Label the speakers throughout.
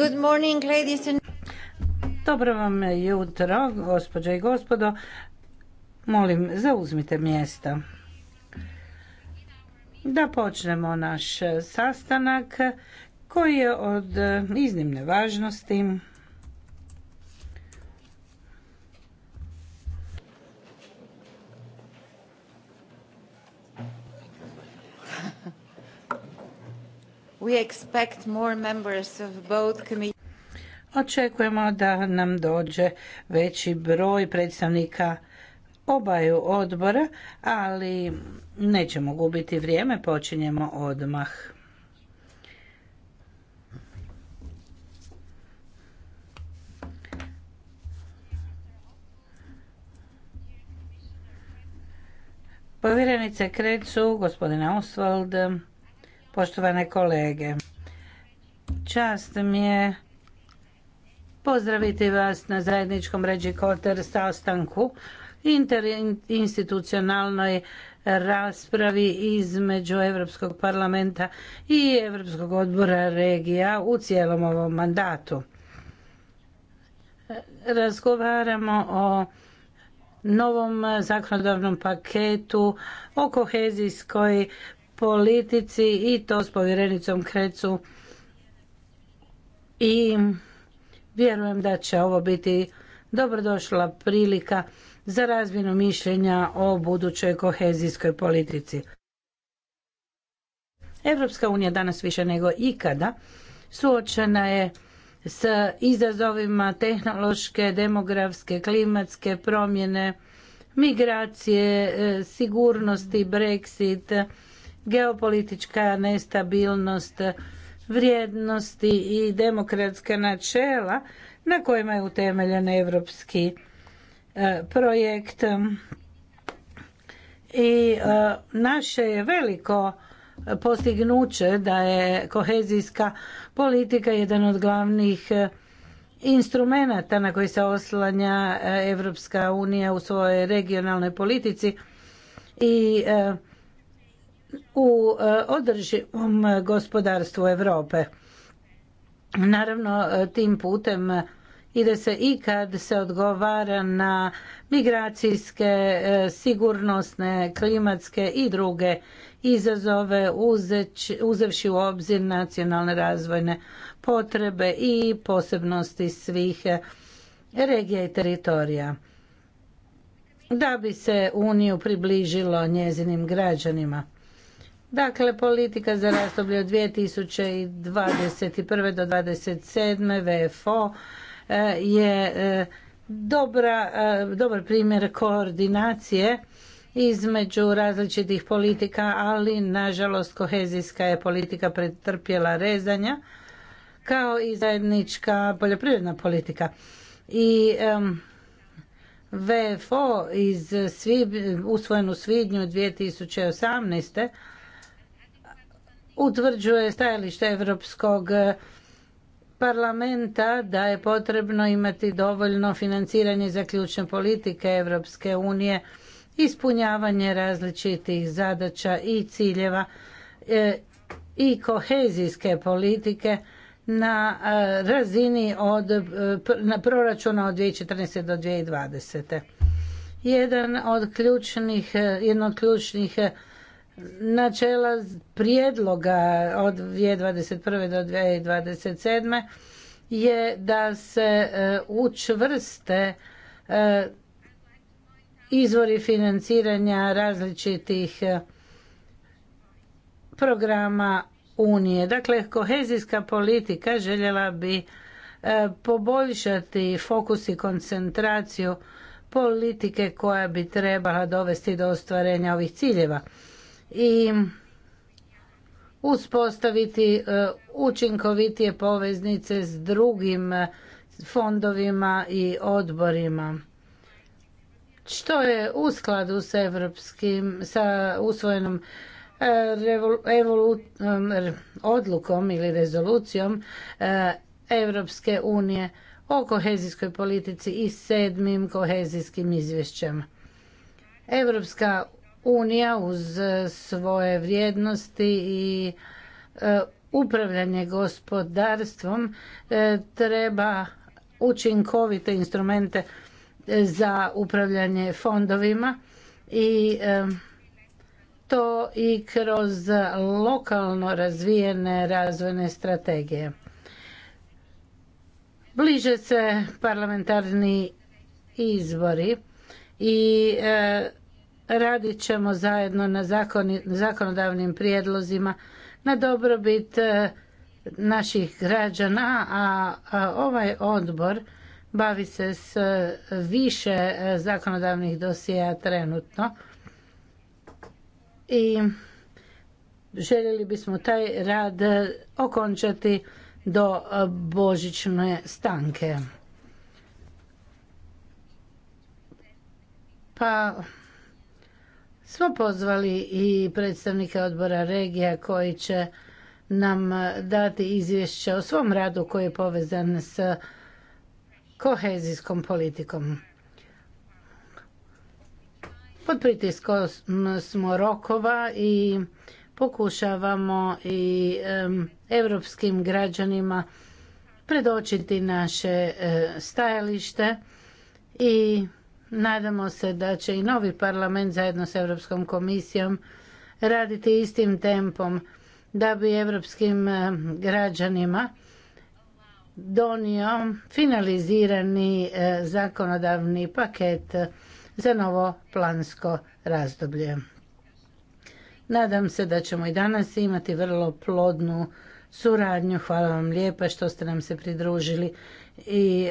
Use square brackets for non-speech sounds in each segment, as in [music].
Speaker 1: Good Dobro vam jutro, gospođe i gospodo. Molim, zauzmite mjesta. Da počnemo naš sastanak koji je od iznimne važnosti. Očekujemo da nam dođe veći broj predstavnika obaju odbora, ali nećemo gubiti vrijeme, počinjemo odmah. Povjerenice Krecu, gospodine Oswald, poštovane kolege. Čast mi je pozdraviti vas na zajedničkom Ređi Koter sastanku interinstitucionalnoj raspravi između Europskog parlamenta i Europskog odbora regija u cijelom ovom mandatu. Razgovaramo o novom zakonodavnom paketu o kohezijskoj politici i to s povjerenicom Krecu i vjerujem da će ovo biti dobrodošla prilika za razvinu mišljenja o budućoj kohezijskoj politici. Europska unija danas više nego ikada suočena je s izazovima tehnološke, demografske, klimatske promjene, migracije, e, sigurnosti, Brexit, geopolitička nestabilnost, vrijednosti i demokratska načela na kojima je utemeljen europski e, projekt. I e, naše je veliko postignuće da je kohezijska politika jedan od glavnih e, instrumenata na koji se oslanja Europska unija u svojoj regionalnoj politici i u e, održivom gospodarstvu Europe. Naravno, e, tim putem ide se i kad se odgovara na migracijske, e, sigurnosne, klimatske i druge izazove uzevši u obzir nacionalne razvojne potrebe i posebnosti svih regija i teritorija. Da bi se Uniju približilo njezinim građanima. Dakle, politika za razdoblje od 2021. do 2027. VFO e, je e, dobra, e, dobar primjer koordinacije između različitih politika, ali nažalost kohezijska je politika pretrpjela rezanja kao i zajednička poljoprivredna politika. I VFO iz svib, usvojen u svibnju 2018 utvrđuje stajalište Europskog eh, parlamenta da je potrebno imati dovoljno financiranje za ključne politike Evropske unije, ispunjavanje različitih zadaća i ciljeva eh, i kohezijske politike na eh, razini od na proračuna od 2014. do 2020. Jedan od ključnih, jedno od ključnih načela prijedloga od 2021. do 2027. je da se e, učvrste e, izvori financiranja različitih e, programa Unije. Dakle, kohezijska politika željela bi poboljšati fokus i koncentraciju politike koja bi trebala dovesti do ostvarenja ovih ciljeva i uspostaviti e, učinkovitije poveznice s drugim e, fondovima i odborima što je u skladu s evropskim sa usvojenom e, odlukom ili rezolucijom Evropske unije o kohezijskoj politici i sedmim kohezijskim izvješćem. Evropska unija uz svoje vrijednosti i e, upravljanje gospodarstvom e, treba učinkovite instrumente e, za upravljanje fondovima i to i kroz lokalno razvijene razvojne strategije. Bliže se parlamentarni izbori i radit ćemo zajedno na zakonodavnim prijedlozima na dobrobit e, naših građana, a ovaj odbor bavi se s e, više e, zakonodavnih dosija trenutno. I željeli bismo taj rad okončati do božićne stanke. Pa smo pozvali i predstavnike odbora regija koji će nam dati izvješće o svom radu koji je povezan s kohezijskom politikom. Pod pritiskom smo rokova i pokušavamo i europskim građanima predočiti naše e, stajalište i Nadamo se da će i novi parlament zajedno s Europskom komisijom raditi istim tempom da bi europskim eh, građanima donio finalizirani eh, zakonodavni paket za novo plansko razdoblje. Nadam se da ćemo i danas imati vrlo plodnu suradnju. Hvala vam lijepa što ste nam se pridružili i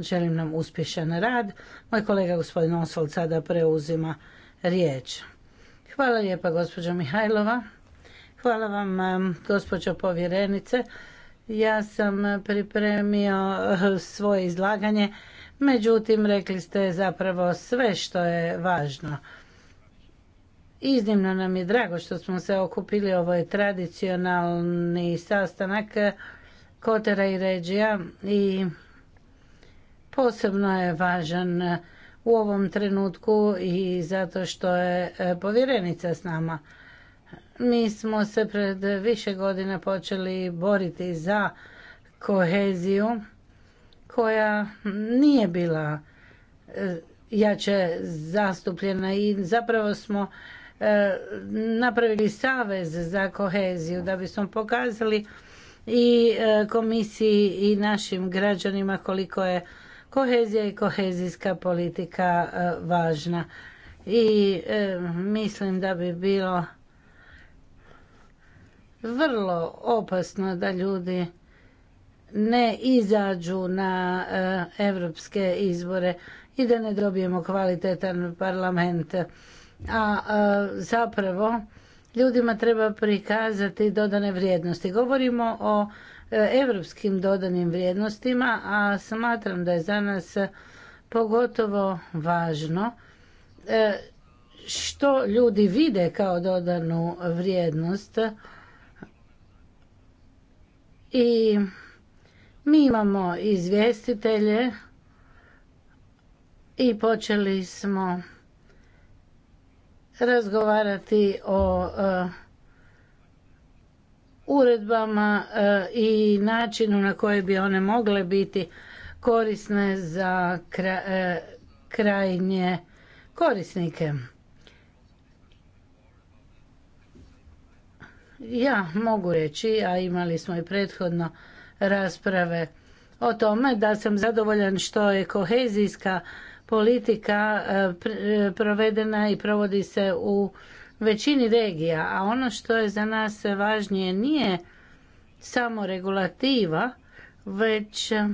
Speaker 1: želim nam uspješan rad. Moj kolega gospodin Osvald sada preuzima riječ. Hvala lijepa gospođo Mihajlova. Hvala vam gospođo povjerenice. Ja sam pripremio eh, svoje izlaganje, međutim rekli ste zapravo sve što je važno. Iznimno nam je drago što smo se okupili, ovo je tradicionalni sastanak eh, Kotera i regija i Posebno je važan e, u ovom trenutku i zato što je e, povjerenica s nama. Mi smo se pred više godina počeli boriti za koheziju koja nije bila e, jače zastupljena i zapravo smo napravili savez za koheziju da bismo pokazali i komisiji i našim građanima koliko je kohezija i kohezijska politika e, važna. I e, mislim da bi bilo vrlo opasno da ljudi ne izađu na europske izbore i da ne dobijemo kvalitetan parlament. A e, zapravo ljudima treba prikazati dodane vrijednosti. Govorimo o europskim dodanim vrijednostima, a smatram da je za nas pogotovo važno e, što ljudi vide kao dodanu vrijednost i mi imamo izvjestitelje i počeli smo razgovarati o e, uredbama e, i načinu na koji bi one mogle biti korisne za e, krajnje korisnike. Ja mogu reći, a imali smo i prethodno rasprave o tome da sam zadovoljan što je kohezijska politika e, provedena i provodi se u većini regija, a ono što je za nas važnije nije samo regulativa, već e,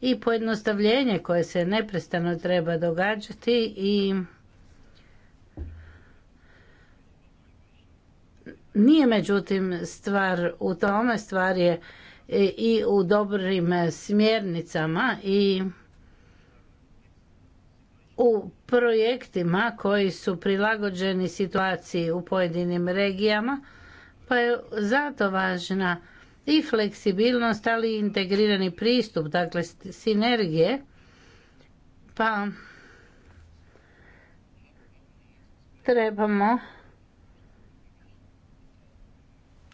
Speaker 1: i pojednostavljenje koje se neprestano treba događati i nije međutim stvar u tome, stvar je e, i u dobrim smjernicama i u projektima koji su prilagođeni situaciji u pojedinim regijama, pa je zato važna i fleksibilnost, ali i integrirani pristup, dakle sinergije. Pa trebamo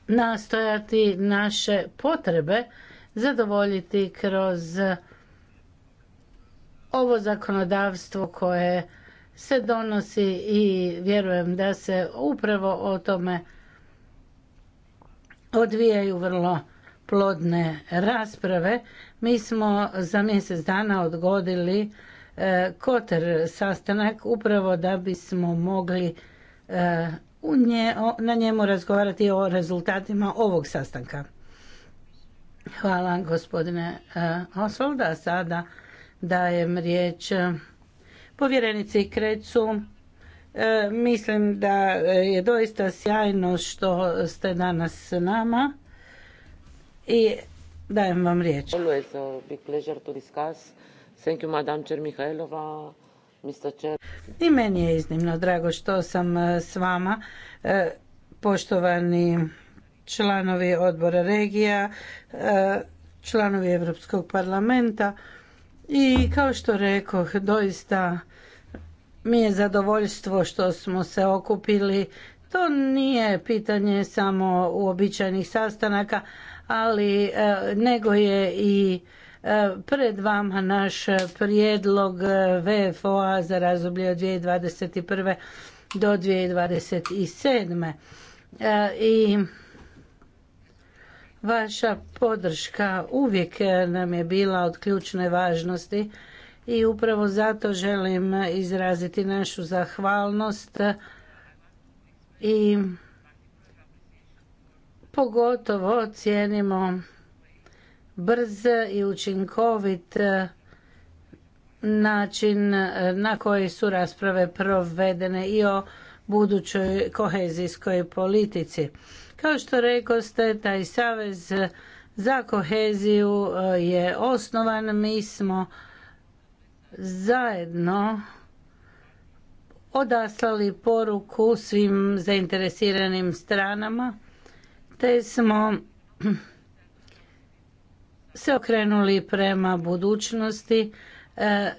Speaker 1: nastojati naše potrebe zadovoljiti kroz ovo zakonodavstvo koje se donosi i vjerujem da se upravo o tome odvijaju vrlo plodne rasprave. Mi smo za mjesec dana odgodili e, Koter sastanak upravo da bismo mogli e, u nje, na njemu razgovarati o rezultatima ovog sastanka. Hvala gospodine e, Osvalda. Sada dajem riječ e, povjerenici Krecu. E, mislim da je doista sjajno što ste danas s nama i dajem vam riječ. I meni je iznimno drago što sam e, s vama, poštovani članovi odbora regija, članovi Europskog parlamenta. I kao što rekoh, doista mi je zadovoljstvo što smo se okupili. To nije pitanje samo uobičajenih sastanaka, ali e, nego je i e, pred vama naš prijedlog e, VFOA za razdoblje od 2021. do 2027. I Vaša podrška uvijek nam je bila od ključne važnosti i upravo zato želim izraziti našu zahvalnost i pogotovo cijenimo brz i učinkovit način na koji su rasprave provedene i o budućoj kohezijskoj politici. Kao što rekoste, taj savez za koheziju e, je osnovan. Mi smo zajedno odaslali poruku svim zainteresiranim stranama, te smo [clears throat] se okrenuli prema budućnosti e,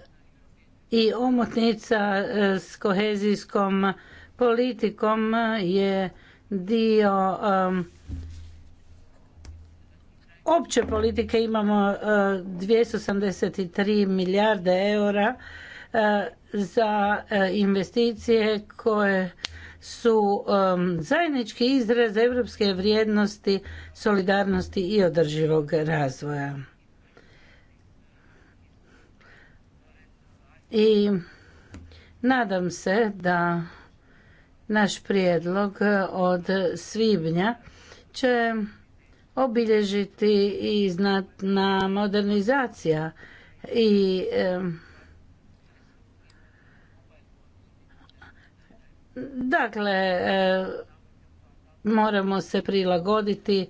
Speaker 1: i omotnica e, s kohezijskom politikom je dio opće politike imamo 273 eh, milijarde eura eh, za eh, investicije koje su zajednički izraz europske vrijednosti, solidarnosti i održivog razvoja. I nadam se da naš prijedlog e, od svibnja će obilježiti i znatna modernizacija i e, Dakle, e, moramo se prilagoditi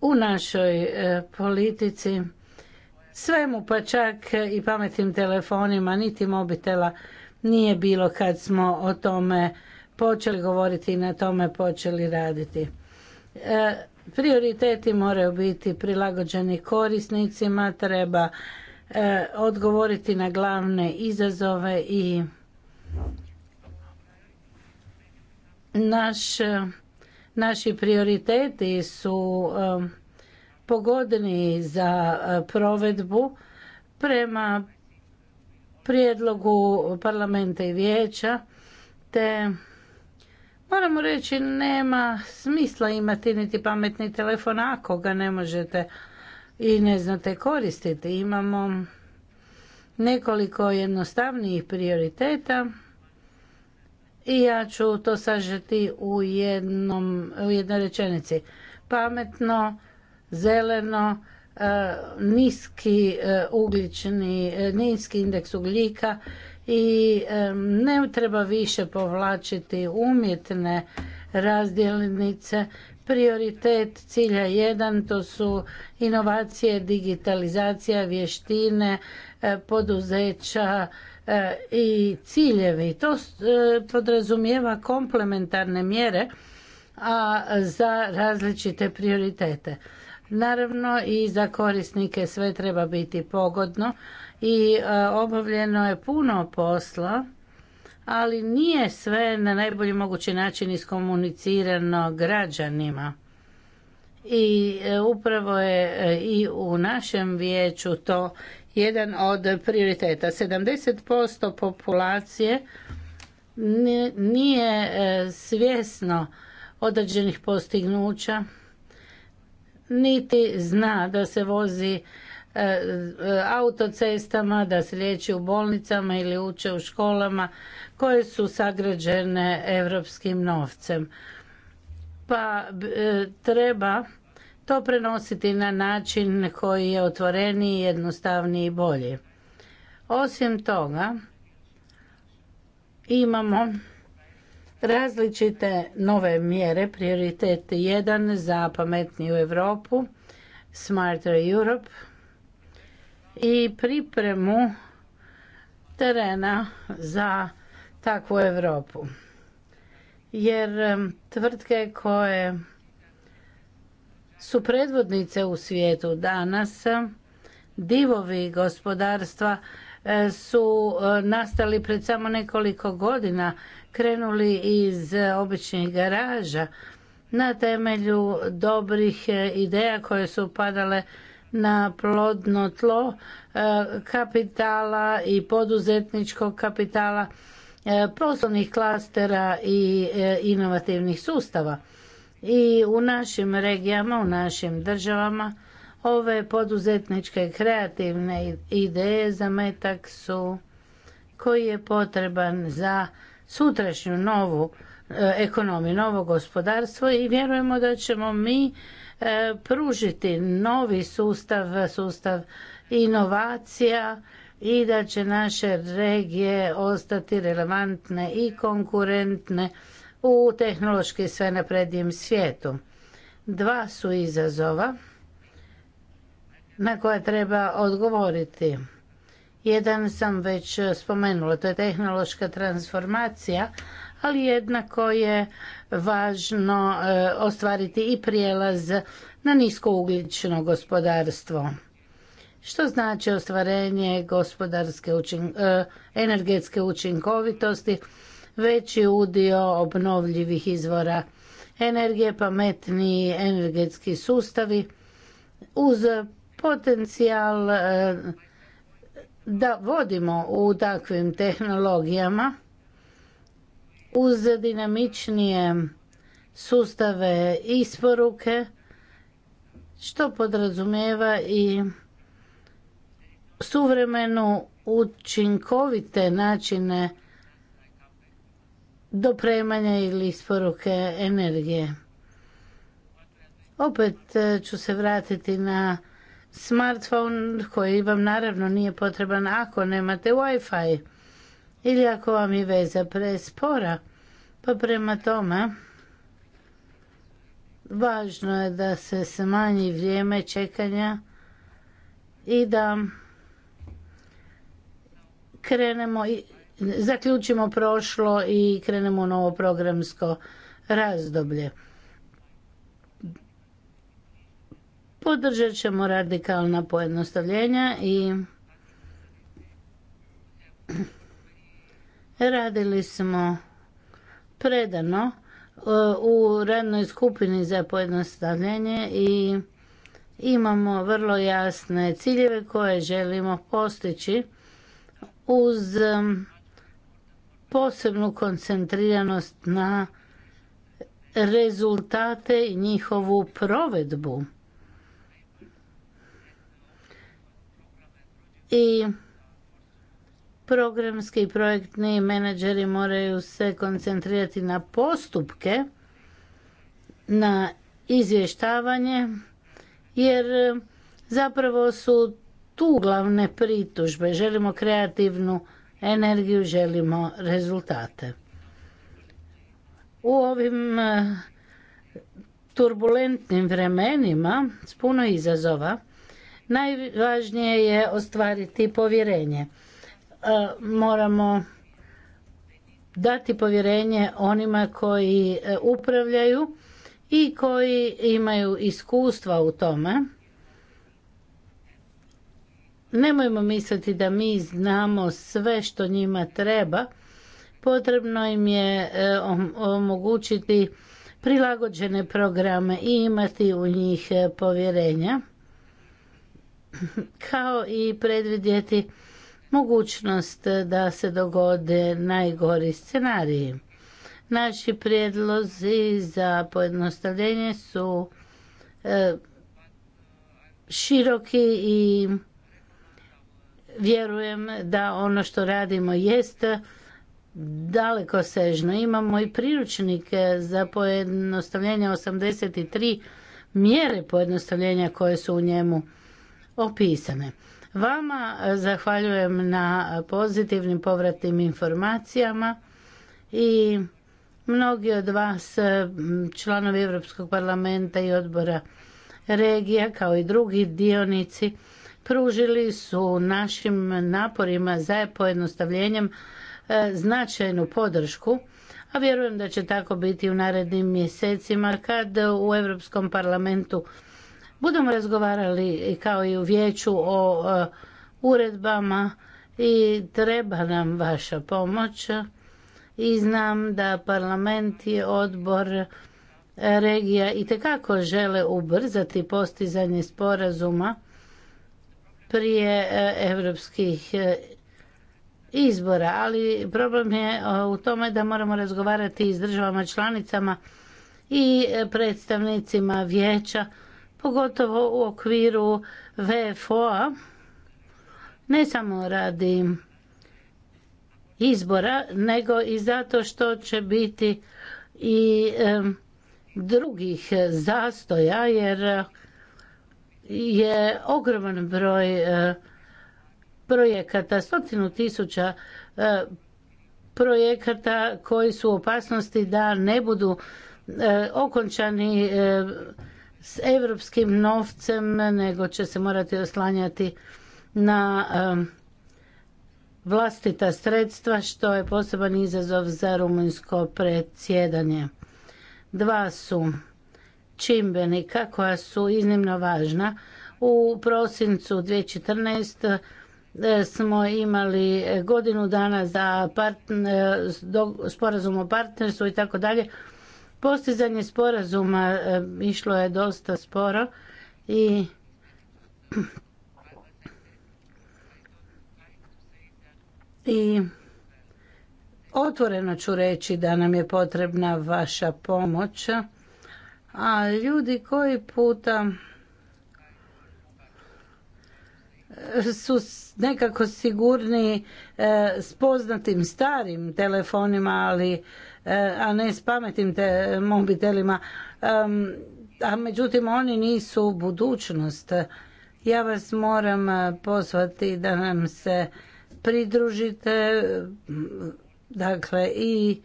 Speaker 1: u našoj politici svemu pa čak i pametnim telefonima, niti mobitela nije bilo kad smo o tome počeli govoriti i na tome počeli raditi. E, prioriteti moraju biti prilagođeni korisnicima, treba e, odgovoriti na glavne izazove i naši prioriteti su e, pogodni za provedbu prema prijedlogu parlamenta i vijeća, te moramo reći nema smisla imati niti pametni telefon ako ga ne možete i ne znate koristiti. Imamo nekoliko jednostavnijih prioriteta i ja ću to sažeti u, jednom, u jednoj rečenici. Pametno, zeleno, E, niski e, ugljični, e, niski indeks ugljika i ne treba više povlačiti umjetne razdjelnice. Prioritet cilja jedan to su inovacije, digitalizacija, vještine, poduzeća i ciljevi. To podrazumijeva komplementarne mjere a za različite prioritete. Naravno i za korisnike sve treba biti pogodno i e, obavljeno je puno posla, ali nije sve na najbolji mogući način iskomunicirano građanima. I e, upravo je e, i u našem vijeću to jedan od prioriteta. 70% populacije nije svjesno određenih postignuća niti zna da se vozi e, e, autocestama, da se liječi u bolnicama ili uče u školama koje su sagrađene europskim novcem. Pa e, treba to prenositi na način koji je otvoreniji, jednostavniji i bolji. Osim toga, imamo različite nove mjere, prioritet 1 za pametniju Europu, Smarter Europe i pripremu terena za takvu Europu. Jer tvrtke koje su predvodnice u svijetu danas, divovi gospodarstva su nastali pred samo nekoliko godina krenuli iz običnih garaža na temelju dobrih e, ideja koje su padale na plodno tlo e, kapitala i poduzetničkog kapitala, e, poslovnih klastera i inovativnih sustava. I u našim regijama, u našim državama, ove poduzetničke kreativne ideje zametak su koji je potreban za sutrašnju novu e, ekonomiju, novo gospodarstvo i vjerujemo da ćemo mi e, pružiti novi sustav, sustav inovacija i da će naše regije ostati relevantne i konkurentne u tehnološki sve naprednijem svijetu. Dva su izazova na koja treba odgovoriti. Jedan sam već spomenula, to je tehnološka transformacija, ali jednako je važno e, ostvariti i prijelaz na niskouglično gospodarstvo. Što znači ostvarenje gospodarske e, energetske učinkovitosti, veći udio obnovljivih izvora energije, pametniji energetski sustavi uz potencijal e, da vodimo u takvim tehnologijama uz dinamičnije sustave isporuke što podrazumijeva i suvremenu učinkovite načine dopremanja ili isporuke energije. Opet eh, ću se vratiti na smartphone koji vam naravno nije potreban ako nemate Wi-Fi ili ako vam je veza prespora. Pa prema tome, važno je da se smanji vrijeme čekanja i da krenemo i zaključimo prošlo i krenemo u novo programsko razdoblje. Podržat ćemo radikalna pojednostavljenja i radili smo predano e, u radnoj skupini za pojednostavljenje i imamo vrlo jasne ciljeve koje želimo postići uz posebnu koncentriranost na rezultate i njihovu provedbu i programski i projektni menadžeri moraju se koncentrirati na postupke, na izvještavanje, jer zapravo su tu glavne pritužbe. Želimo kreativnu energiju, želimo rezultate. U ovim eh, turbulentnim vremenima s puno izazova Najvažnije je ostvariti povjerenje. E, moramo dati povjerenje onima koji e, upravljaju i koji imaju iskustva u tome. Nemojmo misliti da mi znamo sve što njima treba. Potrebno im je e, omogućiti prilagođene programe i imati u njih povjerenja kao i predvidjeti mogućnost da se dogode najgori scenariji. Naši prijedlozi za pojednostavljenje su e, široki i vjerujem da ono što radimo jest daleko sežno. Imamo i priručnike za pojednostavljenje 83 mjere pojednostavljenja koje su u njemu opisane. Vama zahvaljujem na pozitivnim povratnim informacijama i mnogi od vas, članovi Europskog parlamenta i odbora regija kao i drugi dionici, pružili su našim naporima za pojednostavljenjem e, značajnu podršku, a vjerujem da će tako biti u narednim mjesecima kad u Europskom parlamentu budemo razgovarali kao i u vijeću o e, uredbama i treba nam vaša pomoć i znam da parlament i odbor regija i tekako žele ubrzati postizanje sporazuma prije europskih e, izbora, ali problem je e, u tome da moramo razgovarati i s državama članicama i predstavnicima vijeća pogotovo u okviru VFO-a, ne samo radi izbora, nego i zato što će biti i drugih zastoja, jer je ogroman broj e, projekata, stotinu tisuća e, projekata koji su u opasnosti da ne budu e, okončani s europskim novcem, nego će se morati oslanjati na vlastita sredstva, što je poseban izazov za rumunjsko predsjedanje. Dva su čimbenika koja su iznimno važna. U prosincu 2014 e, smo imali godinu dana za e, sporazum o partnerstvu i tako dalje Postizanje sporazuma e, išlo je dosta sporo i i otvoreno ću reći da nam je potrebna vaša pomoć, a ljudi koji puta su nekako sigurni e, s poznatim starim telefonima, ali E, a ne s pametnim te mobitelima. A međutim, oni nisu budućnost. Ja vas moram e, pozvati da nam se pridružite, dakle i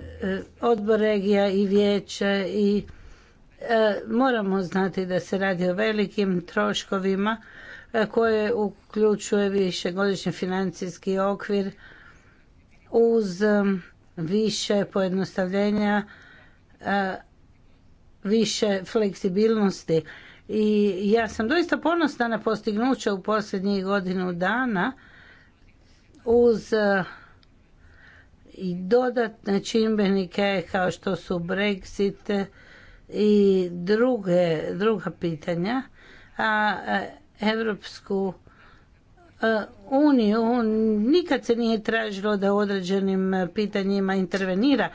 Speaker 1: e, odbor regija i vijeće i moramo znati da se radi o velikim troškovima koje uključuje višegodišnji financijski okvir uz više pojednostavljenja, e, više fleksibilnosti. I ja sam doista ponosna na postignuće u posljednjih godinu dana uz e, i dodatne čimbenike kao što su Brexit i druge, druga pitanja, a e, Evropsku E, uniju nikad se nije tražilo da u određenim e, pitanjima intervenira.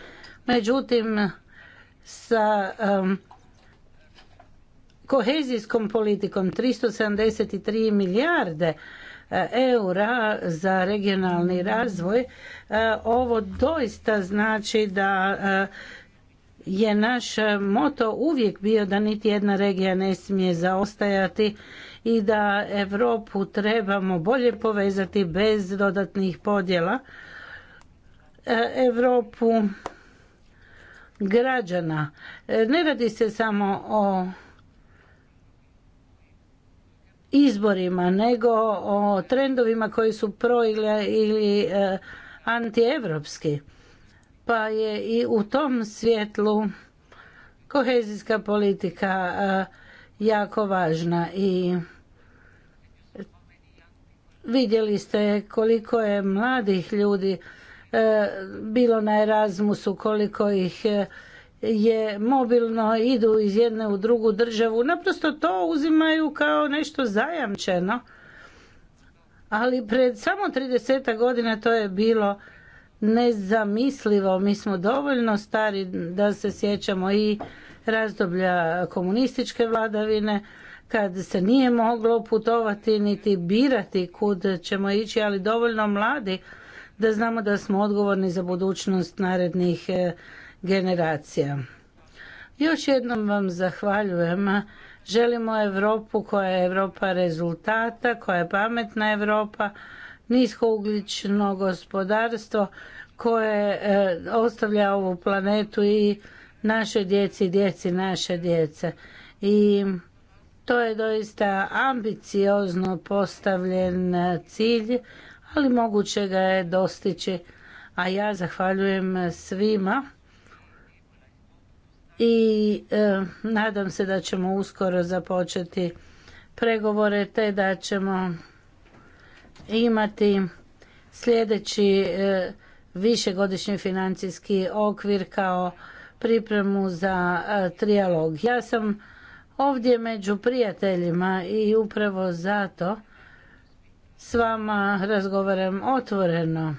Speaker 1: Međutim, sa kohezijskom politikom 373 milijarde e, eura za regionalni razvoj ovo doista znači da je naš moto uvijek bio da niti jedna regija ne smije zaostajati i da Europu trebamo bolje povezati bez dodatnih podjela. E, Europu građana. E, ne radi se samo o izborima, nego o trendovima koji su pro ili e, antievropski. Pa je i u tom svjetlu kohezijska politika jako važna i Vidjeli ste koliko je mladih ljudi e, bilo na Erasmusu, koliko ih e, je mobilno, idu iz jedne u drugu državu. Naprosto to uzimaju kao nešto zajamčeno. Ali pred samo 30 godina to je bilo nezamislivo. Mi smo dovoljno stari da se sjećamo i razdoblja komunističke vladavine, kad se nije moglo putovati niti birati kud ćemo ići, ali dovoljno mladi da znamo da smo odgovorni za budućnost narednih e, generacija. Još jednom vam zahvaljujem. Želimo Europu koja je Europa rezultata, koja je pametna Europa, niskouglično gospodarstvo koje e, ostavlja ovu planetu i naše djeci, djeci naše djece. I to je doista ambiciozno postavljen e, cilj, ali moguće ga je dostići. A ja zahvaljujem svima i e, nadam se da ćemo uskoro započeti pregovore te da ćemo imati sljedeći e, višegodišnji financijski okvir kao pripremu za e, trijalog. Ja sam ovdje među prijateljima i upravo zato s vama razgovaram otvoreno.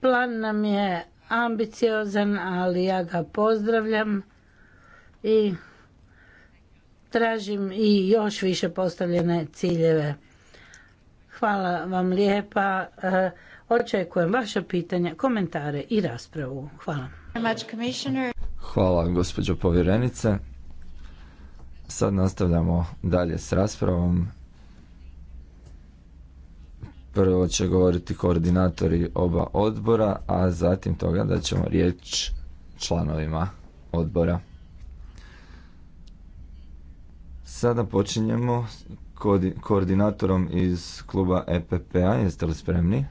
Speaker 1: Plan nam je ambiciozan, ali ja ga pozdravljam i tražim i još više postavljene ciljeve. Hvala vam lijepa. Eh, očekujem vaše pitanja, komentare i raspravu. Hvala.
Speaker 2: Hvala gospođo povjerenice. Sad nastavljamo dalje s raspravom. Prvo će govoriti koordinatori oba odbora, a zatim toga da ćemo riječ članovima odbora. Sada počinjemo koordinatorom iz kluba EPP-a. Jeste li spremni?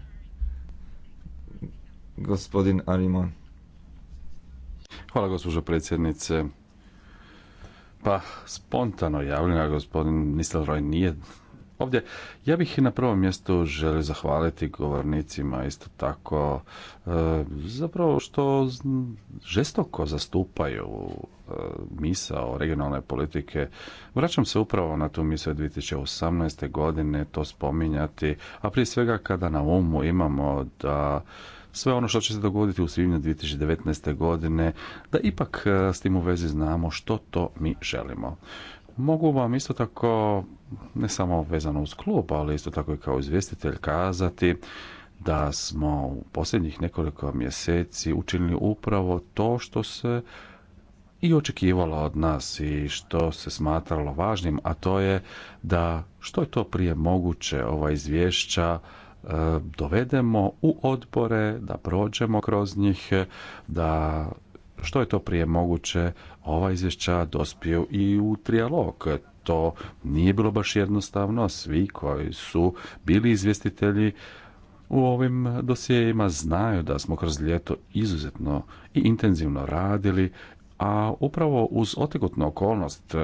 Speaker 3: Gospodin Arimon. Hvala gospođo predsjednice. Pa, spontano javljena, gospodin Roj nije ovdje. Ja bih na prvom mjestu želio zahvaliti govornicima isto tako e, zapravo što žestoko zastupaju misa e, misao regionalne politike. Vraćam se upravo na tu misao 2018. godine, to spominjati, a prije svega kada na umu imamo da sve ono što će se dogoditi u svibnju 2019. godine, da ipak e, s tim u vezi znamo što to mi želimo. Mogu vam isto tako, ne samo vezano uz klub, ali isto tako i kao izvjestitelj kazati da smo u posljednjih nekoliko mjeseci učinili upravo to što se i očekivalo od nas i što se smatralo važnim, a to je da što je to prije moguće ova izvješća E, dovedemo u odbore, da prođemo kroz njih, da što je to prije moguće ova izvješća dospiju i u trijalog. To nije bilo baš jednostavno. Svi koji su bili izvjestitelji u ovim dosijejima znaju da smo kroz ljeto izuzetno i intenzivno radili, a upravo uz otegotnu okolnost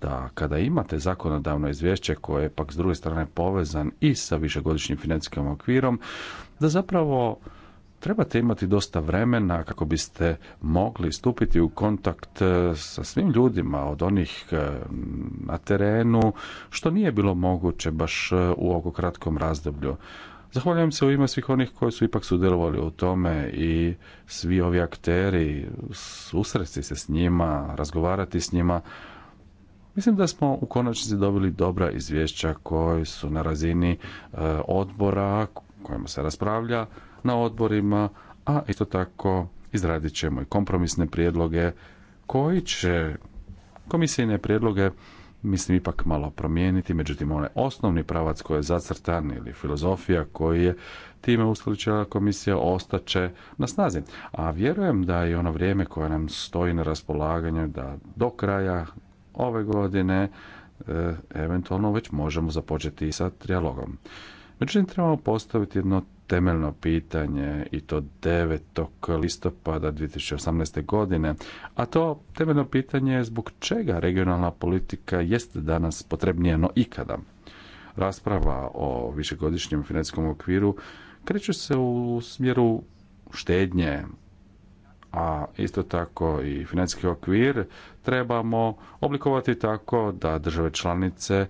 Speaker 3: da kada imate zakonodavno izvješće koje je pak s druge strane povezan i sa višegodišnjim financijskim okvirom, da zapravo trebate imati dosta vremena kako biste mogli stupiti u kontakt e, sa svim ljudima od onih e, na terenu, što nije bilo moguće baš e, u ovog kratkom razdoblju. Zahvaljujem se u ime svih onih koji su ipak sudjelovali u tome i svi ovi akteri, susresti se s njima, razgovarati s njima, Mislim da smo u konačnici dobili dobra izvješća koje su na razini e, odbora kojima se raspravlja na odborima, a isto tako izradit ćemo i kompromisne prijedloge koji će komisijne prijedloge mislim ipak malo promijeniti, međutim onaj osnovni pravac koji je zacrtan ili filozofija koji je time ustaličila komisija ostaće na snazi. A vjerujem da je ono vrijeme koje nam stoji na raspolaganju da do kraja ove godine e, eventualno već možemo započeti i sa trijalogom. Međutim, trebamo postaviti jedno temeljno pitanje i to 9. listopada 2018. godine, a to temeljno pitanje je zbog čega regionalna politika jest danas potrebnija no ikada. Rasprava o višegodišnjem financijskom okviru kreće se u smjeru štednje, a isto tako i financijski okvir trebamo oblikovati tako da države članice e,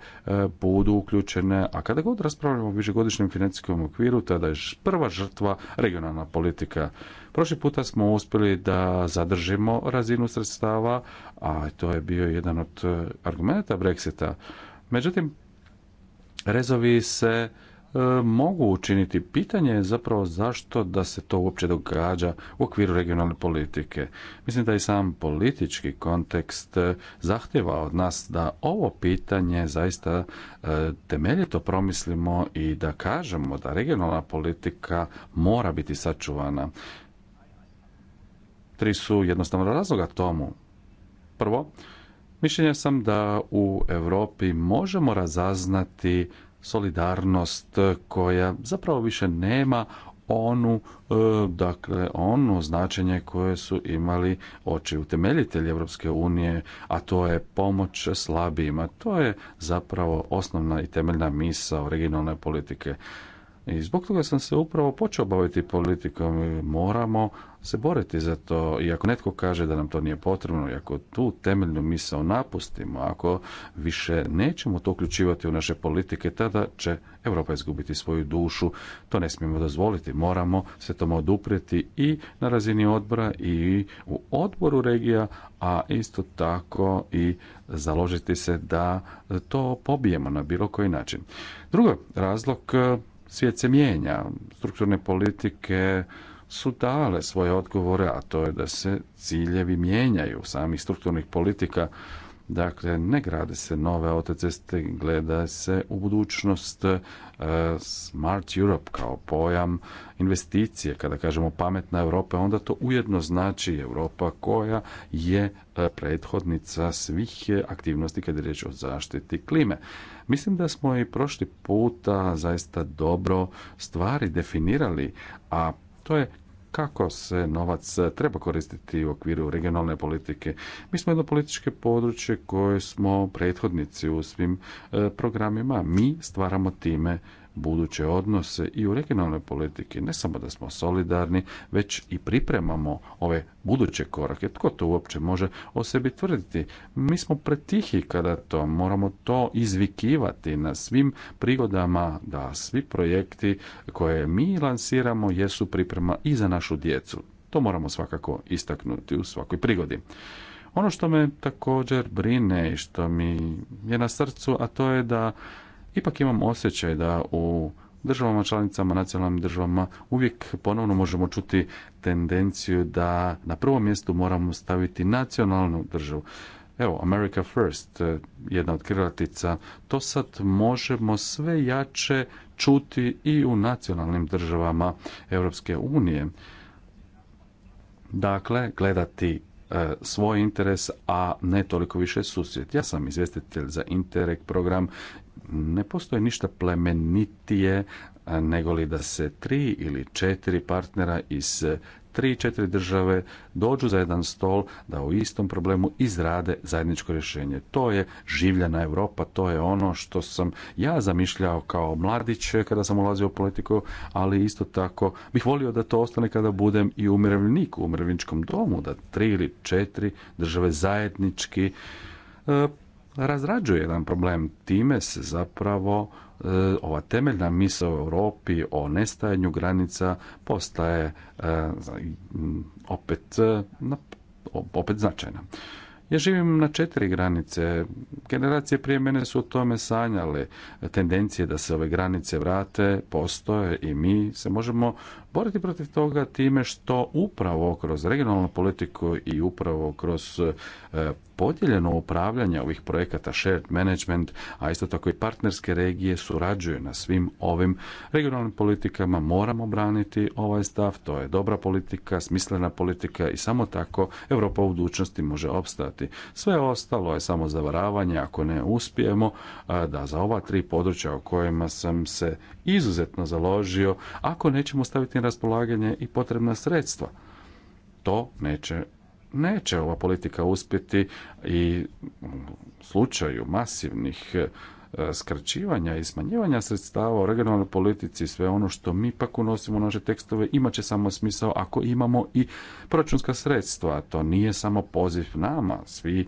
Speaker 3: budu uključene, a kada god raspravljamo o višegodišnjem financijskom okviru, tada je prva žrtva regionalna politika. Prošli puta smo uspjeli da zadržimo razinu sredstava, a to je bio jedan od e, argumenta Brexita. Međutim, rezovi se E, mogu učiniti. Pitanje je zapravo zašto da se to uopće događa u okviru regionalne politike. Mislim da i sam politički kontekst e, zahtjeva od nas da ovo pitanje zaista e, temeljito promislimo i da kažemo da regionalna politika mora biti sačuvana. Tri su jednostavno razloga tomu. Prvo, mišljenja sam da u Europi možemo razaznati solidarnost koja zapravo više nema onu e, dakle ono značenje koje su imali oči utemeljitelji Europske unije, a to je pomoć slabijima. To je zapravo osnovna i temeljna misa regionalne politike. I zbog toga sam se upravo počeo baviti politikom. Moramo se boriti za to i ako netko kaže da nam to nije potrebno i ako tu temeljnu misao napustimo, ako više nećemo to uključivati u naše politike, tada će Europa izgubiti svoju dušu. To ne smijemo dozvoliti. Moramo se tomu oduprijeti i na razini odbora i u odboru regija, a isto tako i založiti se da to pobijemo na bilo koji način. Drugo razlog, e, svijet se mijenja, strukturne politike, su dale svoje odgovore, a to je da se ciljevi mijenjaju samih strukturnih politika. Dakle, ne grade se nove autoceste, gleda se u budućnost e, Smart Europe kao pojam investicije. Kada kažemo pametna Europa, onda to ujedno znači Europa koja je e, prethodnica svih aktivnosti kada je riječ o zaštiti klime. Mislim da smo i prošli puta zaista dobro stvari definirali, a to je kako se novac treba koristiti u okviru regionalne politike. Mi smo jedno političke područje koje smo prethodnici u svim e, programima. Mi stvaramo time buduće odnose i u regionalnoj politici. Ne samo da smo solidarni, već i pripremamo ove buduće korake. Tko to uopće može o sebi tvrditi? Mi smo pretihi kada to moramo to izvikivati na svim prigodama da svi projekti koje mi lansiramo jesu priprema i za našu djecu. To moramo svakako istaknuti u svakoj prigodi. Ono što me također brine i što mi je na srcu, a to je da ipak imam osjećaj da u državama članicama, nacionalnim državama uvijek ponovno možemo čuti tendenciju da na prvom mjestu moramo staviti nacionalnu državu. Evo, America First, eh, jedna od krilatica, to sad možemo sve jače čuti i u nacionalnim državama Europske unije. Dakle, gledati eh, svoj interes, a ne toliko više susjet. Ja sam izvjestitelj za Interreg program ne postoji ništa plemenitije nego li da se tri ili četiri partnera iz tri, četiri države dođu za jedan stol da u istom problemu izrade zajedničko rješenje. To je življena Europa, to je ono što sam ja zamišljao kao mladić kada sam ulazio u politiku, ali isto tako bih volio da to ostane kada budem i umirovljenik u umirovljeničkom domu, da tri ili četiri države zajednički e, razrađuje jedan problem. Time se zapravo e, ova temeljna misla u Europi o nestajanju granica postaje e, opet, e, opet značajna. Ja živim na četiri granice. Generacije prije mene su o tome sanjale. Tendencije da se ove granice vrate postoje i mi se možemo boriti protiv toga time što upravo kroz regionalnu politiku i upravo kroz e, podijeljeno upravljanje ovih projekata shared management, a isto tako i partnerske regije surađuju na svim ovim regionalnim politikama. Moramo braniti ovaj stav, to je dobra politika, smislena politika i samo tako Europa u budućnosti može opstati. Sve ostalo je samo zavaravanje ako ne uspijemo da za ova tri područja o kojima sam se izuzetno založio ako nećemo staviti na raspolaganje i potrebna sredstva. To neće neće ova politika uspjeti i u slučaju masivnih e, skraćivanja i smanjivanja sredstava u regionalnoj politici, sve ono što mi pak unosimo u naše tekstove, imat će samo smisao ako imamo i proračunska sredstva. To nije samo poziv nama, svi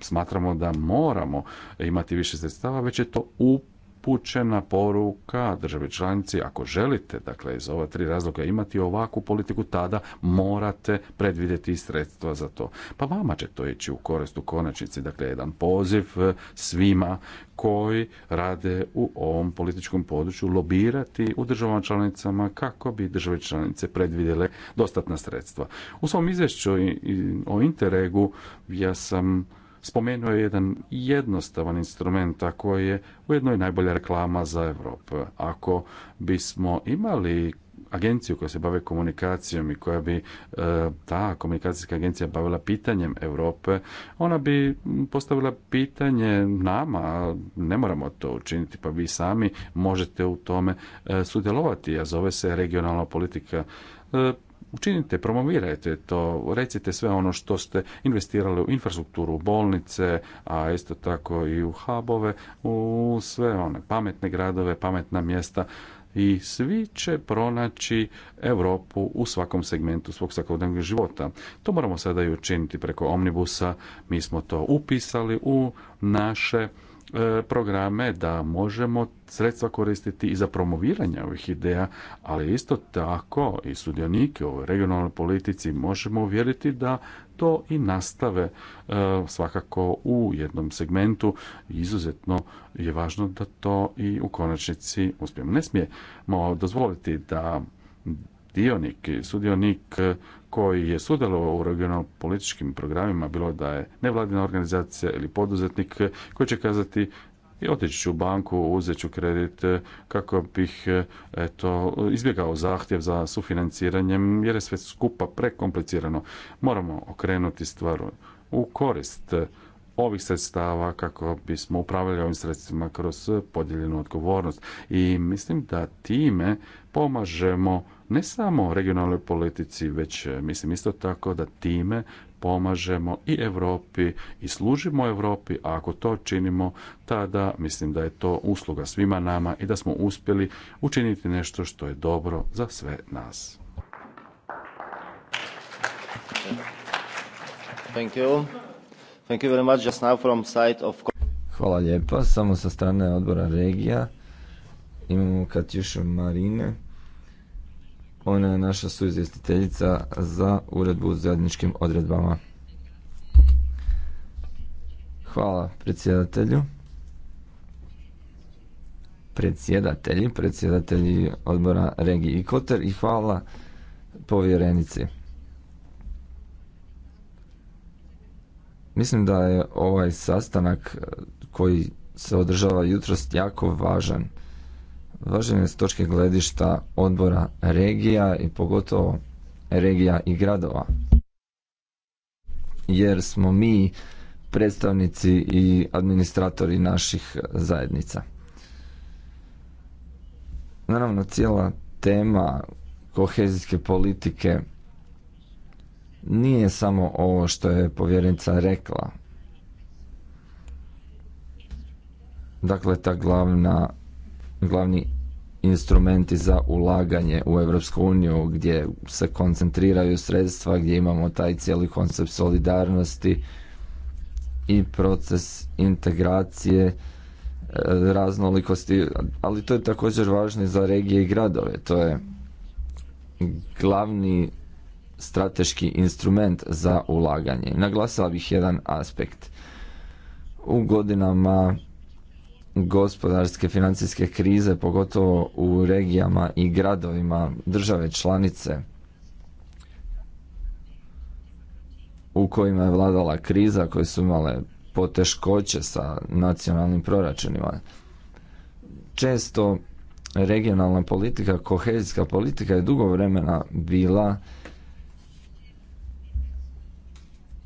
Speaker 3: smatramo da moramo imati više sredstava, već je to upravo upućena poruka državi članici, ako želite, dakle, iz ova tri razloga imati ovakvu politiku, tada morate predvidjeti i sredstva za to. Pa vama će to ići u korist u konačnici, dakle, jedan poziv e, svima koji rade u ovom političkom području lobirati u državama članicama kako bi države članice predvidjele dostatna sredstva. U svom izvješću o Interregu ja sam spomenuo je jedan jednostavan instrument, a koji je ujedno i najbolja reklama za Europu. Ako bismo imali agenciju koja se bave komunikacijom i koja bi e, ta komunikacijska agencija bavila pitanjem Europe, ona bi postavila pitanje nama, ne moramo to učiniti, pa vi sami možete u tome e, sudjelovati, a zove se regionalna politika e, učinite, promovirajte to, recite sve ono što ste investirali u infrastrukturu, u bolnice, a isto tako i u hubove, u sve one pametne gradove, pametna mjesta i svi će pronaći Europu u svakom segmentu svog svakodnevnog života. To moramo sada i učiniti preko omnibusa. Mi smo to upisali u naše E, programe da možemo sredstva koristiti i za promoviranje ovih ideja, ali isto tako i sudionike u regionalnoj politici možemo uvjeriti da to i nastave e, svakako u jednom segmentu izuzetno je važno da to i u konačnici uspijemo. Ne smijemo dozvoliti da dionik i sudionik eh, koji je sudjelovao u regionalno političkim programima, bilo da je nevladina organizacija ili poduzetnik eh, koji će kazati i otići ću u banku, uzet ću kredit eh, kako bih eto, izbjegao zahtjev za sufinanciranjem jer je sve skupa prekomplicirano. Moramo okrenuti stvar u korist ovih sredstava kako bismo upravljali ovim sredstvima kroz podijeljenu odgovornost. I mislim da time pomažemo ne samo regionalnoj politici, već e, mislim isto tako da time pomažemo i Europi i služimo Europi, a ako to činimo, tada mislim da je to usluga svima nama i da smo uspjeli učiniti nešto što je dobro za sve nas.
Speaker 2: Thank you. Thank you very much. Just now from side of... Hvala lijepa. Samo sa strane odbora regija imamo Katjušu Marine ona je naša suizvjestiteljica za uredbu s zajedničkim odredbama. Hvala predsjedatelju. Predsjedatelji, predsjedatelji odbora regiji i Koter i hvala povjerenici. Mislim da je ovaj sastanak koji se održava jutros jako važan važan s točke gledišta odbora regija i pogotovo regija i gradova. Jer smo mi predstavnici i administratori naših zajednica. Naravno, cijela tema kohezijske politike nije samo ovo što je povjerenica rekla. Dakle, ta glavna, glavni instrumenti za ulaganje u Europsku uniju gdje se koncentriraju sredstva, gdje imamo taj cijeli koncept solidarnosti i proces integracije e, raznolikosti, ali to je također važno i za regije i gradove. To je glavni strateški instrument za ulaganje. Naglasila bih jedan aspekt. U godinama gospodarske financijske krize, pogotovo u regijama i gradovima države članice u kojima je vladala kriza, koje su imale poteškoće sa nacionalnim proračunima. Često regionalna politika, kohezijska politika je dugo vremena bila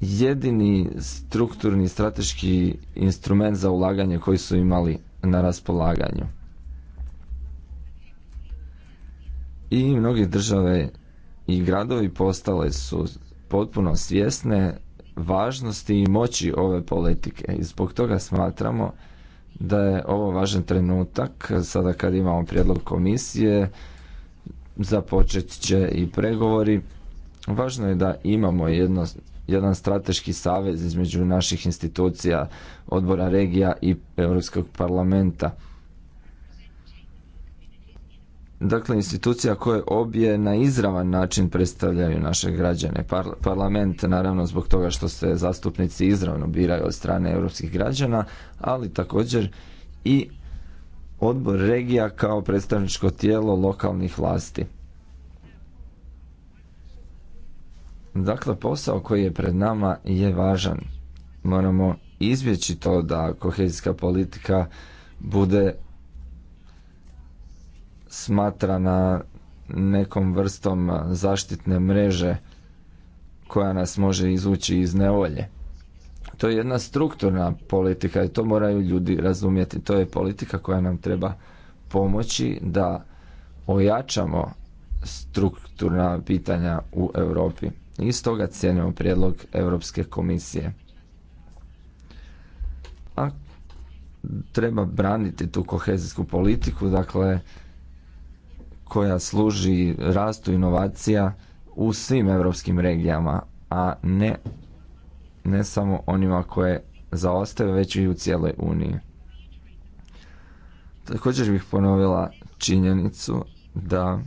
Speaker 2: jedini strukturni strateški instrument za ulaganje koji su imali na raspolaganju. I mnoge države i gradovi postale su potpuno svjesne važnosti i moći ove politike i zbog toga smatramo da je ovo važan trenutak sada kad imamo prijedlog komisije započet će i pregovori važno je da imamo jedno jedan strateški savez između naših institucija, odbora regija i Europskog parlamenta. Dakle, institucija koje obje na izravan način predstavljaju naše građane. parlament, naravno, zbog toga što se zastupnici izravno biraju od strane europskih građana, ali također i odbor regija kao predstavničko tijelo lokalnih vlasti. Dakle, posao koji je pred nama je važan. Moramo izbjeći to da kohezijska politika bude smatrana nekom vrstom zaštitne mreže koja nas može izvući iz nevolje. To je jedna strukturna politika i to moraju ljudi razumjeti. To je politika koja nam treba pomoći da ojačamo strukturna pitanja u Europi. I stoga cijenimo prijedlog Europske komisije. A treba braniti tu kohezijsku politiku, dakle koja služi rastu inovacija u svim europskim regijama, a ne, ne samo onima koje zaostaju, već i u cijeloj Uniji. Također bih ponovila činjenicu da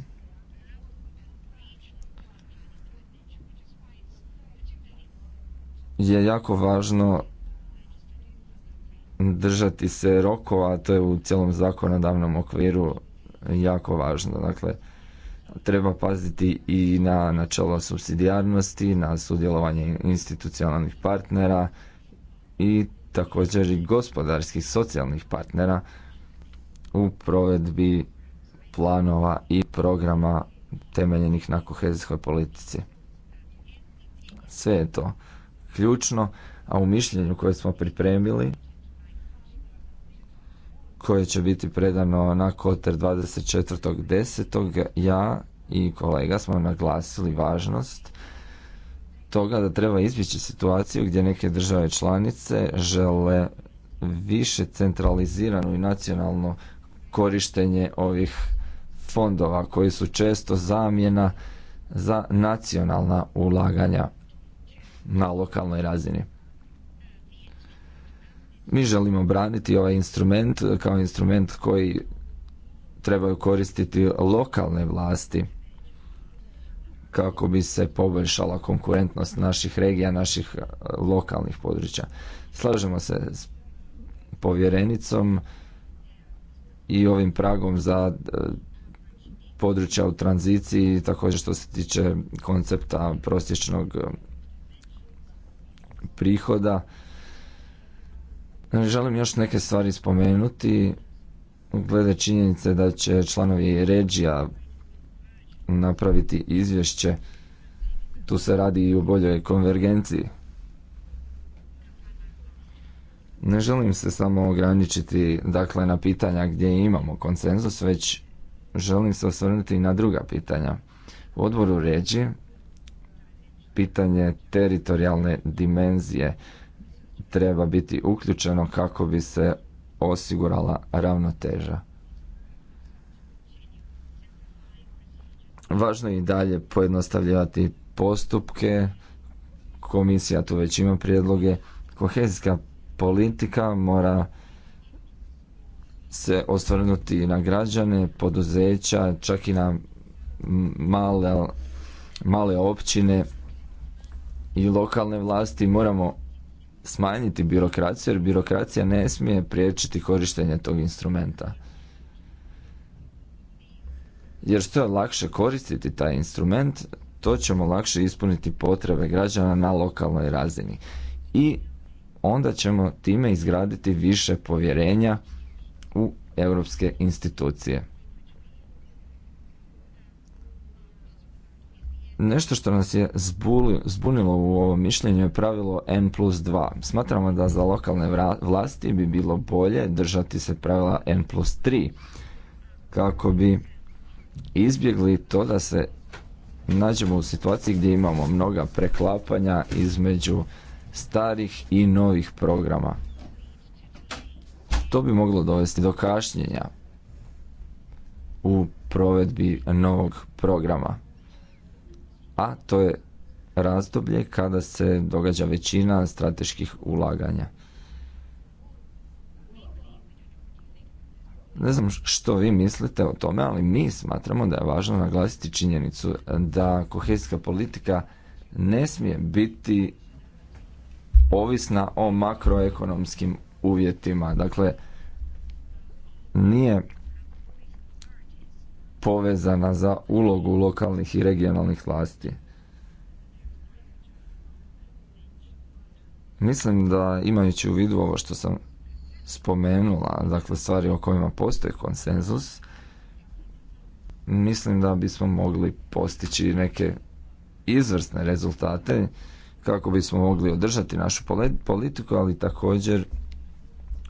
Speaker 2: je jako važno držati se rokova, a to je u cijelom zakonodavnom okviru jako važno. Dakle, treba paziti i na načelo subsidijarnosti, na sudjelovanje institucionalnih partnera i također i gospodarskih socijalnih partnera u provedbi planova i programa temeljenih na kohezijskoj politici. Sve je to ključno, a u mišljenju koje smo pripremili, koje će biti predano na Koter 24.10. ja i kolega smo naglasili važnost toga da treba izbjeći situaciju gdje neke države članice žele više centralizirano i nacionalno korištenje ovih fondova koji su često zamjena za nacionalna ulaganja na lokalnoj razini. Mi želimo braniti ovaj instrument kao instrument koji trebaju koristiti lokalne vlasti kako bi se poboljšala konkurentnost naših regija, naših e, lokalnih područja. Slažemo se s povjerenicom i ovim pragom za e, područja u tranziciji, također što se tiče koncepta prosječnog prihoda. Želim još neke stvari spomenuti glede činjenice da će članovi ređija napraviti izvješće. Tu se radi i o boljoj konvergenciji. Ne želim se samo ograničiti dakle na pitanja gdje imamo konsenzus, već želim se osvrnuti i na druga pitanja. U odboru ređi pitanje teritorijalne dimenzije treba biti uključeno kako bi se osigurala ravnoteža. Važno je i dalje pojednostavljivati postupke. Komisija tu već ima prijedloge. Kohezijska politika mora se osvrnuti na građane, poduzeća, čak i na male, male općine i lokalne vlasti moramo smanjiti birokraciju jer birokracija ne smije priječiti korištenje tog instrumenta. Jer što je lakše koristiti taj instrument, to ćemo lakše ispuniti potrebe građana na lokalnoj razini. I onda ćemo time izgraditi više povjerenja u europske institucije. Nešto što nas je zbunilo u ovom mišljenju je pravilo N plus 2. Smatramo da za lokalne vlasti bi bilo bolje držati se pravila N plus 3 kako bi izbjegli to da se nađemo u situaciji gdje imamo mnoga preklapanja između starih i novih programa. To bi moglo dovesti do kašnjenja u provedbi novog programa a to je razdoblje kada se događa većina strateških ulaganja. Ne znam što vi mislite o tome, ali mi smatramo da je važno naglasiti činjenicu da kohezijska politika ne smije biti ovisna o makroekonomskim uvjetima. Dakle, nije povezana za ulogu lokalnih i regionalnih vlasti. Mislim da imajući u vidu ovo što sam spomenula, dakle stvari o kojima postoji konsenzus, mislim da bismo mogli postići neke izvrsne rezultate kako bismo mogli održati našu politiku, ali također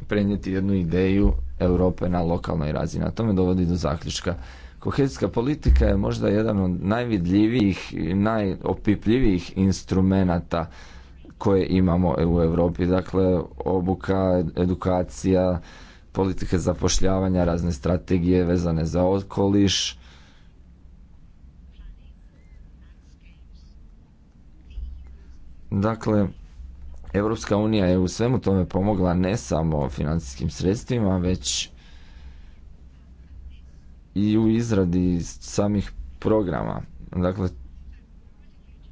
Speaker 2: prenijeti jednu ideju Europe na lokalnoj razini. A to me dovodi do zaključka Kohezijska politika je možda jedan od najvidljivijih i najopipljivijih instrumenata koje imamo u Europi. Dakle, obuka, edukacija, politike zapošljavanja, razne strategije vezane za okoliš. Dakle, Europska unija je u svemu tome pomogla ne samo financijskim sredstvima, već i u izradi samih programa. Dakle,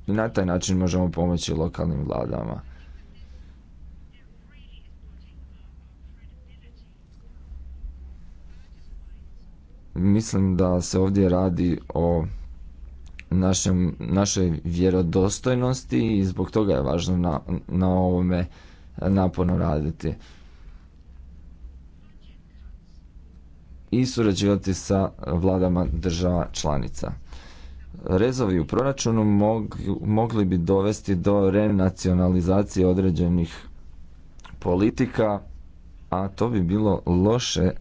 Speaker 2: na taj način možemo pomoći lokalnim vladama. Mislim da se ovdje radi o našem, našoj vjerodostojnosti i zbog toga je važno na, na ovome naporno raditi. i surađivati sa vladama država članica. Rezovi u proračunu mogli bi dovesti do renacionalizacije određenih politika, a to bi bilo loše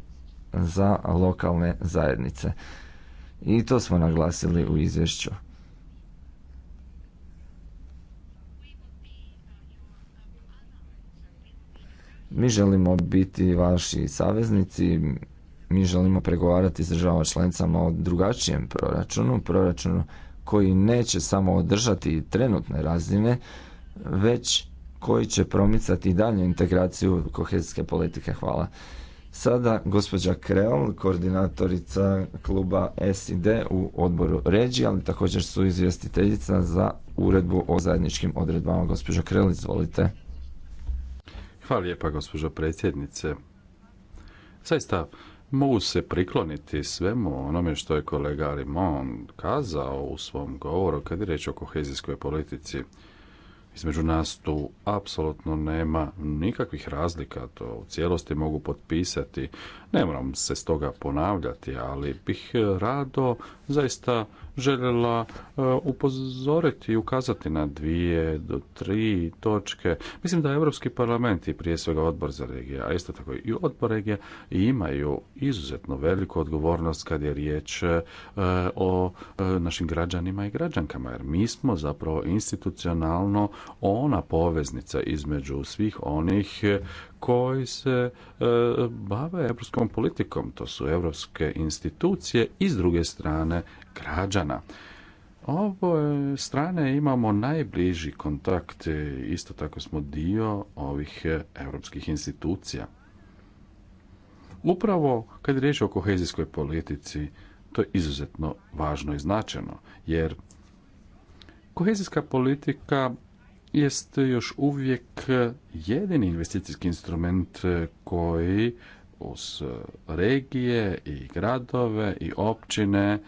Speaker 2: za lokalne zajednice. I to smo naglasili u izvješću. Mi želimo biti vaši saveznici, mi želimo pregovarati s državama članicama o drugačijem proračunu, proračunu koji neće samo održati trenutne razine, već koji će promicati dalju integraciju kohezijske politike. Hvala. Sada gospođa Kreol, koordinatorica kluba SID u odboru Ređi, ali također su izvjestiteljica za uredbu o zajedničkim odredbama. Gospođa Kreol, izvolite.
Speaker 3: Hvala lijepa, gospođo predsjednice. Zaista, mogu se prikloniti svemu onome što je kolega Limon kazao u svom govoru kad je riječ o kohezijskoj politici. Između nas tu apsolutno nema nikakvih razlika, to u cijelosti mogu potpisati. Ne moram se stoga ponavljati, ali bih rado zaista željela e, upozoriti i ukazati na dvije do tri točke. Mislim da Europski parlament i prije svega odbor za regije, a isto tako i odbor regije imaju izuzetno veliku odgovornost kad je riječ e, o e, našim građanima i građankama, jer mi smo zapravo institucionalno ona poveznica između svih onih koji se bave europskom politikom, to su europske institucije i s druge strane građana. Ovo strane imamo najbliži kontakt, e, isto tako smo dio ovih europskih institucija. Upravo kad je riječ o kohezijskoj politici, to je izuzetno važno i značajno, jer kohezijska politika jest još uvijek jedini investicijski instrument e, koji uz e, regije i gradove i općine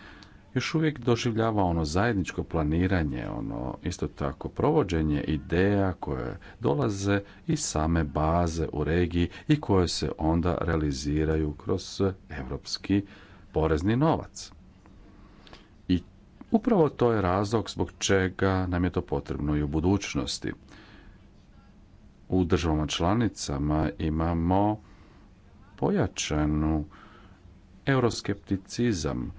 Speaker 3: još uvijek doživljava ono zajedničko planiranje, ono isto tako provođenje ideja koje dolaze iz same baze u regiji i koje se onda realiziraju kroz europski porezni novac. I upravo to je razlog zbog čega nam je to potrebno i u budućnosti. U državama članicama imamo pojačanu euroskepticizam,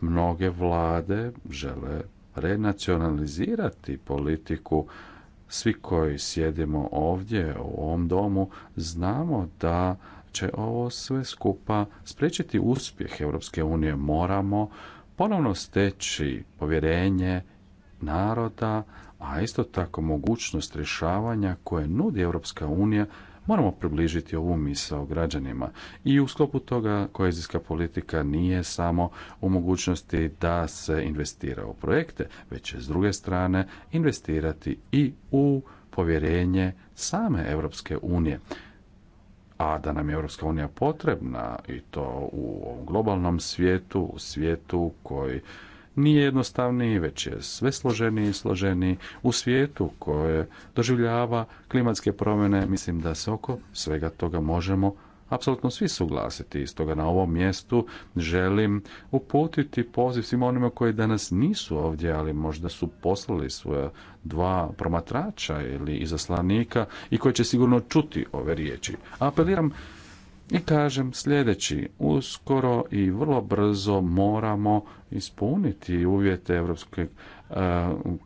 Speaker 3: mnoge vlade žele renacionalizirati politiku. Svi koji sjedimo ovdje u ovom domu znamo da će ovo sve skupa spriječiti uspjeh Europske unije. Moramo ponovno steći povjerenje naroda, a isto tako mogućnost rješavanja koje nudi Europska unija Moramo približiti ovu misao građanima i u sklopu toga koezijska politika nije samo u mogućnosti da se investira u projekte, već je s druge strane investirati i u povjerenje same Europske unije a da nam je Europska unija potrebna i to u globalnom svijetu, u svijetu koji nije jednostavniji, već je sve složeniji i složeniji u svijetu koje doživljava klimatske promjene. Mislim da se oko svega toga možemo apsolutno svi suglasiti. I stoga na ovom mjestu želim uputiti poziv svima onima koji danas nisu ovdje, ali možda su poslali svoja dva promatrača ili izaslanika i koji će sigurno čuti ove riječi. Apeliram i kažem sljedeći, uskoro i vrlo brzo moramo ispuniti uvjete Europske e,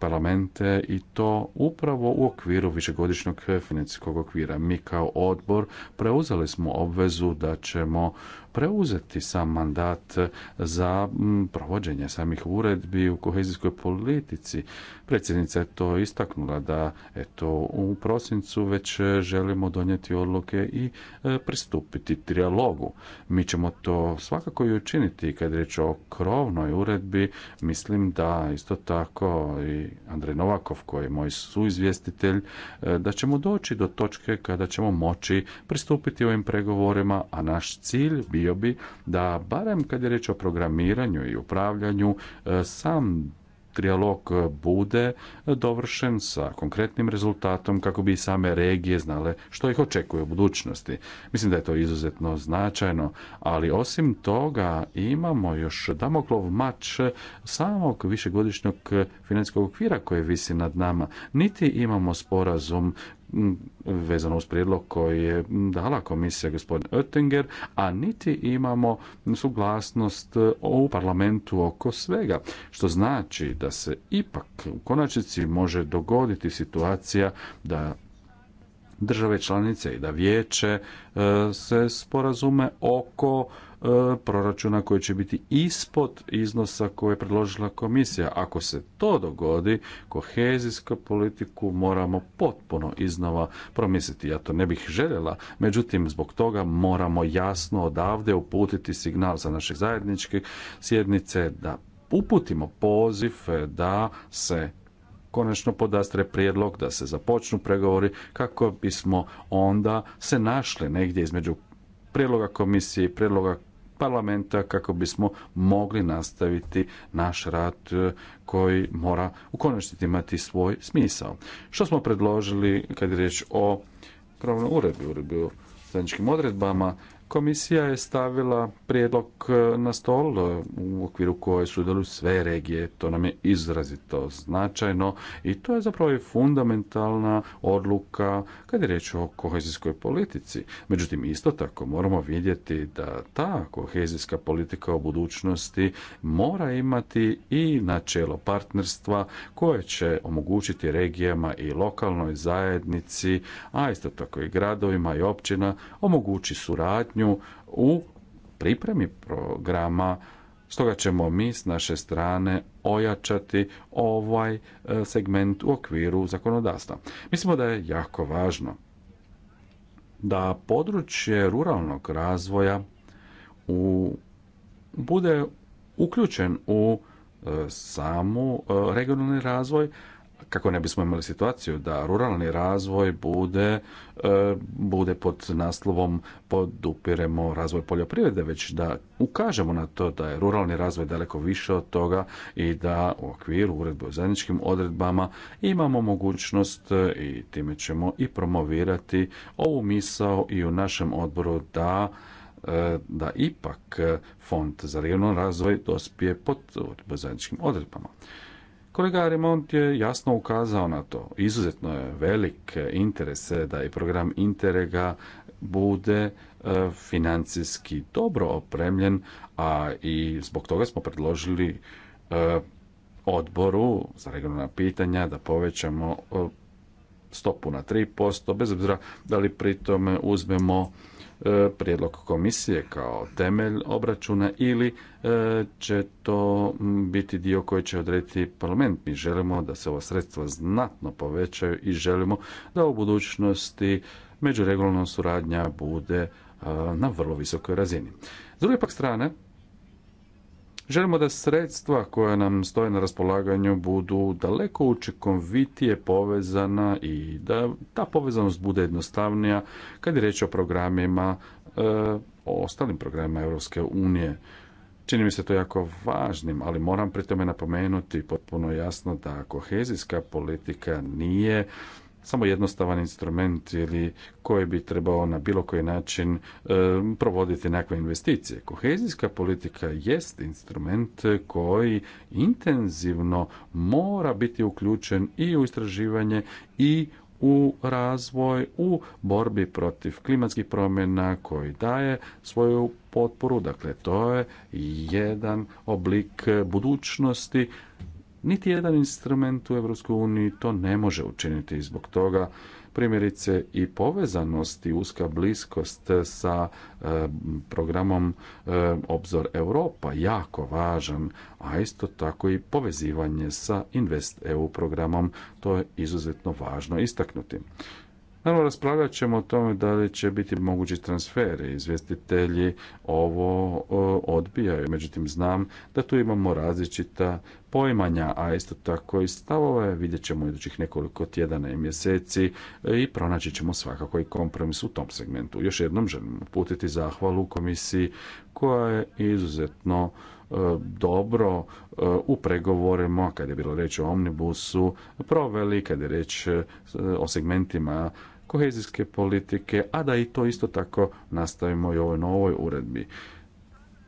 Speaker 3: parlamente i to upravo u okviru višegodišnjeg financijskog okvira. Mi kao odbor preuzeli smo obvezu da ćemo preuzeti sam mandat za provođenje samih uredbi u kohezijskoj politici Predsjednica je to istaknula da eto u prosincu već želimo donijeti odluke i e, pristupiti trijalogu. Mi ćemo to svakako i učiniti kad reč o krovnoj uredbi. Mislim da isto tako i Andrej Novakov koji je moj suizvjestitelj e, da ćemo doći do točke kada ćemo moći pristupiti ovim pregovorima, a naš cilj bio bi da barem kad je reč o programiranju i upravljanju e, sam trijalog e, bude dovršen sa konkretnim rezultatom kako bi i same regije znale što ih očekuje u budućnosti. Mislim da je to izuzetno značajno, ali osim toga imamo još Damoklov mač samog višegodišnjeg financijskog okvira koji visi nad nama. Niti imamo sporazum vezano uz prijedlog koji je dala komisija gospodin Oettinger, a niti imamo suglasnost e, u parlamentu oko svega, što znači da se ipak u konačnici može dogoditi situacija da države članice i da vijeće e, se sporazume oko E, proračuna koji će biti ispod iznosa koje je predložila komisija. Ako se to dogodi, kohezijsku politiku moramo potpuno iznova promisliti. Ja to ne bih željela, međutim zbog toga moramo jasno odavde uputiti signal za naše zajedničke sjednice da uputimo poziv da se konačno podastre prijedlog da se započnu pregovori kako bismo onda se našli negdje između prijedloga komisije i prijedloga parlamenta kako bismo mogli nastaviti naš rad e, koji mora u konačnici imati svoj smisao. Što smo predložili kad je riječ o pravnoj uredbi, uredbi o zajedničkim odredbama, Komisija je stavila prijedlog e, na stol e, u okviru koje su sve regije. To nam je izrazito značajno i to je zapravo i fundamentalna odluka kad je riječ o kohezijskoj politici. Međutim, isto tako moramo vidjeti da ta kohezijska politika u budućnosti mora imati i načelo partnerstva koje će omogućiti regijama i lokalnoj zajednici, a isto tako i gradovima i općina, omogući suradnju u pripremi programa Stoga ćemo mi s naše strane ojačati ovaj e, segment u okviru zakonodavstva. Mislimo da je jako važno da područje ruralnog razvoja u, bude uključen u e, samu e, regionalni razvoj, kako ne bismo imali situaciju da ruralni razvoj bude, e, bude pod naslovom podupiremo razvoj poljoprivrede, već da ukažemo na to da je ruralni razvoj daleko više od toga i da u okviru uredbe o zajedničkim odredbama imamo mogućnost e, i time ćemo i promovirati ovu misao i u našem odboru da e, da ipak fond za regionalni razvoj dospije pod zajedničkim odredbama. Kolega Remont je jasno ukazao na to. Izuzetno je velik interes da i program Interega bude e, financijski dobro opremljen, a i zbog toga smo predložili e, odboru za regionalna pitanja da povećamo e, stopu na 3%, bez obzira da li pri tome uzmemo E, prijedlog komisije kao temelj obračuna ili e, će to biti dio koji će odrediti parlament. Mi želimo da se ova sredstva znatno povećaju i želimo da u budućnosti međuregionalna suradnja bude e, na vrlo visokoj razini. S druge pak strane, Želimo da sredstva koja nam stoje na raspolaganju budu daleko učinkovitije povezana i da ta povezanost bude jednostavnija kad je reč o programima, e, o ostalim programima Europske unije. Čini mi se to jako važnim, ali moram pri tome napomenuti potpuno jasno da kohezijska politika nije samo jednostavan instrument ili koji bi trebao na bilo koji način eh, provoditi nekakve investicije. Kohezijska politika jest instrument koji intenzivno mora biti uključen i u istraživanje i u razvoj, u borbi protiv klimatskih promjena koji daje svoju potporu. Dakle, to je jedan oblik budućnosti niti jedan instrument u EU to ne može učiniti zbog toga primjerice i povezanost i uska bliskost sa e, programom e, Obzor Europa jako važan, a isto tako i povezivanje sa Invest EU programom, to je izuzetno važno istaknuti. Naravno, raspravljat ćemo o tome da li će biti mogući transfer Izvjestitelji ovo odbijaju, međutim znam da tu imamo različita poimanja, a isto tako i stavove. Vidjet ćemo idućih nekoliko tjedana i mjeseci i pronaći ćemo svakako i kompromis u tom segmentu. Još jednom želim uputiti zahvalu komisiji koja je izuzetno e, dobro e, u pregovorima, kad je bilo reč o omnibusu, proveli, kad je reč e, o segmentima kohezijske politike, a da i to isto tako nastavimo i u ovoj novoj uredbi.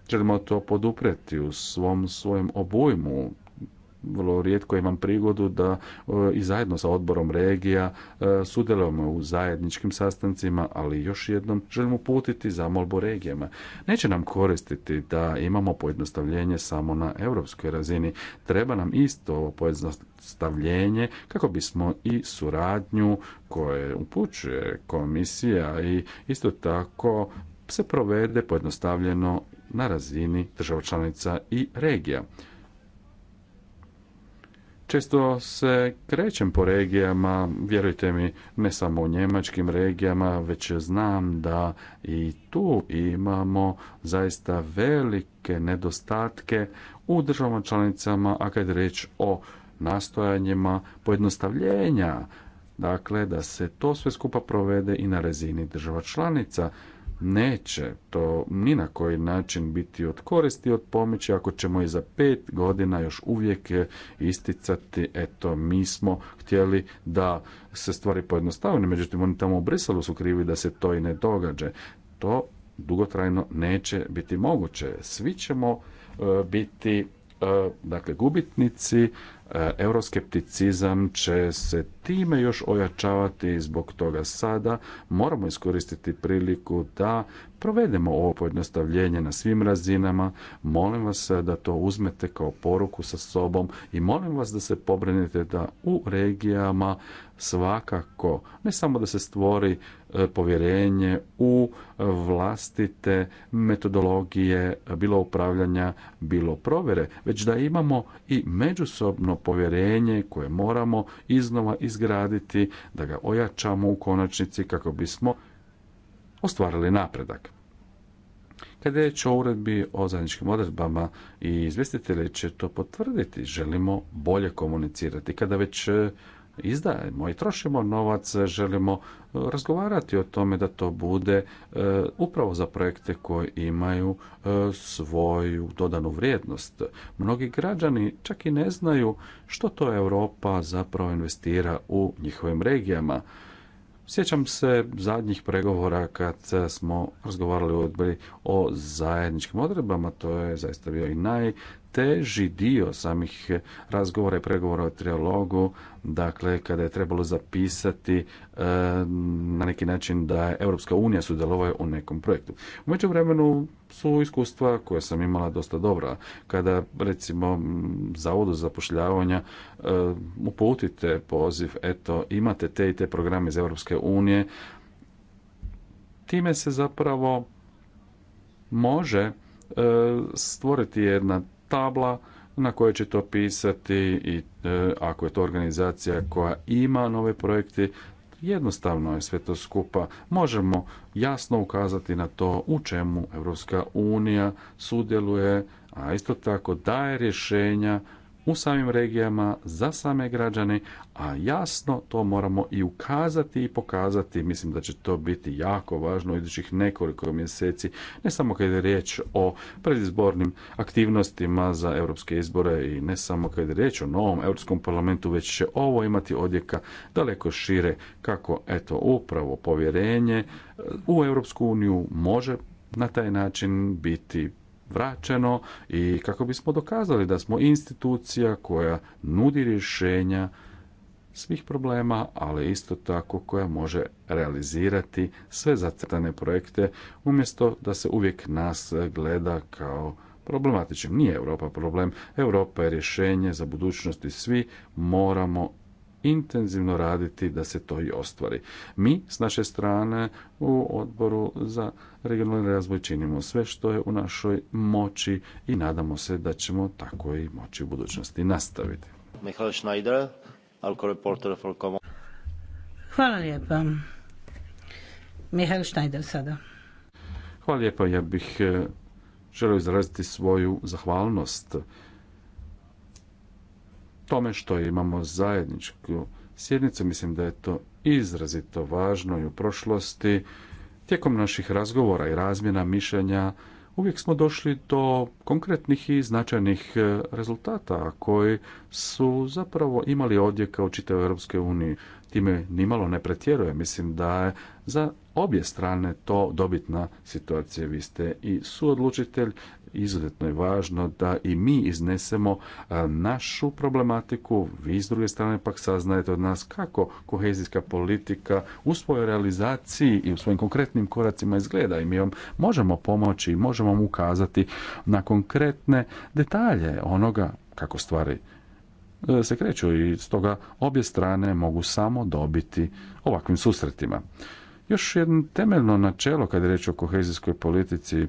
Speaker 3: Želimo to podupreti u svom svojem obujmu, vrlo rijetko imam prigodu da e, i zajedno sa odborom regija e, sudjelujemo u zajedničkim sastancima, ali još jednom želimo uputiti molbu regijama. Neće nam koristiti da imamo pojednostavljenje samo na europskoj razini. Treba nam isto pojednostavljenje kako bismo i suradnju koje upućuje komisija i isto tako se provede pojednostavljeno na razini država članica i regija. Često se krećem po regijama, vjerujte mi, ne samo u njemačkim regijama, već znam da i tu imamo zaista velike nedostatke u državama članicama, a kad je reč o nastojanjima pojednostavljenja, dakle da se to sve skupa provede i na razini država članica neće to ni na koji način biti od koristi, od pomoći, ako ćemo i za pet godina još uvijek isticati, eto, mi smo htjeli da se stvari pojednostavne, međutim, oni tamo u Briselu su krivi da se to i ne događa. To dugotrajno neće biti moguće. Svi ćemo e, biti e, dakle gubitnici E, euroskepticizam će se time još ojačavati zbog toga sada moramo iskoristiti priliku da provedemo ovo pojednostavljenje na svim razinama. Molim vas da to uzmete kao poruku sa sobom i molim vas da se pobrinete da u regijama svakako ne samo da se stvori e, povjerenje u vlastite metodologije bilo upravljanja, bilo provjere, već da imamo i međusobno povjerenje koje moramo iznova izgraditi, da ga ojačamo u konačnici kako bismo ostvarili napredak. Kada je riječ o uredbi o zajedničkim odredbama i izvjestitelji će to potvrditi, želimo bolje komunicirati. Kada već e, izdajemo i trošimo novac, želimo e, razgovarati o tome da to bude e, upravo za projekte koji imaju svoju dodanu vrijednost. Mnogi građani čak i ne znaju što to Europa zapravo investira u njihovim regijama. Sjećam se zadnjih pregovora kad smo razgovarali o zajedničkim odredbama, to je zaista bio i najteži dio samih razgovora i pregovora o trialogu, dakle kada je trebalo zapisati e, na neki način da je Europska unija sudjelovao u nekom projektu. U međuvremenu su iskustva koja sam imala dosta dobra. Kada recimo zavodu za zapošljavanja e, uputite poziv, eto imate te i te programe iz Europske unije, time se zapravo može e, stvoriti jedna tabla na kojoj će to pisati i e, ako je to organizacija koja ima nove projekte, Jednostavno je sve to skupa. Možemo jasno ukazati na to u čemu Europska unija sudjeluje, a isto tako daje rješenja u samim regijama za same građane, a jasno to moramo i ukazati i pokazati. Mislim da će to biti jako važno u idućih nekoliko mjeseci, ne samo kada je riječ o predizbornim aktivnostima za europske izbore i ne samo kad je riječ o novom europskom parlamentu, već će ovo imati odjeka daleko šire kako eto upravo povjerenje u Europsku uniju može na taj način biti vraćeno i kako bismo dokazali da smo institucija koja nudi rješenja svih problema, ali isto tako koja može realizirati sve zacrtane projekte umjesto da se uvijek nas gleda kao problematičnim. Nije Europa problem, Europa je rješenje za budućnost i svi moramo intenzivno raditi da se to i ostvari. Mi s naše strane u odboru za regionalni razvoj činimo sve što je u našoj moći i nadamo se da ćemo tako i moći u budućnosti nastaviti.
Speaker 1: Hvala lijepa. Schneider sada.
Speaker 3: Hvala lijepa, ja bih eh, želio izraziti svoju zahvalnost tome što imamo zajedničku sjednicu. Mislim da je to izrazito važno i u prošlosti. Tijekom naših razgovora i razmjena mišljenja uvijek smo došli do konkretnih i značajnih e, rezultata koji su zapravo imali ovdje kao čitav Europske uniji Time nimalo ne pretjeruje. Mislim da je za obje strane to dobitna situacija. Vi ste i suodlučitelj, izuzetno je važno da i mi iznesemo našu problematiku, vi s druge strane pak saznajete od nas kako kohezijska politika u svojoj realizaciji i u svojim konkretnim koracima izgleda i mi vam možemo pomoći, i možemo vam ukazati na konkretne detalje onoga kako stvari e, se kreću i stoga obje strane mogu samo dobiti ovakvim susretima. Još jedno temeljno načelo kad je reč o kohezijskoj politici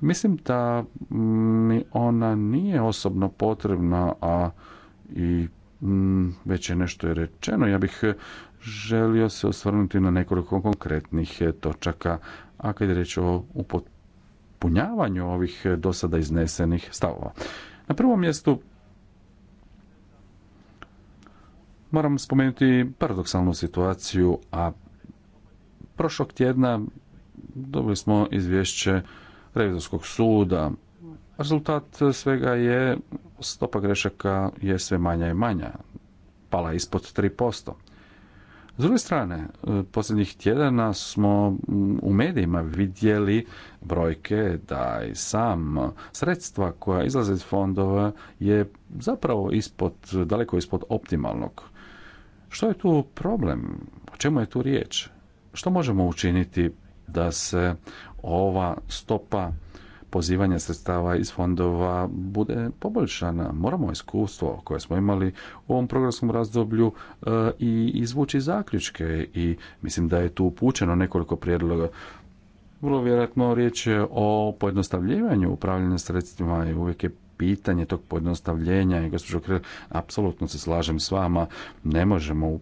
Speaker 3: Mislim da mi ona nije osobno potrebna, a i mm, već je nešto je rečeno. Ja bih želio se osvrnuti na nekoliko konkretnih e, točaka, a kad je reč o upotpunjavanju ovih e, do sada iznesenih stavova. Na prvom mjestu moram spomenuti paradoksalnu situaciju, a prošlog tjedna dobili smo izvješće revizorskog suda. Rezultat svega je stopa grešaka je sve manja i manja. Pala je ispod 3%. S druge strane, posljednjih tjedana smo u medijima vidjeli brojke da i sam sredstva koja izlaze iz fondova je zapravo ispod, daleko ispod optimalnog. Što je tu problem? O čemu je tu riječ? Što možemo učiniti da se ova stopa pozivanja sredstava iz fondova bude poboljšana. Moramo iskustvo koje smo imali u ovom programskom razdoblju e, i izvući zaključke i mislim da je tu upućeno nekoliko prijedloga. Vrlo vjerojatno riječ je o pojednostavljivanju upravljanja sredstvima i uvijek je pitanje tog pojednostavljenja i gospođo Krel, apsolutno se slažem s vama, ne možemo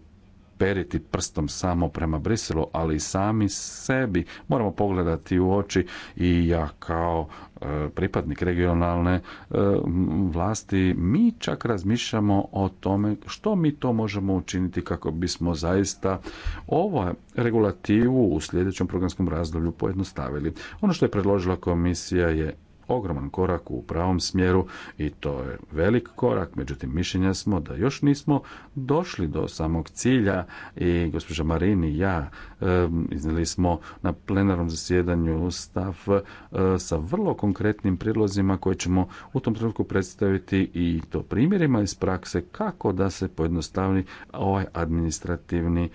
Speaker 3: periti prstom samo prema Briselu, ali i sami sebi moramo pogledati u oči i ja kao e, pripadnik regionalne e, vlasti, mi čak razmišljamo o tome što mi to možemo učiniti kako bismo zaista ovo regulativu u sljedećem programskom razdoblju pojednostavili. Ono što je predložila komisija je ogroman korak u pravom smjeru i to je velik korak, međutim mišljenja smo da još nismo došli do samog cilja i gospođa Marin i ja iznijeli smo na plenarnom zasjedanju stav e, sa vrlo konkretnim prilozima koje ćemo u tom trenutku predstaviti i to primjerima iz prakse kako da se pojednostavni ovaj administrativni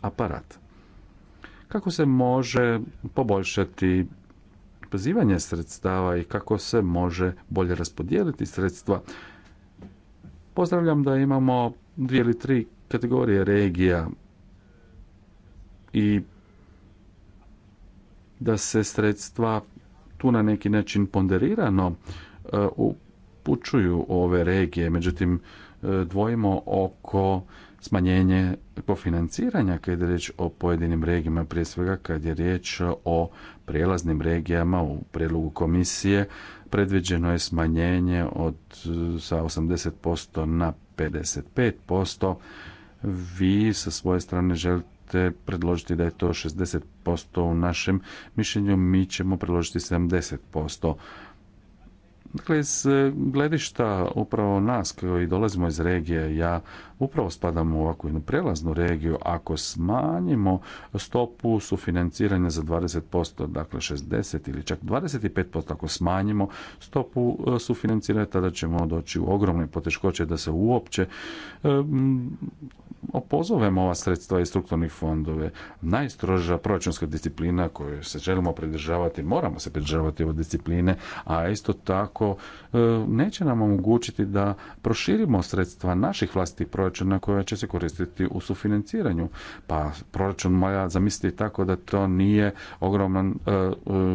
Speaker 3: aparat kako se može poboljšati pozivanje sredstava i kako se može bolje raspodijeliti sredstva. Pozdravljam da imamo dvije ili tri kategorije regija i da se sredstva tu na neki način ponderirano e, upućuju ove regije, međutim e, dvojimo oko smanjenje financiranja kad je riječ o pojedinim regijama, prije svega kad je riječ o prijelaznim regijama u prijedlogu komisije, predviđeno je smanjenje od, sa 80% na 55%. Vi sa svoje strane želite predložiti da je to 60% u našem mišljenju, mi ćemo predložiti 70%. Dakle, iz eh, gledišta upravo nas koji dolazimo iz regije, ja upravo spadamo u ovakvu jednu prelaznu regiju. Ako smanjimo stopu sufinanciranja za 20%, dakle 60 ili čak 25%, ako smanjimo stopu e, sufinanciranja, tada ćemo doći u ogromne poteškoće da se uopće e, opozovemo ova sredstva i strukturnih fondove. Najstroža proračunska disciplina koju se želimo pridržavati, moramo se pridržavati ove discipline, a isto tako e, neće nam omogućiti da proširimo sredstva naših vlastitih proračuna proračuna koja će se koristiti u sufinanciranju. Pa proračun moja zamisliti tako da to nije ogroman e, e,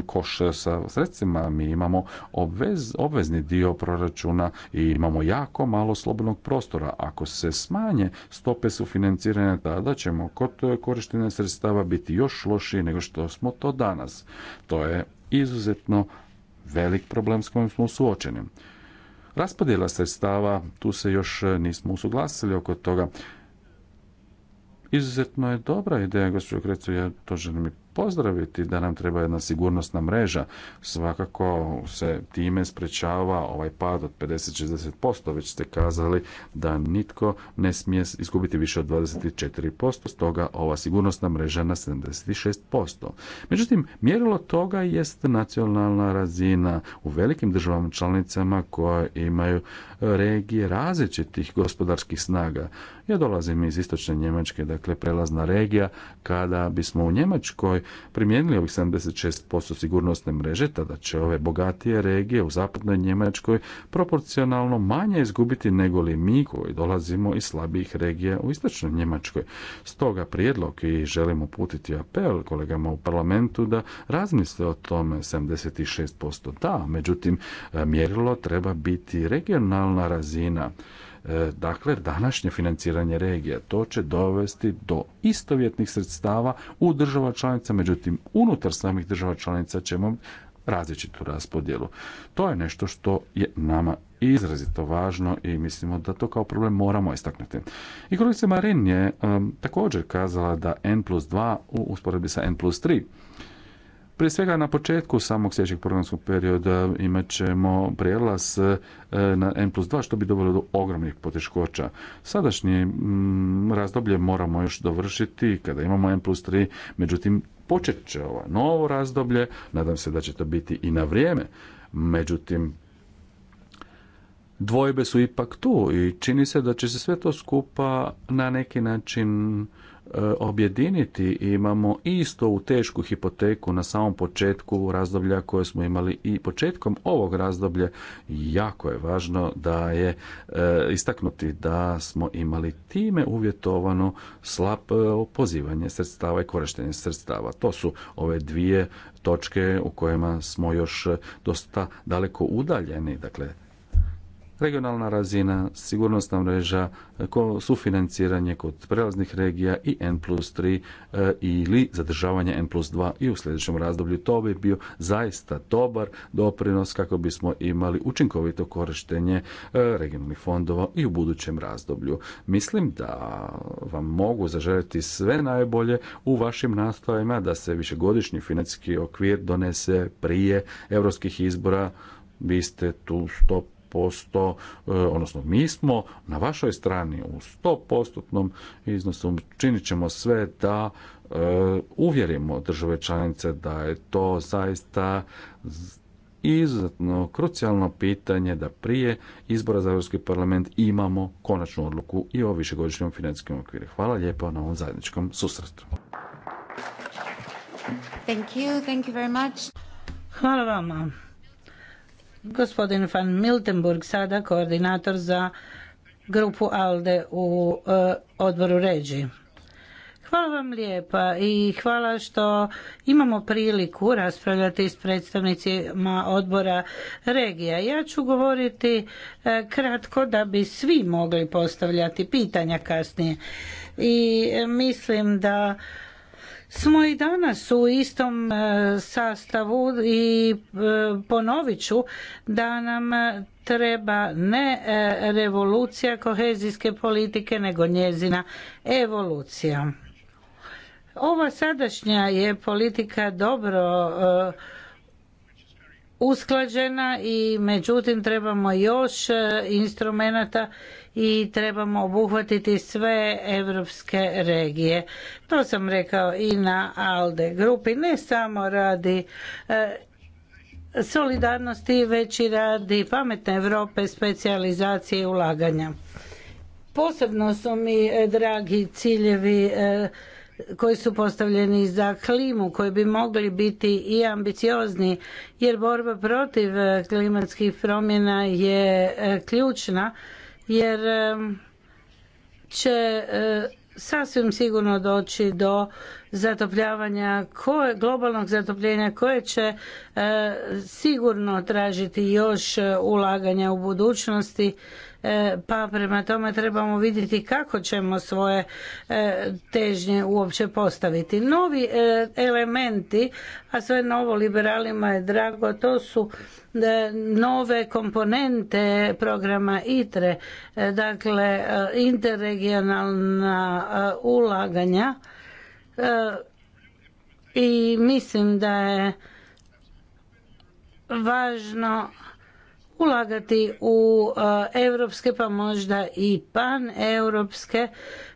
Speaker 3: koš sa sredstvima. Mi imamo obvez, obvezni dio proračuna i imamo jako malo slobodnog prostora. Ako se smanje stope sufinanciranja, tada ćemo kod korištenja sredstava biti još lošiji nego što smo to danas. To je izuzetno velik problem s kojim smo suočeni. Raspodjela sredstava, tu se još e, nismo usuglasili oko toga. Izuzetno je dobra ideja, gospođo Krecu, ja to želim pozdraviti da nam treba jedna sigurnosna mreža. Svakako se time sprečava ovaj pad od 50-60%, već ste kazali da nitko ne smije izgubiti više od 24%, stoga ova sigurnosna mreža na 76%. Međutim, mjerilo toga jest nacionalna razina u velikim državama članicama koje imaju e, regije različitih gospodarskih snaga. Ja dolazim iz istočne Njemačke, dakle prelazna regija, kada bismo u Njemačkoj primijenili ovih 76% sigurnosne mreže, tada će ove bogatije regije u zapadnoj Njemačkoj proporcionalno manje izgubiti nego li mi koji dolazimo iz slabijih regija u istočnoj Njemačkoj. Stoga prijedlog i želimo putiti apel kolegama u parlamentu da razmisle o tome 76% da, međutim mjerilo treba biti regionalna razina E, dakle, današnje financiranje regija, to će dovesti do istovjetnih sredstava u država članica, međutim, unutar samih država članica ćemo različitu raspodjelu. To je nešto što je nama izrazito važno i mislimo da to kao problem moramo istaknuti. I kolegica Marin je također kazala da N plus 2 u usporedbi sa N plus 3 prije svega na početku samog sljedećeg programskog perioda imat ćemo prijelaz e, na N plus 2 što bi dovelo do ogromnih poteškoća. Sadašnje mm, razdoblje moramo još dovršiti kada imamo N plus 3, međutim počet će ovo novo razdoblje, nadam se da će to biti i na vrijeme. Međutim, dvojbe su ipak tu i čini se da će se sve to skupa na neki način objediniti imamo isto u tešku hipoteku na samom početku razdoblja koje smo imali i početkom ovog razdoblja jako je važno da je e, istaknuti da smo imali time uvjetovano slab e, pozivanje sredstava i korištenje sredstava. To su ove dvije točke u kojima smo još dosta daleko udaljeni, dakle regionalna razina, sigurnosna mreža, e, sufinanciranje kod prelaznih regija i N plus 3 e, ili zadržavanje N plus 2 i u sljedećem razdoblju. To bi bio zaista dobar doprinos kako bismo imali učinkovito korištenje e, regionalnih fondova i u budućem razdoblju. Mislim da vam mogu zaželjeti sve najbolje u vašim nastavima da se višegodišnji financijski okvir donese prije europskih izbora vi ste tu stop posto eh, odnosno mi smo na vašoj strani u 100% iznosu, činit ćemo sve da eh, uvjerimo države članice da je to zaista izuzetno krucijalno pitanje da prije izbora za Europski parlament imamo konačnu odluku i o višegodišnjem financijskom okviru. Hvala lijepo na ovom zajedničkom susretu.
Speaker 1: Thank you, thank you very much. Hvala Gospodin Van Miltenburg, sada koordinator za grupu ALDE u eh, odboru Ređi. Hvala vam lijepa i hvala što imamo priliku raspravljati s predstavnicima odbora regija. Ja ću govoriti eh, kratko da bi svi mogli postavljati pitanja kasnije. I eh, mislim da smo i danas u istom e, sastavu i e, ponovit ću da nam e, treba ne revolucija kohezijske politike nego njezina evolucija. Ova sadašnja je politika dobro usklađena i međutim trebamo još instrumenata i trebamo obuhvatiti sve europske regije. To sam rekao i na ALDE grupi, ne samo radi e, solidarnosti, već i radi pametne Europe, specijalizacije i ulaganja. Posebno su mi e, dragi ciljevi e, koji su postavljeni za klimu, koji bi mogli biti i ambiciozni, jer borba protiv klimatskih promjena je ključna jer će e, sasvim sigurno doći do zatopljavanja, koje, globalnog zatopljenja koje će e, sigurno tražiti još e, ulaganja u budućnosti E, pa prema tome trebamo vidjeti kako ćemo svoje e, težnje uopće postaviti. Novi e, elementi, a sve novo liberalima je drago, to su nove komponente programa ITRE, dakle interregionalna ulaganja i mislim da je važno ulagati u europske pa možda i paneuropske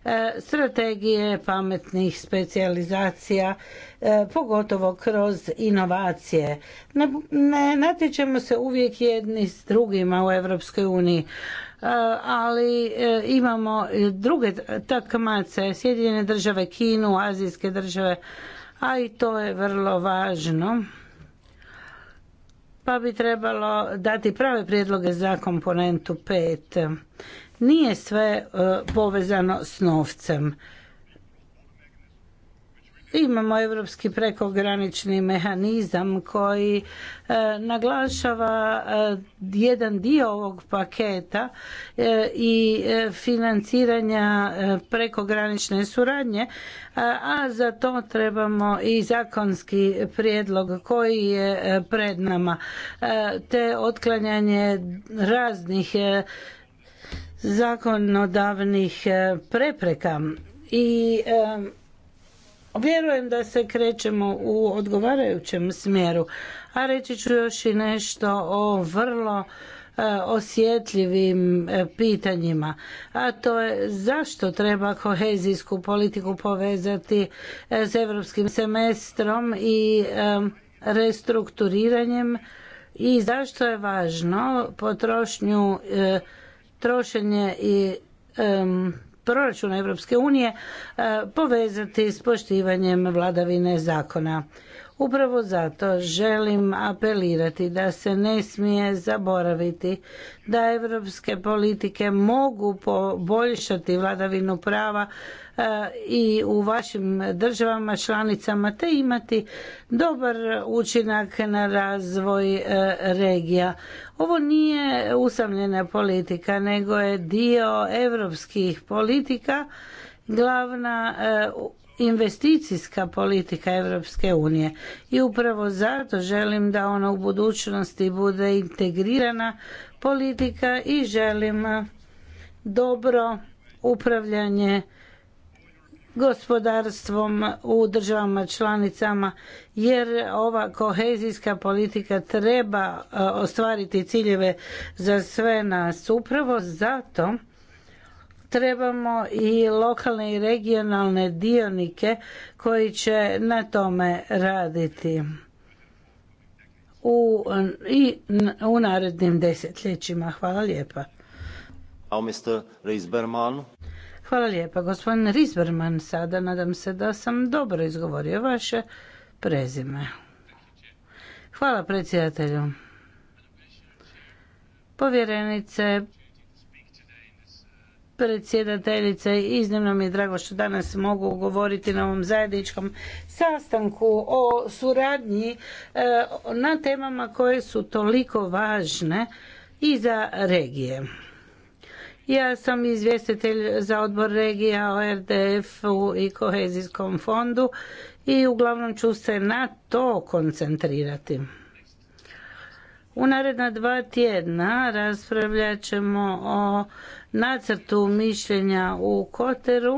Speaker 1: e, strategije pametnih specijalizacija e, pogotovo kroz inovacije. Ne natječemo se uvijek jedni s drugima u Europskoj uniji e, ali imamo druge takmace, Sjedinjene države, Kinu, azijske države, a i to je vrlo važno pa bi trebalo dati prave prijedloge za komponentu 5. Nije sve e, povezano s novcem Imamo europski prekogranični mehanizam koji e, naglašava e, jedan dio ovog paketa e, i financiranja prekogranične suradnje, a za to trebamo i zakonski prijedlog koji je pred nama, te otklanjanje raznih zakonodavnih prepreka i Vjerujem da se krećemo u odgovarajućem smjeru, a reći ću još i nešto o vrlo e, osjetljivim e, pitanjima, a to je zašto treba kohezijsku politiku povezati e, s europskim semestrom i restrukturiranjem i zašto je važno potrošnju, trošenje i proračuna Europske unije e, povezati s poštivanjem vladavine zakona. Upravo zato želim apelirati da se ne smije zaboraviti da europske politike mogu poboljšati vladavinu prava e, i u vašim državama članicama te imati dobar učinak na razvoj e, regija. Ovo nije usamljena politika, nego je dio europskih politika, glavna e, investicijska politika Europske unije. I upravo zato želim da ona u budućnosti bude integrirana politika i želim dobro upravljanje gospodarstvom u državama članicama jer ova kohezijska politika treba e, ostvariti ciljeve za sve nas. Upravo zato trebamo i lokalne i regionalne dionike koji će na tome raditi u, i u narednim desetljećima. Hvala lijepa. Mr. Hvala lijepa. Gospodin Rizberman, sada nadam se da sam dobro izgovorio vaše prezime. Hvala predsjedatelju. Povjerenice, predsjedateljice, iznimno mi je drago što danas mogu govoriti na ovom zajedničkom sastanku o suradnji e, na temama koje su toliko važne i za regije. Ja sam izvjestitelj za odbor regija o RDF-u i kohezijskom fondu i uglavnom ću se na to koncentrirati. U naredna dva tjedna raspravljat ćemo o nacrtu mišljenja u Koteru,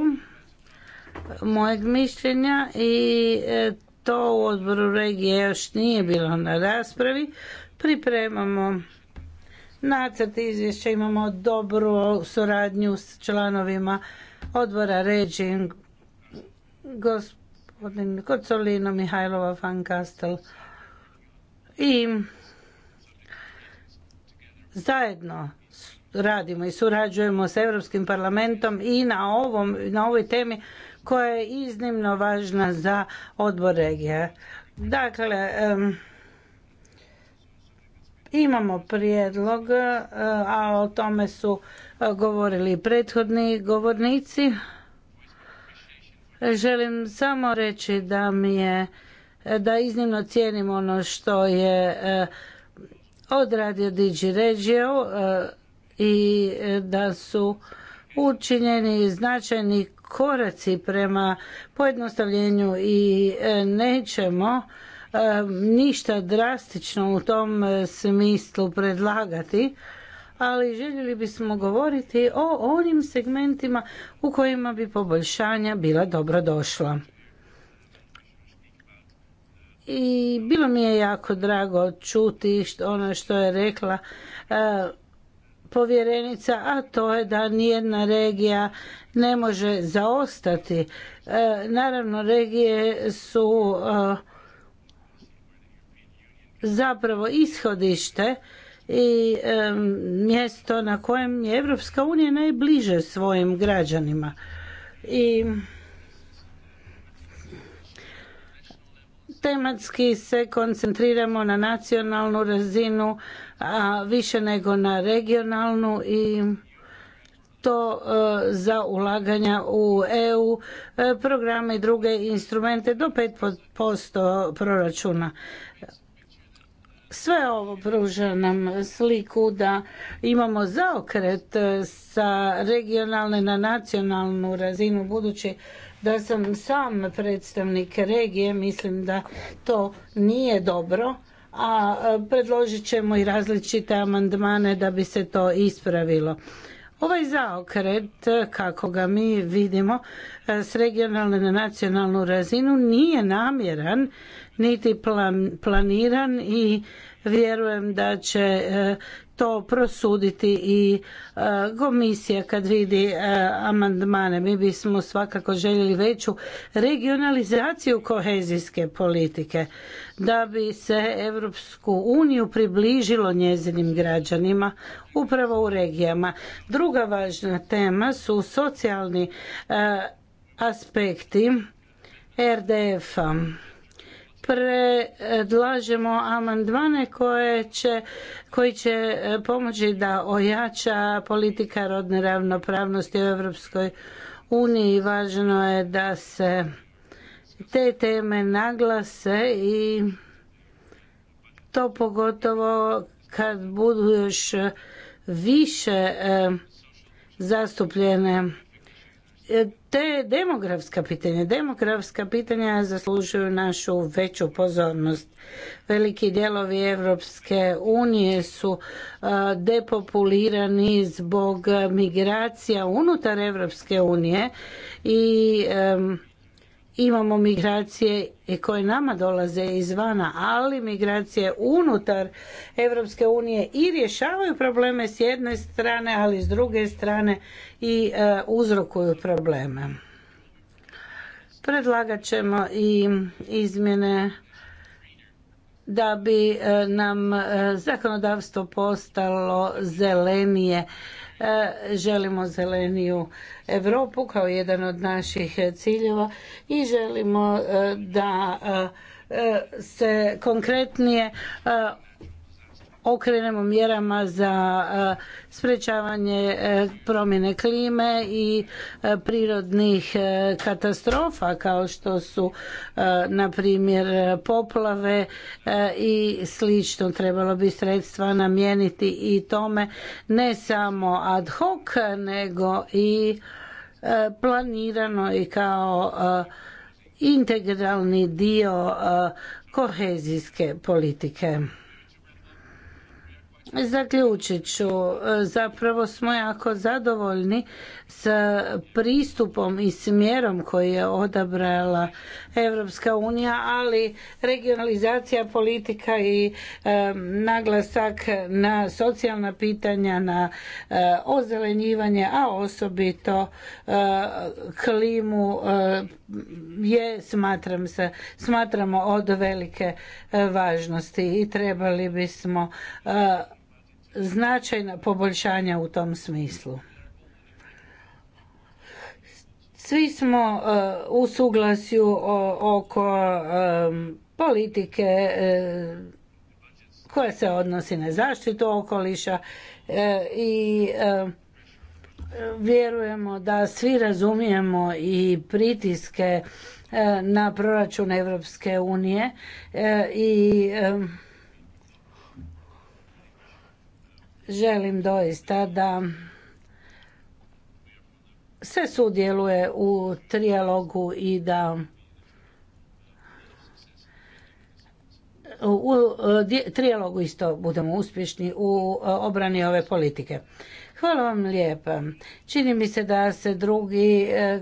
Speaker 1: mojeg mišljenja i e, to u odboru regije još nije bilo na raspravi. Pripremamo nacrt izvješća. Imamo dobru suradnju s članovima odbora Ređing, gospodin Kocolino, Mihajlova, Van Kastel i zajedno radimo i surađujemo s Europskim parlamentom i na, ovoj temi koja je iznimno važna za odbor regija. Dakle, Imamo prijedlog, e, a o tome su e, govorili prethodni govornici. Želim samo reći da mi je e, da iznimno cijenim ono što je odradio Digi Regio i da su učinjeni značajni koraci prema pojednostavljenju i nećemo ništa drastično u tom eh, smislu predlagati, ali željeli bismo govoriti o onim segmentima u kojima bi poboljšanja bila dobro došla. I bilo mi je jako drago čuti ono što je rekla eh, povjerenica, a to je da nijedna regija ne može zaostati. Eh, naravno, regije su zapravo ishodište i mjesto na kojem je Europska unija najbliže svojim građanima. I tematski se koncentriramo na nacionalnu razinu, a više nego na regionalnu i to e, za ulaganja u EU e, programe i druge instrumente do 5% proračuna sve ovo pruža nam sliku da imamo zaokret e, sa regionalne na nacionalnu razinu budući da sam sam predstavnik regije mislim da to nije dobro a e, predložit ćemo i različite amandmane da bi se to ispravilo. Ovaj zaokret, eh, kako ga mi vidimo, eh, s regionalne na nacionalnu razinu nije namjeran niti planiran i Vjerujem da će e, to prosuditi i e, komisija kad vidi e, amandmane. Mi bismo svakako željeli veću regionalizaciju kohezijske politike da bi se Europsku uniju približilo njezinim građanima upravo u regijama. Druga važna tema su socijalni aspekti RDF-a predlažemo amandmane koji će e, pomoći da ojača politika rodne ravnopravnosti u Europskoj uniji. Važno je da se te teme naglase i to pogotovo kad budu još više e, zastupljene e, te demografska pitanja. Demografska pitanja zaslužuju našu veću pozornost. Veliki dijelovi Evropske unije su e, depopulirani zbog migracija unutar Evropske unije i imamo migracije koje nama dolaze izvana, ali migracije unutar Europske unije i rješavaju probleme s jedne strane, ali s druge strane i e, uzrokuju probleme. Predlagat ćemo i izmjene da bi e, nam e, zakonodavstvo postalo zelenije E, želimo zeleniju Europu kao jedan od naših ciljeva i želimo e, da e, se konkretnije okrenemo mjerama za e, sprečavanje e, promjene klime i e, prirodnih katastrofa kao što su na primjer poplave i slično trebalo bi sredstva namijeniti i tome ne samo ad hoc nego i planirano i kao integralni dio kohezijske politike. Zaključit ću, zapravo smo jako zadovoljni sa pristupom i smjerom koji je odabrala Europska unija, ali regionalizacija politika i e, naglasak na socijalna pitanja, na e, ozelenjivanje, a osobito e, klimu je smatram se, smatramo od velike važnosti i trebali bismo značajna poboljšanja u tom smislu. Svi smo eh, u suglasju oko eh, politike eh, koja se odnosi na zaštitu okoliša i vjerujemo da svi razumijemo i pritiske na proračun Europske unije i želim doista da se sudjeluje u trijalogu i da u trijalogu isto budemo uspješni u obrani ove politike. Hvala vam lijepa. Čini mi se da se drugi e,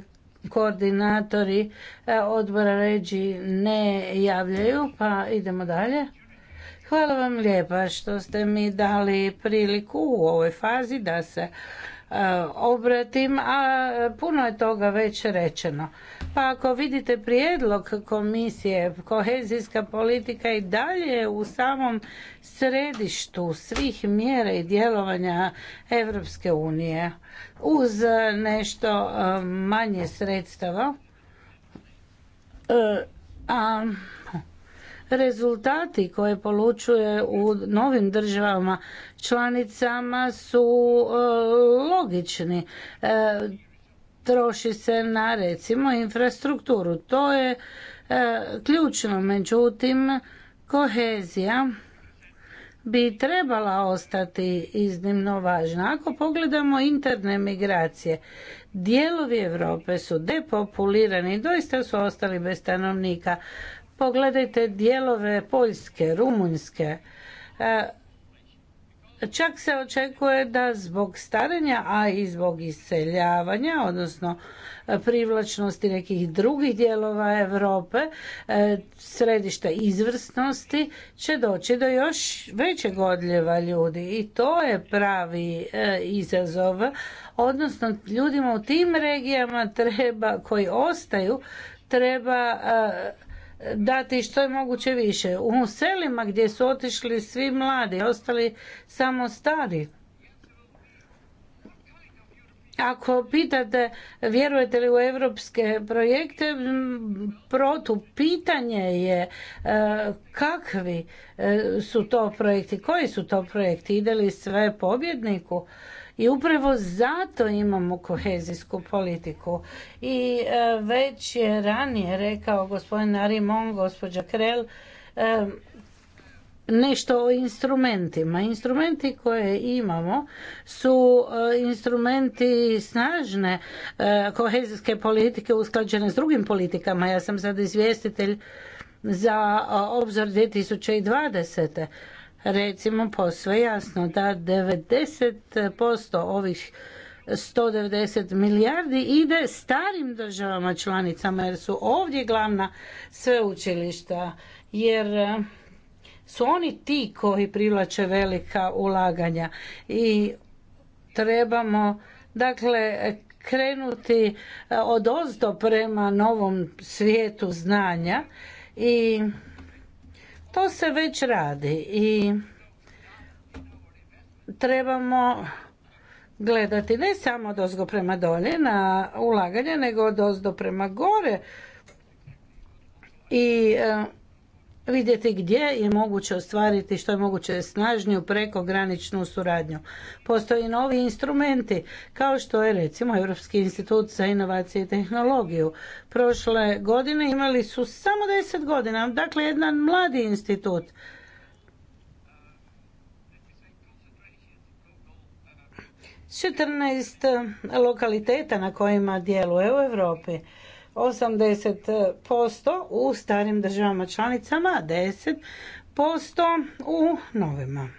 Speaker 1: koordinatori e, odbora ređi ne javljaju, pa idemo dalje. Hvala vam lijepa što ste mi dali priliku u ovoj fazi da se e, obratim, a puno je toga već rečeno. Pa ako vidite prijedlog komisije, kohezijska politika i dalje u samom središtu svih mjera i djelovanja Europske unije uz nešto e, manje sredstava. E, a rezultati koje polučuje u novim državama članicama su e, logični. E, troši se na recimo infrastrukturu. To je e, ključno. Međutim, kohezija bi trebala ostati iznimno važna. Ako pogledamo interne migracije, dijelovi Europe su depopulirani, doista su ostali bez stanovnika. Pogledajte dijelove Poljske, Rumunjske. E, čak se očekuje da zbog starenja, a i zbog iseljavanja, odnosno e, privlačnosti nekih drugih dijelova Europe, e, središta izvrsnosti, će doći do još većeg odljeva ljudi. I to je pravi izazov. Odnosno, ljudima u tim regijama treba, koji ostaju, treba dati što je moguće više. U selima gdje su otišli svi mladi, ostali samo stari. Ako pitate vjerujete li u europske projekte, protu pitanje je e, kakvi e, su to projekti, koji su to projekti, ide li sve pobjedniku? I upravo zato imamo kohezijsku politiku. I e, već je ranije rekao gospodin Arimon, gospođa Krel, e, nešto o instrumentima. Instrumenti koje imamo su e, instrumenti snažne kohezijske politike usklađene s drugim politikama. Ja sam sad izvjestitelj za obzor 2020 recimo posve jasno da 90% ovih 190 milijardi ide starim državama članicama jer su ovdje glavna sveučilišta jer e, su oni ti koji privlače velika ulaganja i trebamo dakle krenuti e, od ozdo prema novom svijetu znanja i to se već radi i trebamo gledati ne samo dozgo prema dolje na ulaganje, nego dozdo prema gore i e, vidjeti gdje je moguće ostvariti što je moguće snažniju prekograničnu suradnju. Postoje novi instrumenti kao što je recimo Europski institut za inovacije i tehnologiju. Prošle godine imali su samo 10 godina, dakle jedan mladi institut. četrnaest lokaliteta na kojima djeluje u Europi. 80% u starim državama članicama, 10% u novima.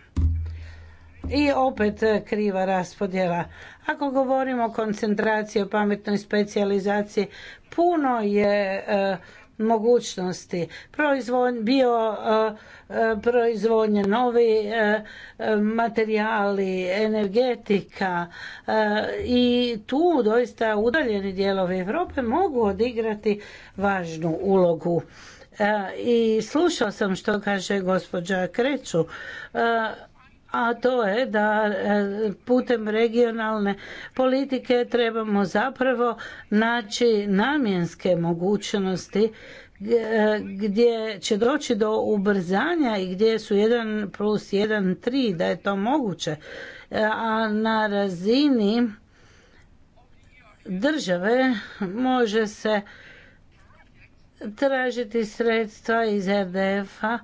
Speaker 1: I opet kriva raspodjela. Ako govorimo o koncentraciji, o pametnoj specijalizaciji, puno je eh, mogućnosti. Proizvod, bio e, e, proizvodnje, novi e, materijali, energetika i tu doista udaljeni dijelovi Europe mogu odigrati važnu ulogu. I slušao sam što kaže gospođa Kreću a to je da e, putem regionalne politike trebamo zapravo naći namjenske mogućnosti e, gdje će doći do ubrzanja i gdje su 1 plus 1 3, da je to moguće. E, a na razini države može se tražiti sredstva iz RDF-a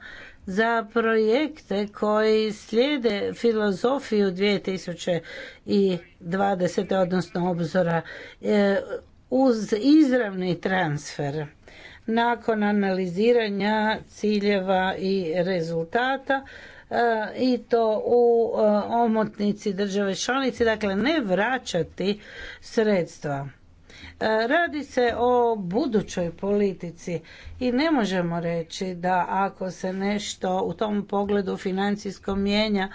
Speaker 1: za projekte koji slijede filozofiju 2020. odnosno obzora e, uz izravni transfer. Nakon analiziranja ciljeva i rezultata e, i to u e, omotnici države članice, dakle ne vraćati sredstva. E, radi se o budućoj politici i ne možemo reći da ako se nešto u tom pogledu financijsko mijenja,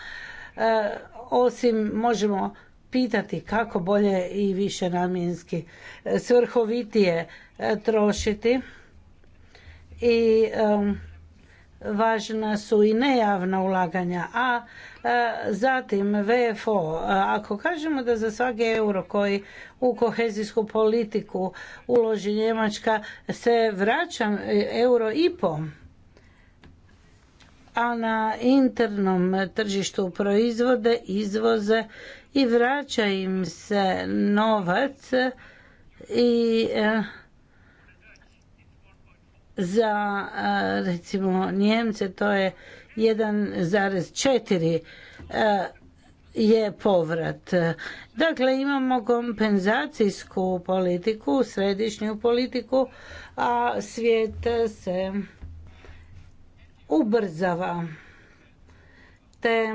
Speaker 1: e, osim možemo pitati kako bolje i više namjenski e, svrhovitije trošiti i važna su i nejavna ulaganja, a e, zatim VFO. E, ako kažemo da za svaki euro koji u kohezijsku politiku uloži Njemačka se vraća e, euro i po, a na internom tržištu proizvode, izvoze i vraća im se novac i za recimo Njemce to je 1,4 je povrat. Dakle, imamo kompenzacijsku politiku, središnju politiku, a svijet se ubrzava. Te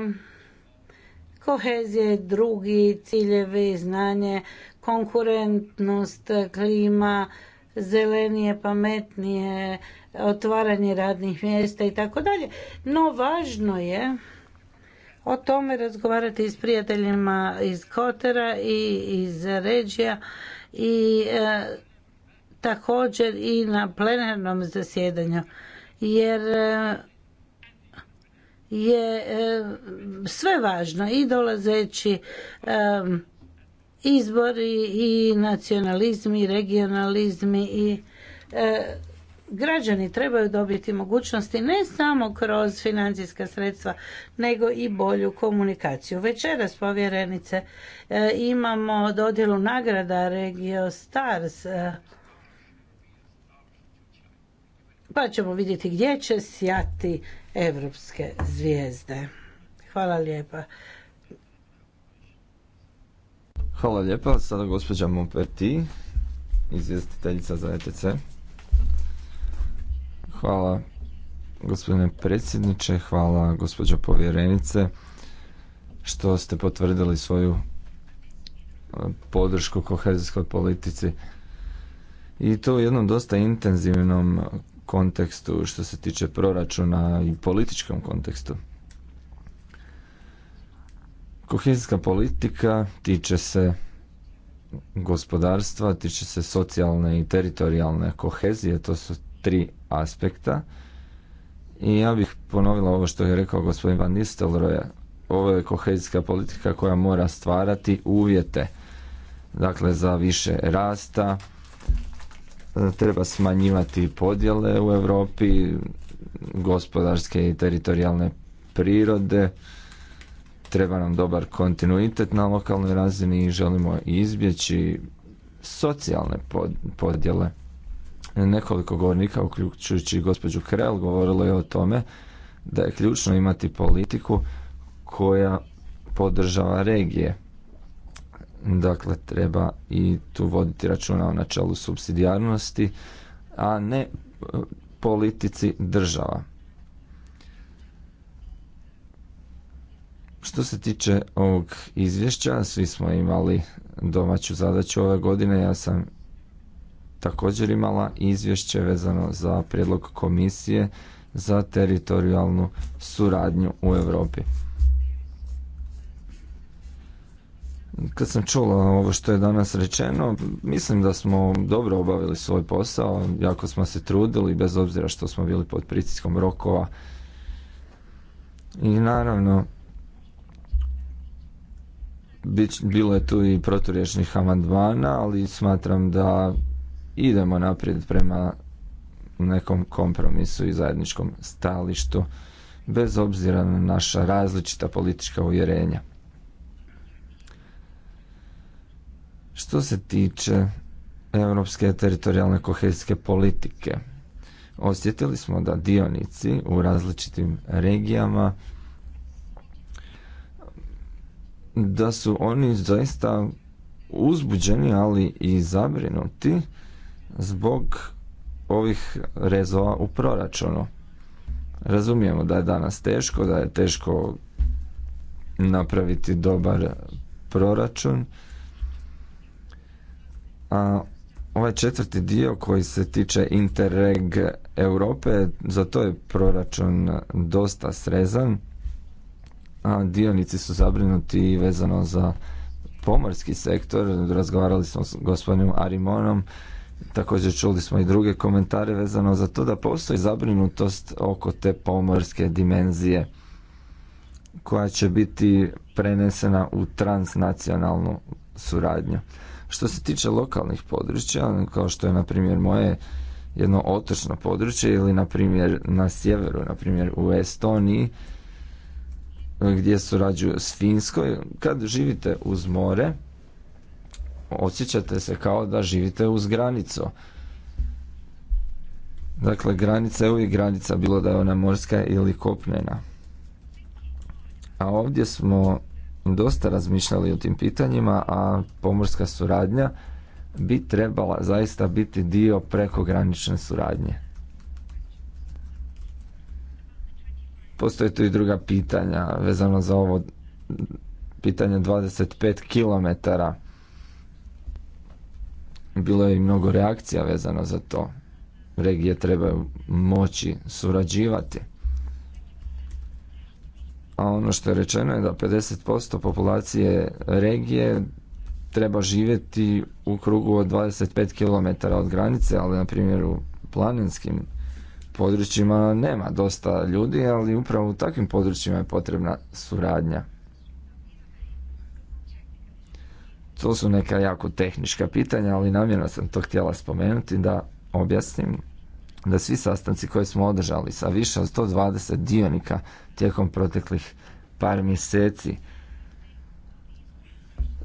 Speaker 1: kohezije, drugi ciljevi, znanje, konkurentnost, klima, zelenije, pametnije, otvaranje radnih mjesta i tako dalje. No važno je o tome razgovarati s prijateljima iz Kotera i iz Ređija i e, također i na plenarnom zasjedanju jer e, je e, sve važno i dolazeći izbori i nacionalizmi i regionalizmi i e, građani trebaju dobiti mogućnosti ne samo kroz financijska sredstva nego i bolju komunikaciju. Večeras povjerenice e, imamo dodjelu nagrada Regio Stars e, pa ćemo vidjeti gdje će sjati evropske zvijezde. Hvala lijepa.
Speaker 2: Hvala lijepa. Sada gospođa Mopeti, izvjestiteljica za ETC. Hvala gospodine predsjedniče, hvala gospođo povjerenice što ste potvrdili svoju e, podršku kohezijskoj politici i to u jednom dosta intenzivnom kontekstu što se tiče proračuna i političkom kontekstu. Kohezijska politika tiče se gospodarstva, tiče se socijalne i teritorijalne kohezije, to su tri aspekta. I ja bih ponovila ovo što je rekao gospodin Van Nistelrooy, ovo je kohezijska politika koja mora stvarati uvjete dakle za više rasta, treba smanjivati podjele u Europi, gospodarske i teritorijalne prirode, Treba nam dobar kontinuitet na lokalnoj razini i želimo izbjeći socijalne podjele. Nekoliko govornika, uključujući gospođu Krel, govorilo je o tome da je ključno imati politiku koja podržava regije. Dakle, treba i tu voditi računa o načelu subsidijarnosti, a ne e, politici država. Što se tiče ovog izvješća, svi smo imali domaću zadaću ove godine, ja sam također imala izvješće vezano za prijedlog komisije za teritorijalnu suradnju u Europi. Kad sam čula ovo što je danas rečeno, mislim da smo dobro obavili svoj posao, jako smo se trudili, bez obzira što smo bili pod pritiskom rokova. I naravno, bilo je tu i proturječnih amandmana, ali smatram da idemo naprijed prema nekom kompromisu i zajedničkom stalištu, bez obzira na naša različita politička uvjerenja. Što se tiče europske teritorijalne kohezijske politike, osjetili smo da dionici u različitim regijama da su oni zaista uzbuđeni, ali i zabrinuti zbog ovih rezova u proračunu. Razumijemo da je danas teško, da je teško napraviti dobar proračun. A ovaj četvrti dio koji se tiče Interreg Europe, za to je proračun dosta srezan a dionici su zabrinuti vezano za pomorski sektor. Razgovarali smo s gospodinom Arimonom, također čuli smo i druge komentare vezano za to da postoji zabrinutost oko te pomorske dimenzije koja će biti prenesena u transnacionalnu suradnju. Što se tiče lokalnih područja, kao što je na primjer moje jedno otočno područje ili na primjer na sjeveru, na primjer u Estoniji, gdje surađuju s Finskoj. Kad živite uz more, osjećate se kao da živite uz granicu. Dakle, granica je uvijek granica, bilo da je ona morska ili kopnena. A ovdje smo dosta razmišljali o tim pitanjima, a pomorska suradnja bi trebala zaista biti dio prekogranične suradnje. Postoje tu i druga pitanja vezano za ovo pitanje 25 km. Bilo je i mnogo reakcija vezano za to. Regije trebaju moći surađivati. A ono što je rečeno je da 50% populacije regije treba živjeti u krugu od 25 km od granice, ali na primjer u planinskim područjima nema dosta ljudi, ali upravo u takvim područjima je potrebna suradnja. To su neka jako tehnička pitanja, ali namjerno sam to htjela spomenuti da objasnim da svi sastanci koje smo održali sa više od 120 dionika tijekom proteklih par mjeseci,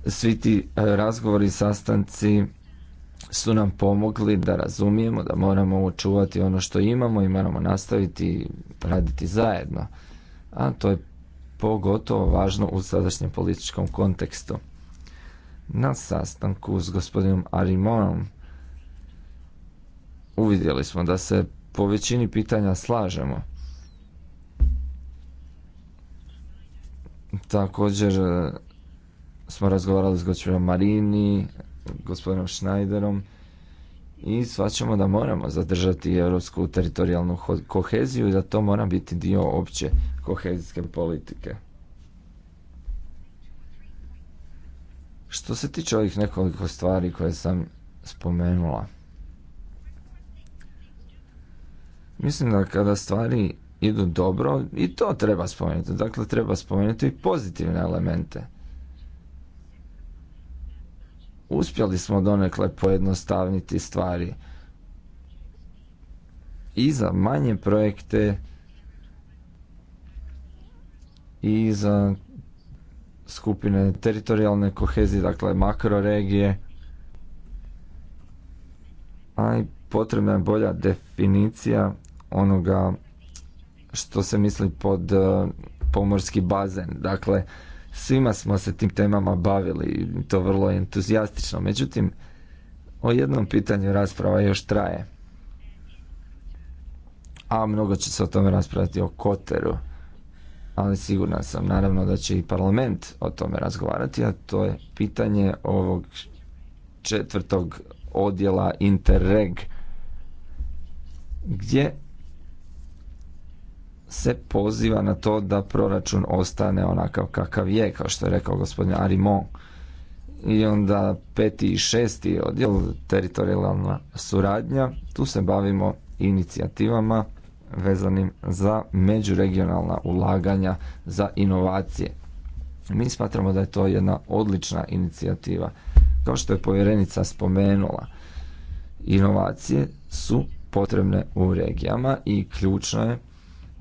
Speaker 2: svi ti e, razgovori, i sastanci su nam pomogli da razumijemo da moramo očuvati ono što imamo i moramo nastaviti raditi zajedno. A to je pogotovo važno u sadašnjem političkom kontekstu. Na sastanku s gospodinom Arimonom uvidjeli smo da se po većini pitanja slažemo. Također e, smo razgovarali s gospođom Marini, gospodinom Schneiderom i svačamo da moramo zadržati europsku teritorijalnu koheziju i da to mora biti dio opće kohezijske politike. Što se tiče ovih nekoliko stvari koje sam spomenula, mislim da kada stvari idu dobro, i to treba spomenuti. Dakle, treba spomenuti i pozitivne elemente uspjeli smo donekle pojednostavniti stvari. I za manje projekte i za skupine teritorijalne kohezije, dakle makroregije. A potrebna je bolja definicija onoga što se misli pod eh, pomorski bazen. Dakle, Svima smo se tim temama bavili i to vrlo entuzijastično. Međutim, o jednom pitanju rasprava još traje. A mnogo će se o tome raspravati o Koteru. Ali siguran sam naravno da će i parlament o tome razgovarati, a to je pitanje ovog četvrtog odjela Interreg gdje se poziva na to da proračun ostane onakav kakav je, kao što je rekao gospodin Arimon. I onda peti i šesti odjel, teritorijalna suradnja, tu se bavimo inicijativama vezanim za međuregionalna ulaganja za inovacije. Mi smatramo da je to jedna odlična inicijativa. Kao što je povjerenica spomenula, inovacije su potrebne u regijama i ključno je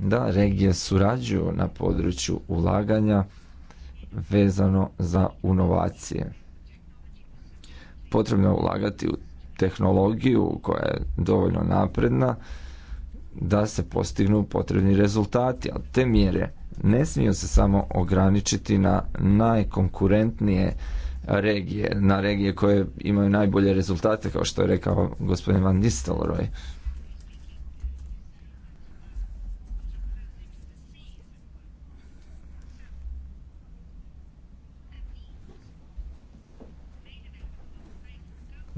Speaker 2: da regije surađuju na području ulaganja vezano za inovacije. Potrebno je ulagati u tehnologiju koja je dovoljno napredna da se postignu potrebni rezultati, ali te mjere ne smiju se samo ograničiti na najkonkurentnije regije, na regije koje imaju najbolje rezultate, kao što je rekao gospodin Van Nistelrooy.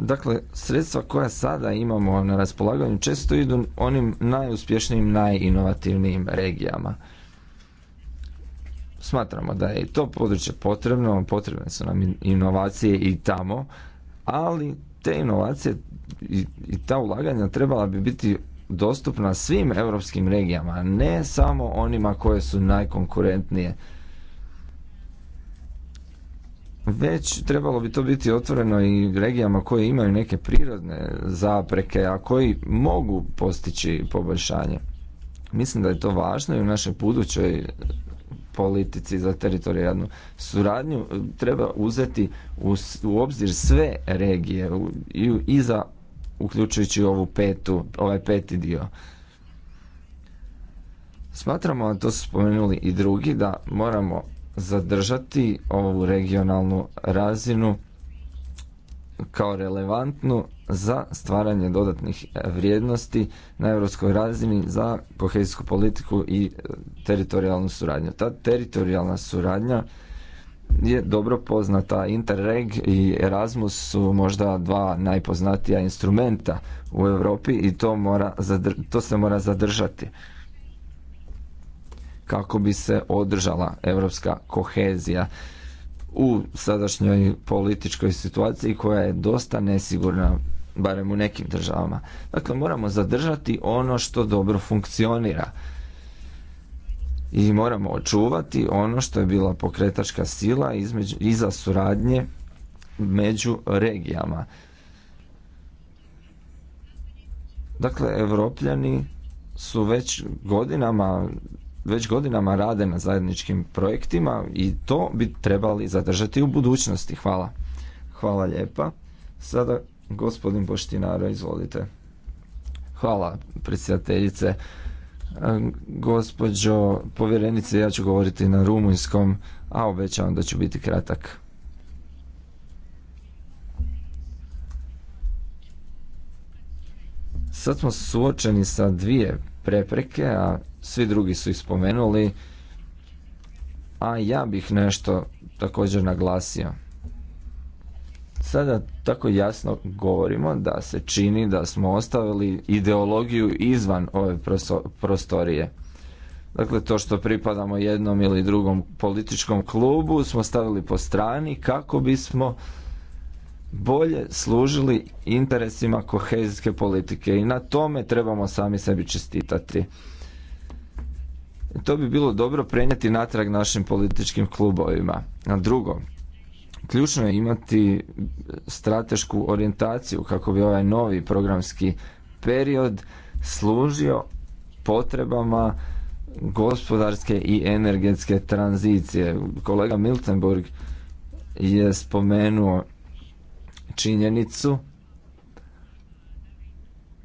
Speaker 2: Dakle, sredstva koja sada imamo na raspolaganju često idu onim najuspješnijim, najinovativnijim regijama. Smatramo da je i to područje potrebno, potrebne su nam inovacije i tamo, ali te inovacije i, i ta ulaganja trebala bi biti dostupna svim europskim regijama, ne samo onima koje su najkonkurentnije već trebalo bi to biti otvoreno i regijama koje imaju neke prirodne zapreke, a koji mogu postići poboljšanje. Mislim da je to važno i u našoj budućoj politici za teritorijalnu suradnju treba uzeti u, obzir sve regije i, za uključujući ovu petu, ovaj peti dio. Smatramo, a to su spomenuli i drugi, da moramo zadržati ovu regionalnu razinu kao relevantnu za stvaranje dodatnih vrijednosti na europskoj razini za kohezijsku politiku i e, teritorijalnu suradnju. Ta teritorijalna suradnja je dobro poznata. Interreg i Erasmus su možda dva najpoznatija instrumenta u Europi i to, mora, to se mora zadržati kako bi se održala europska kohezija u sadašnjoj političkoj situaciji koja je dosta nesigurna barem u nekim državama. Dakle, moramo zadržati ono što dobro funkcionira i moramo očuvati ono što je bila pokretačka sila između, iza suradnje među regijama. Dakle, evropljani su već godinama već godinama rade na zajedničkim projektima i to bi trebali zadržati u budućnosti. Hvala. Hvala lijepa. Sada gospodin Boštinaro, izvolite. Hvala, predsjedateljice. E, gospođo povjerenice, ja ću govoriti na rumunjskom, a obećavam da ću biti kratak. Sad smo suočeni sa dvije prepreke, a svi drugi su ispomenuli, a ja bih nešto također naglasio. Sada tako jasno govorimo da se čini da smo ostavili ideologiju izvan ove prostorije. Dakle, to što pripadamo jednom ili drugom političkom klubu smo stavili po strani kako bismo bolje služili interesima kohezijske politike i na tome trebamo sami sebi čestitati. To bi bilo dobro prenijeti natrag našim političkim klubovima. Na drugo, ključno je imati e, stratešku orijentaciju kako bi ovaj novi programski period služio potrebama gospodarske i energetske tranzicije. Kolega Miltenburg je spomenuo činjenicu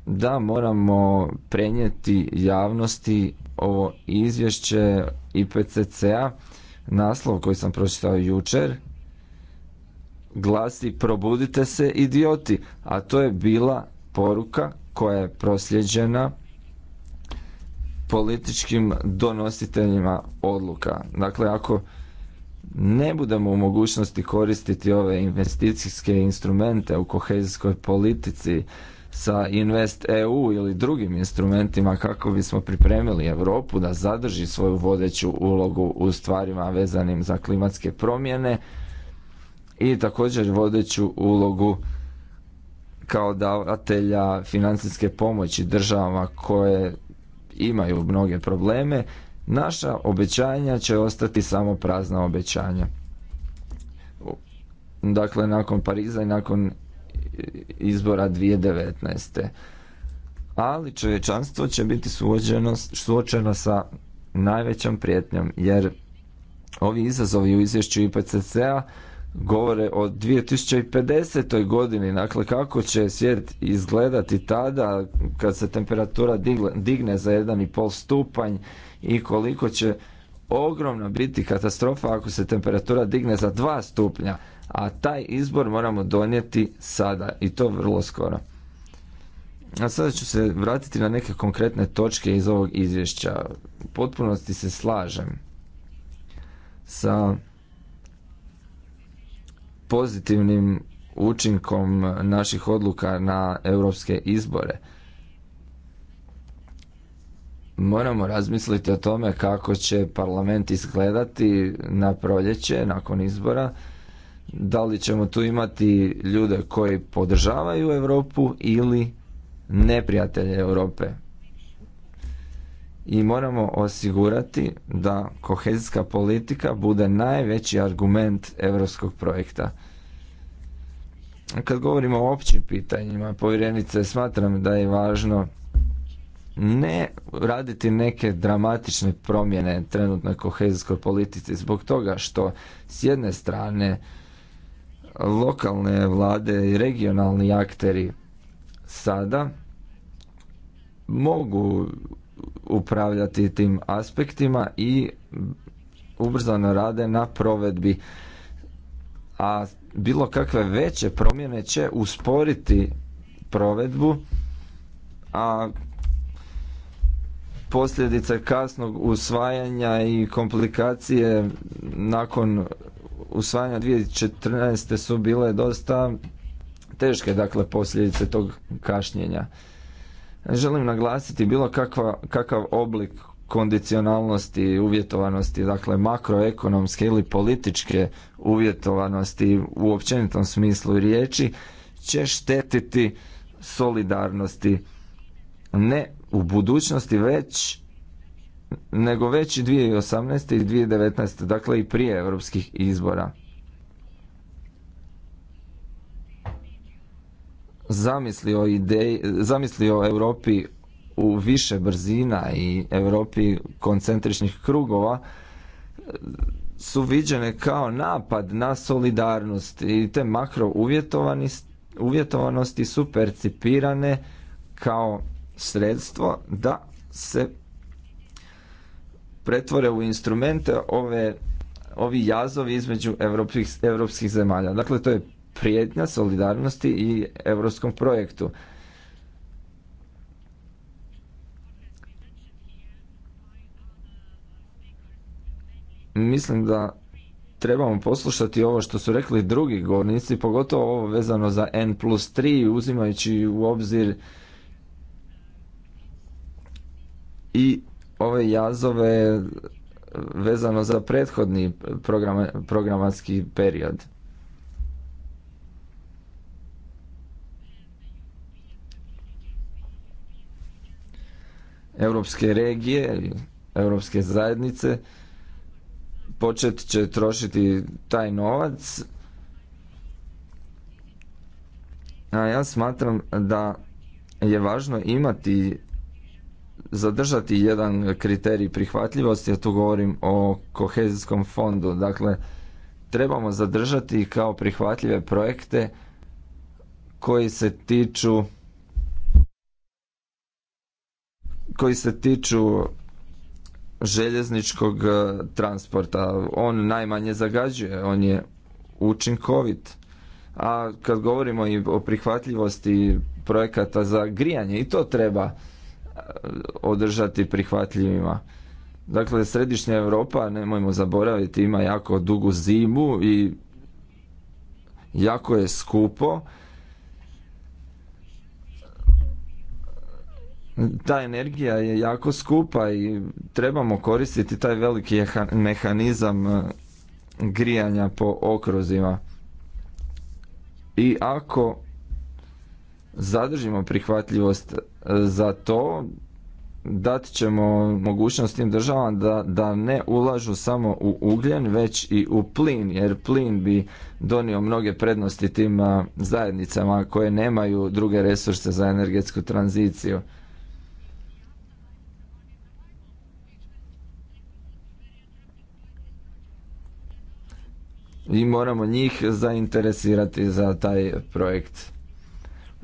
Speaker 2: da moramo prenijeti javnosti ovo izvješće IPCC-a, naslov koji sam pročitao jučer, glasi probudite se idioti, a to je bila poruka koja je prosljeđena političkim donositeljima odluka. Dakle, ako ne budemo u mogućnosti koristiti ove investicijske instrumente u kohezijskoj politici, sa Invest EU ili drugim instrumentima kako bismo pripremili Europu da zadrži svoju vodeću ulogu u stvarima vezanim za klimatske promjene i također vodeću ulogu kao davatelja financijske pomoći državama koje imaju mnoge probleme, naša obećanja će ostati samo prazna obećanja. Dakle, nakon Pariza i nakon izbora 2019. Ali čovječanstvo će biti suočeno, suočeno sa najvećom prijetnjom, jer ovi izazovi u izvješću IPCC-a govore o 2050. godini, dakle kako će svijet izgledati tada kad se temperatura digne za 1,5 stupanj i koliko će ogromna biti katastrofa ako se temperatura digne za 2 stupnja a taj izbor moramo donijeti sada i to vrlo skoro. A sada ću se vratiti na neke konkretne točke iz ovog izvješća. U potpunosti se slažem sa pozitivnim učinkom naših odluka na europske izbore. Moramo razmisliti o tome kako će parlament izgledati na proljeće nakon izbora da li ćemo tu imati ljude koji podržavaju Europu ili neprijatelje Europe. I moramo osigurati da kohezijska politika bude najveći argument europskog projekta. Kad govorimo o općim pitanjima, povjerenice, smatram da je važno ne raditi neke dramatične promjene trenutnoj kohezijskoj politici zbog toga što s jedne strane lokalne vlade i regionalni akteri sada mogu upravljati tim aspektima i ubrzano rade na provedbi a bilo kakve veće promjene će usporiti provedbu a posljedice kasnog usvajanja i komplikacije nakon usvajanja 2014. su bile dosta teške dakle posljedice tog kašnjenja. Želim naglasiti bilo kakva, kakav oblik kondicionalnosti, uvjetovanosti, dakle makroekonomske ili političke uvjetovanosti u općenitom smislu riječi će štetiti solidarnosti ne u budućnosti već nego već 2018. i 2019. dakle i prije europskih izbora. Zamisli o zamisli o Europi u više brzina i Europi koncentričnih krugova su viđene kao napad na solidarnost i te makro uvjetovanosti su percipirane kao sredstvo da se pretvore u instrumente ove, ovi jazovi između evropskih, zemalja. Dakle, to je prijetnja solidarnosti i europskom projektu. Mislim da trebamo poslušati ovo što su rekli drugi govornici, pogotovo ovo vezano za N plus 3, uzimajući u obzir i ove jazove vezano za prethodni program, programatski period. Europske regije, europske zajednice počet će trošiti taj novac. A ja smatram da je važno imati zadržati jedan kriterij prihvatljivosti, a tu govorim o kohezijskom fondu. Dakle, trebamo zadržati kao prihvatljive projekte koji se tiču koji se tiču željezničkog e, transporta. On najmanje zagađuje, on je učinkovit. A kad govorimo i o prihvatljivosti projekata za grijanje, i to treba održati prihvatljivima. Dakle, središnja Europa, nemojmo zaboraviti, ima jako dugu zimu i jako je skupo. Ta energija je jako skupa i trebamo koristiti taj veliki mehanizam e, grijanja po okrozima. I ako zadržimo prihvatljivost e, za to, dat ćemo mogućnost tim državama da, da ne ulažu samo u ugljen, već i u plin, jer plin bi donio mnoge prednosti tim e, zajednicama koje nemaju druge resurse za energetsku tranziciju. I moramo njih zainteresirati za taj projekt.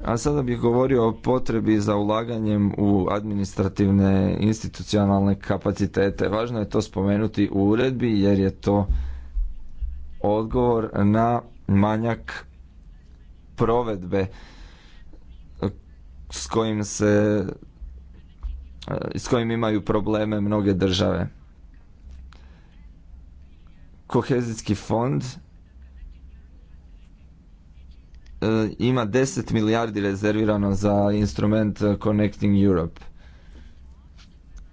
Speaker 2: A sada bih govorio o potrebi za ulaganjem u administrativne institucionalne kapacitete. Važno je to spomenuti u uredbi jer je to odgovor na manjak provedbe s kojim se s kojim imaju probleme mnoge države. Kohezijski fond E, ima 10 milijardi rezervirano za instrument e, Connecting Europe.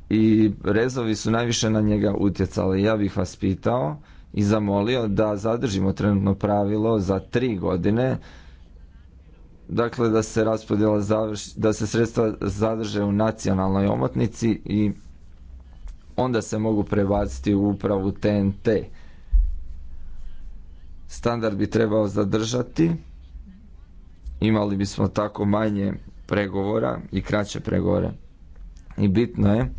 Speaker 2: I rezovi su najviše na njega utjecali. Ja bih vas pitao i zamolio da zadržimo trenutno pravilo za tri godine dakle da se raspodjela da se sredstva zadrže u nacionalnoj omotnici i onda se mogu prebaciti u upravu TNT. Standard bi trebao zadržati imali bismo tako manje pregovora i kraće pregovore. I bitno je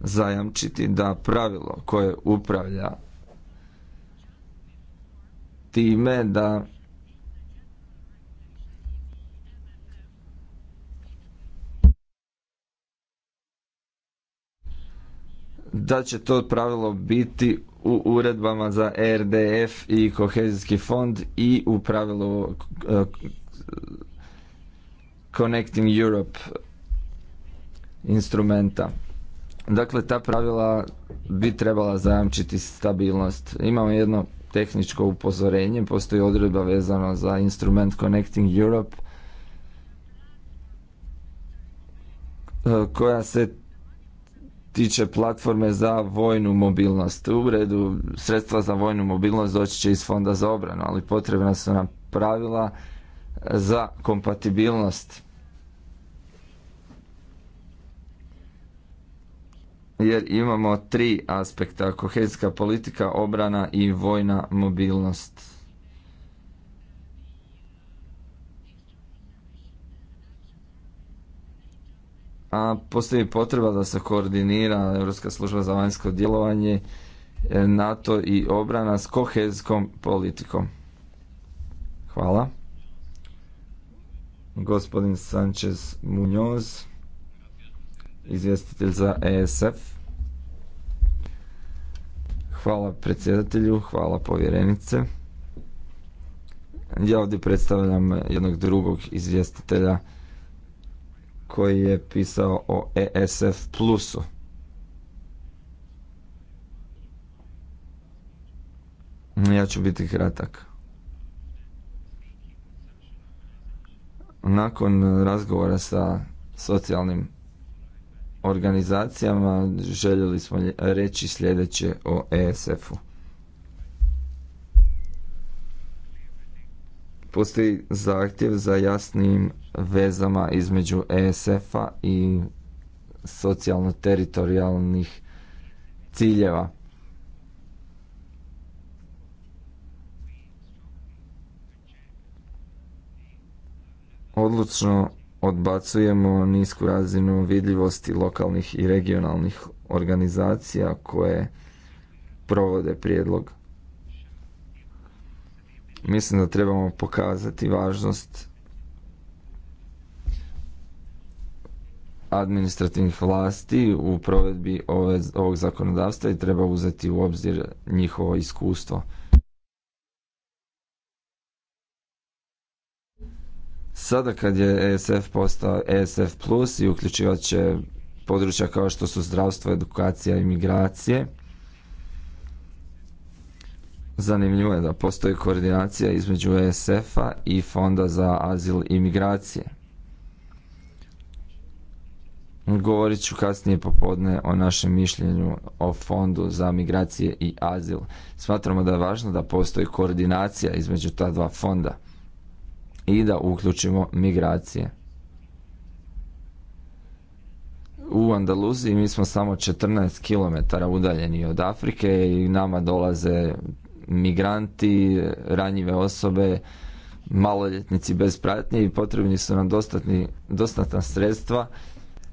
Speaker 2: zajamčiti da pravilo koje upravlja time da da će to pravilo biti u uredbama za e RDF i kohezijski fond i u pravilu e, Connecting Europe instrumenta. Dakle, ta pravila bi trebala zajamčiti stabilnost. Imamo jedno tehničko upozorenje, postoji odredba vezano za instrument Connecting Europe koja se tiče platforme za vojnu mobilnost. U redu, sredstva za vojnu mobilnost doći će iz Fonda za obranu, ali potrebna su nam pravila za kompatibilnost. Jer imamo tri aspekta, kohezijska politika, obrana i vojna mobilnost. a postoji potreba da se koordinira Europska služba za vanjsko djelovanje, e, NATO i obrana s kohezijskom politikom. Hvala. Gospodin Sanchez Munoz, izvjestitelj za ESF. Hvala predsjedatelju, hvala povjerenice. Ja ovdje predstavljam jednog drugog izvjestitelja koji je pisao o ESF plusu. Ja ću biti kratak. Nakon razgovora sa socijalnim organizacijama željeli smo reći sljedeće o ESF-u. Postoji zahtjev za jasnim vezama između ESF-a i socijalno-teritorijalnih ciljeva. odlučno odbacujemo nisku razinu vidljivosti lokalnih i regionalnih organizacija koje provode prijedlog. Mislim da trebamo pokazati važnost administrativnih vlasti u provedbi ovog zakonodavstva i treba uzeti u obzir njihovo iskustvo. Sada kad je ESF postao ESF plus i uključivat će područja kao što su zdravstvo, edukacija i migracije, zanimljivo je da postoji koordinacija između ESF-a i Fonda za azil i migracije. Govorit ću kasnije popodne o našem mišljenju o Fondu za migracije i azil. Smatramo da je važno da postoji koordinacija između ta dva fonda i da uključimo migracije. U Andaluziji mi smo samo 14 km udaljeni od Afrike i nama dolaze migranti, ranjive osobe, maloljetnici bez pratnje i potrebni su nam dostatni, dostatna sredstva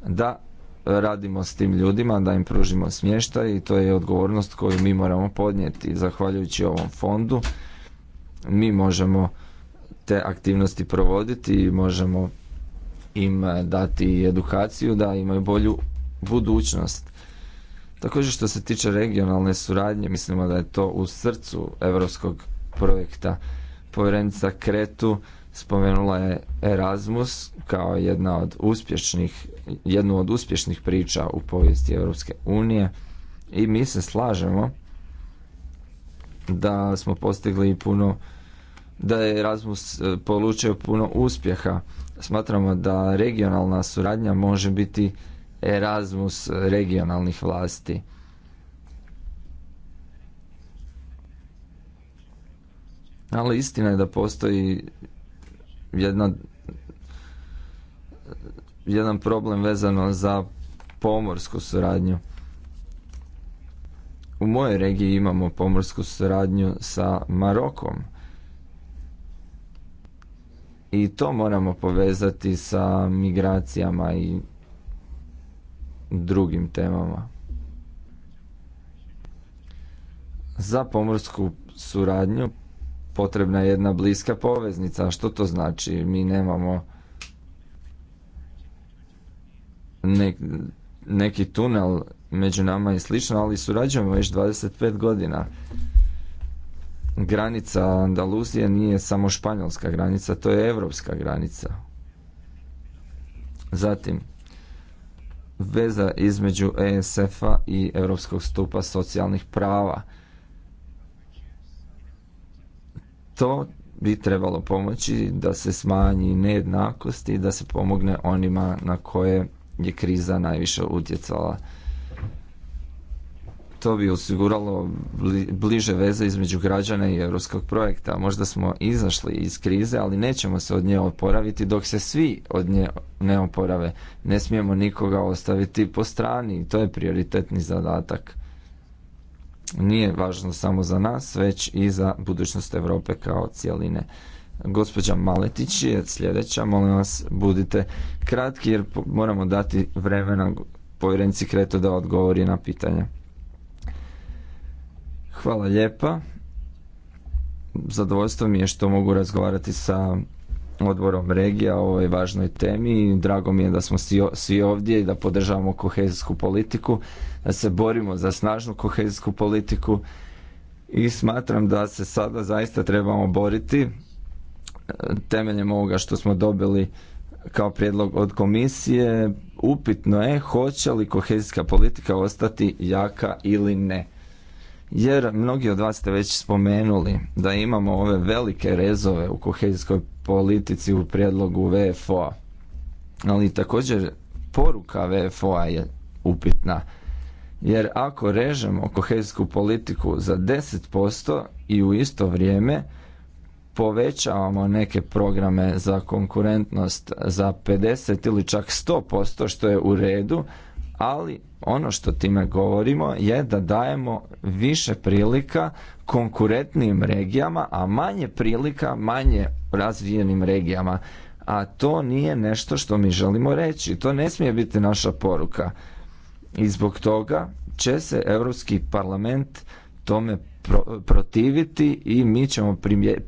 Speaker 2: da radimo s tim ljudima, da im pružimo smještaj i to je odgovornost koju mi moramo podnijeti. Zahvaljujući ovom fondu mi možemo aktivnosti provoditi i možemo im eh, dati edukaciju da imaju bolju budućnost. Također što se tiče regionalne suradnje, mislimo da je to u srcu europskog projekta. Povjerenica Kretu spomenula je Erasmus kao jedna od uspješnih, jednu od uspješnih priča u povijesti Europske unije i mi se slažemo da smo postigli i puno da je Erasmus e, polučio puno uspjeha. Smatramo da regionalna suradnja može biti Erasmus regionalnih vlasti. Ali istina je da postoji jedna jedan problem vezano za pomorsku suradnju. U mojoj regiji imamo pomorsku suradnju sa Marokom i to moramo povezati sa migracijama i drugim temama. Za pomorsku suradnju potrebna je jedna bliska poveznica. Što to znači? Mi nemamo neki tunel među nama i slično, ali surađujemo već 25 godina granica Andaluzije nije samo španjolska granica, to je europska granica. Zatim, veza između ESF-a i Europskog stupa socijalnih prava. To bi trebalo pomoći da se smanji nejednakost i da se pomogne onima na koje je kriza najviše utjecala to bi osiguralo bliže veze između građana i europskog projekta. Možda smo izašli iz krize, ali nećemo se od nje oporaviti dok se svi od nje ne oporave. Ne smijemo nikoga ostaviti po strani. To je prioritetni zadatak. Nije važno samo za nas, već i za budućnost Europe kao cijeline. Gospođa Maletić je sljedeća. Molim vas, budite kratki jer moramo dati vremena povjerenci Kreto da odgovori na pitanje. Hvala lijepa. Zadovoljstvo mi je što mogu razgovarati sa odborom regija o ovoj važnoj temi. Drago mi je da smo svi ovdje i da podržavamo kohezijsku politiku, da se borimo za snažnu kohezijsku politiku i smatram da se sada zaista trebamo boriti e, temeljem ovoga što smo dobili kao prijedlog od komisije. Upitno je hoće li kohezijska politika ostati jaka ili ne jer mnogi od vas ste već spomenuli da imamo ove velike rezove u kohezijskoj politici u prijedlogu VFO-a. Ali također poruka VFO-a je upitna. Jer ako režemo kohezijsku politiku za 10% i u isto vrijeme povećavamo neke programe za konkurentnost za 50 ili čak 100% što je u redu, ali ono što time govorimo je da dajemo više prilika konkurentnim regijama, a manje prilika manje razvijenim regijama. A to nije nešto što mi želimo reći. To ne smije biti naša poruka. I zbog toga će se Europski parlament tome protiviti i mi ćemo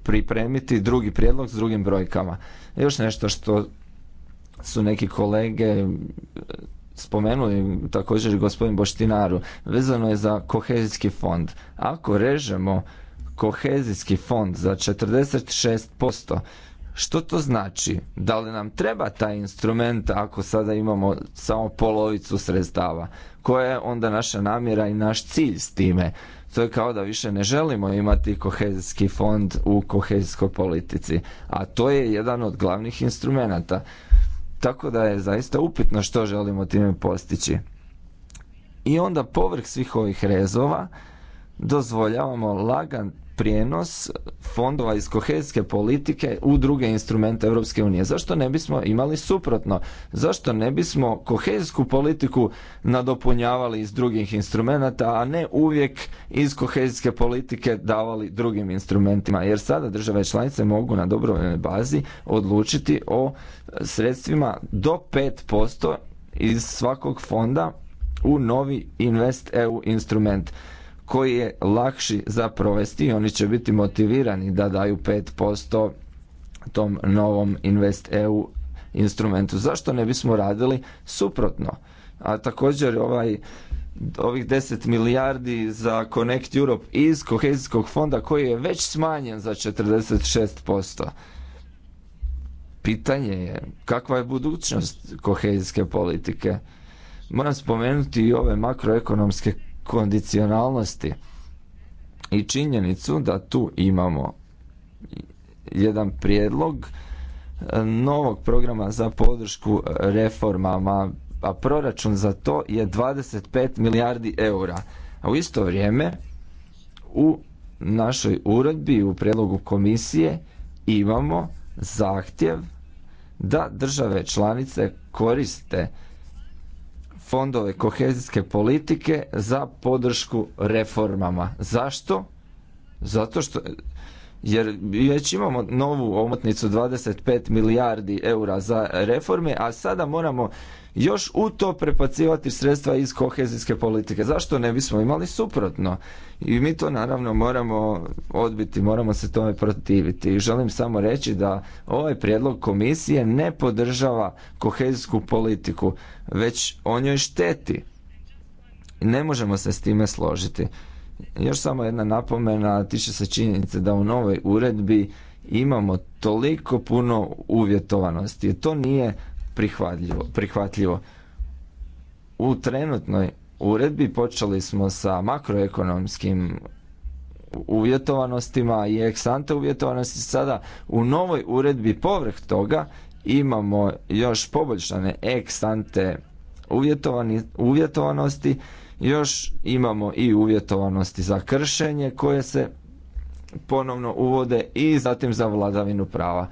Speaker 2: pripremiti drugi prijedlog s drugim brojkama. Još nešto što su neki kolege spomenuli također gospodin Boštinaru, vezano je za kohezijski fond. Ako režemo kohezijski fond za 46%, što to znači? Da li nam treba taj instrument ako sada imamo samo polovicu sredstava? Koja je onda naša namjera i naš cilj s time? To je kao da više ne želimo imati kohezijski fond u kohezijskoj politici, a to je jedan od glavnih instrumenata. Tako da je zaista upitno što želimo time postići. I onda povrh svih ovih rezova dozvoljavamo lagan prijenos fondova iz kohezijske politike u druge instrumente Europske unije. Zašto ne bismo imali suprotno? Zašto ne bismo kohezijsku politiku nadopunjavali iz drugih instrumenata, a ne uvijek iz kohezijske politike davali drugim instrumentima? Jer sada države članice mogu na dobrovoljnoj bazi odlučiti o sredstvima do 5% iz svakog fonda u novi Invest EU instrument koji je lakši za provesti i oni će biti motivirani da daju 5% tom novom Invest EU instrumentu. Zašto ne bismo radili suprotno? A također ovaj ovih 10 milijardi za Connect Europe iz kohezijskog fonda koji je već smanjen za 46%. Pitanje je kakva je budućnost kohezijske politike. Moram spomenuti i ove makroekonomske kondicionalnosti i činjenicu da tu imamo jedan prijedlog e, novog programa za podršku reformama, a proračun za to je 25 milijardi eura. A u isto vrijeme u našoj uredbi u prijedlogu komisije imamo zahtjev da države članice koriste fondove kohezijske politike za podršku reformama. Zašto? Zato što jer već imamo novu omotnicu 25 milijardi eura za reforme, a sada moramo još u to prepacivati sredstva iz kohezijske politike. Zašto ne bismo imali suprotno? I mi to naravno moramo odbiti, moramo se tome protiviti. I želim samo reći da ovaj prijedlog komisije ne podržava kohezijsku politiku, već o njoj šteti. Ne možemo se s time složiti. Još samo jedna napomena tiče se činjenice da u novoj uredbi imamo toliko puno uvjetovanosti. To nije prihvatljivo. prihvatljivo. U trenutnoj uredbi počeli smo sa makroekonomskim uvjetovanostima i eksante uvjetovanosti sada u novoj uredbi povrh toga imamo još poboljšane eksante uvjetovanosti još imamo i uvjetovanosti za kršenje koje se ponovno uvode i zatim za vladavinu prava.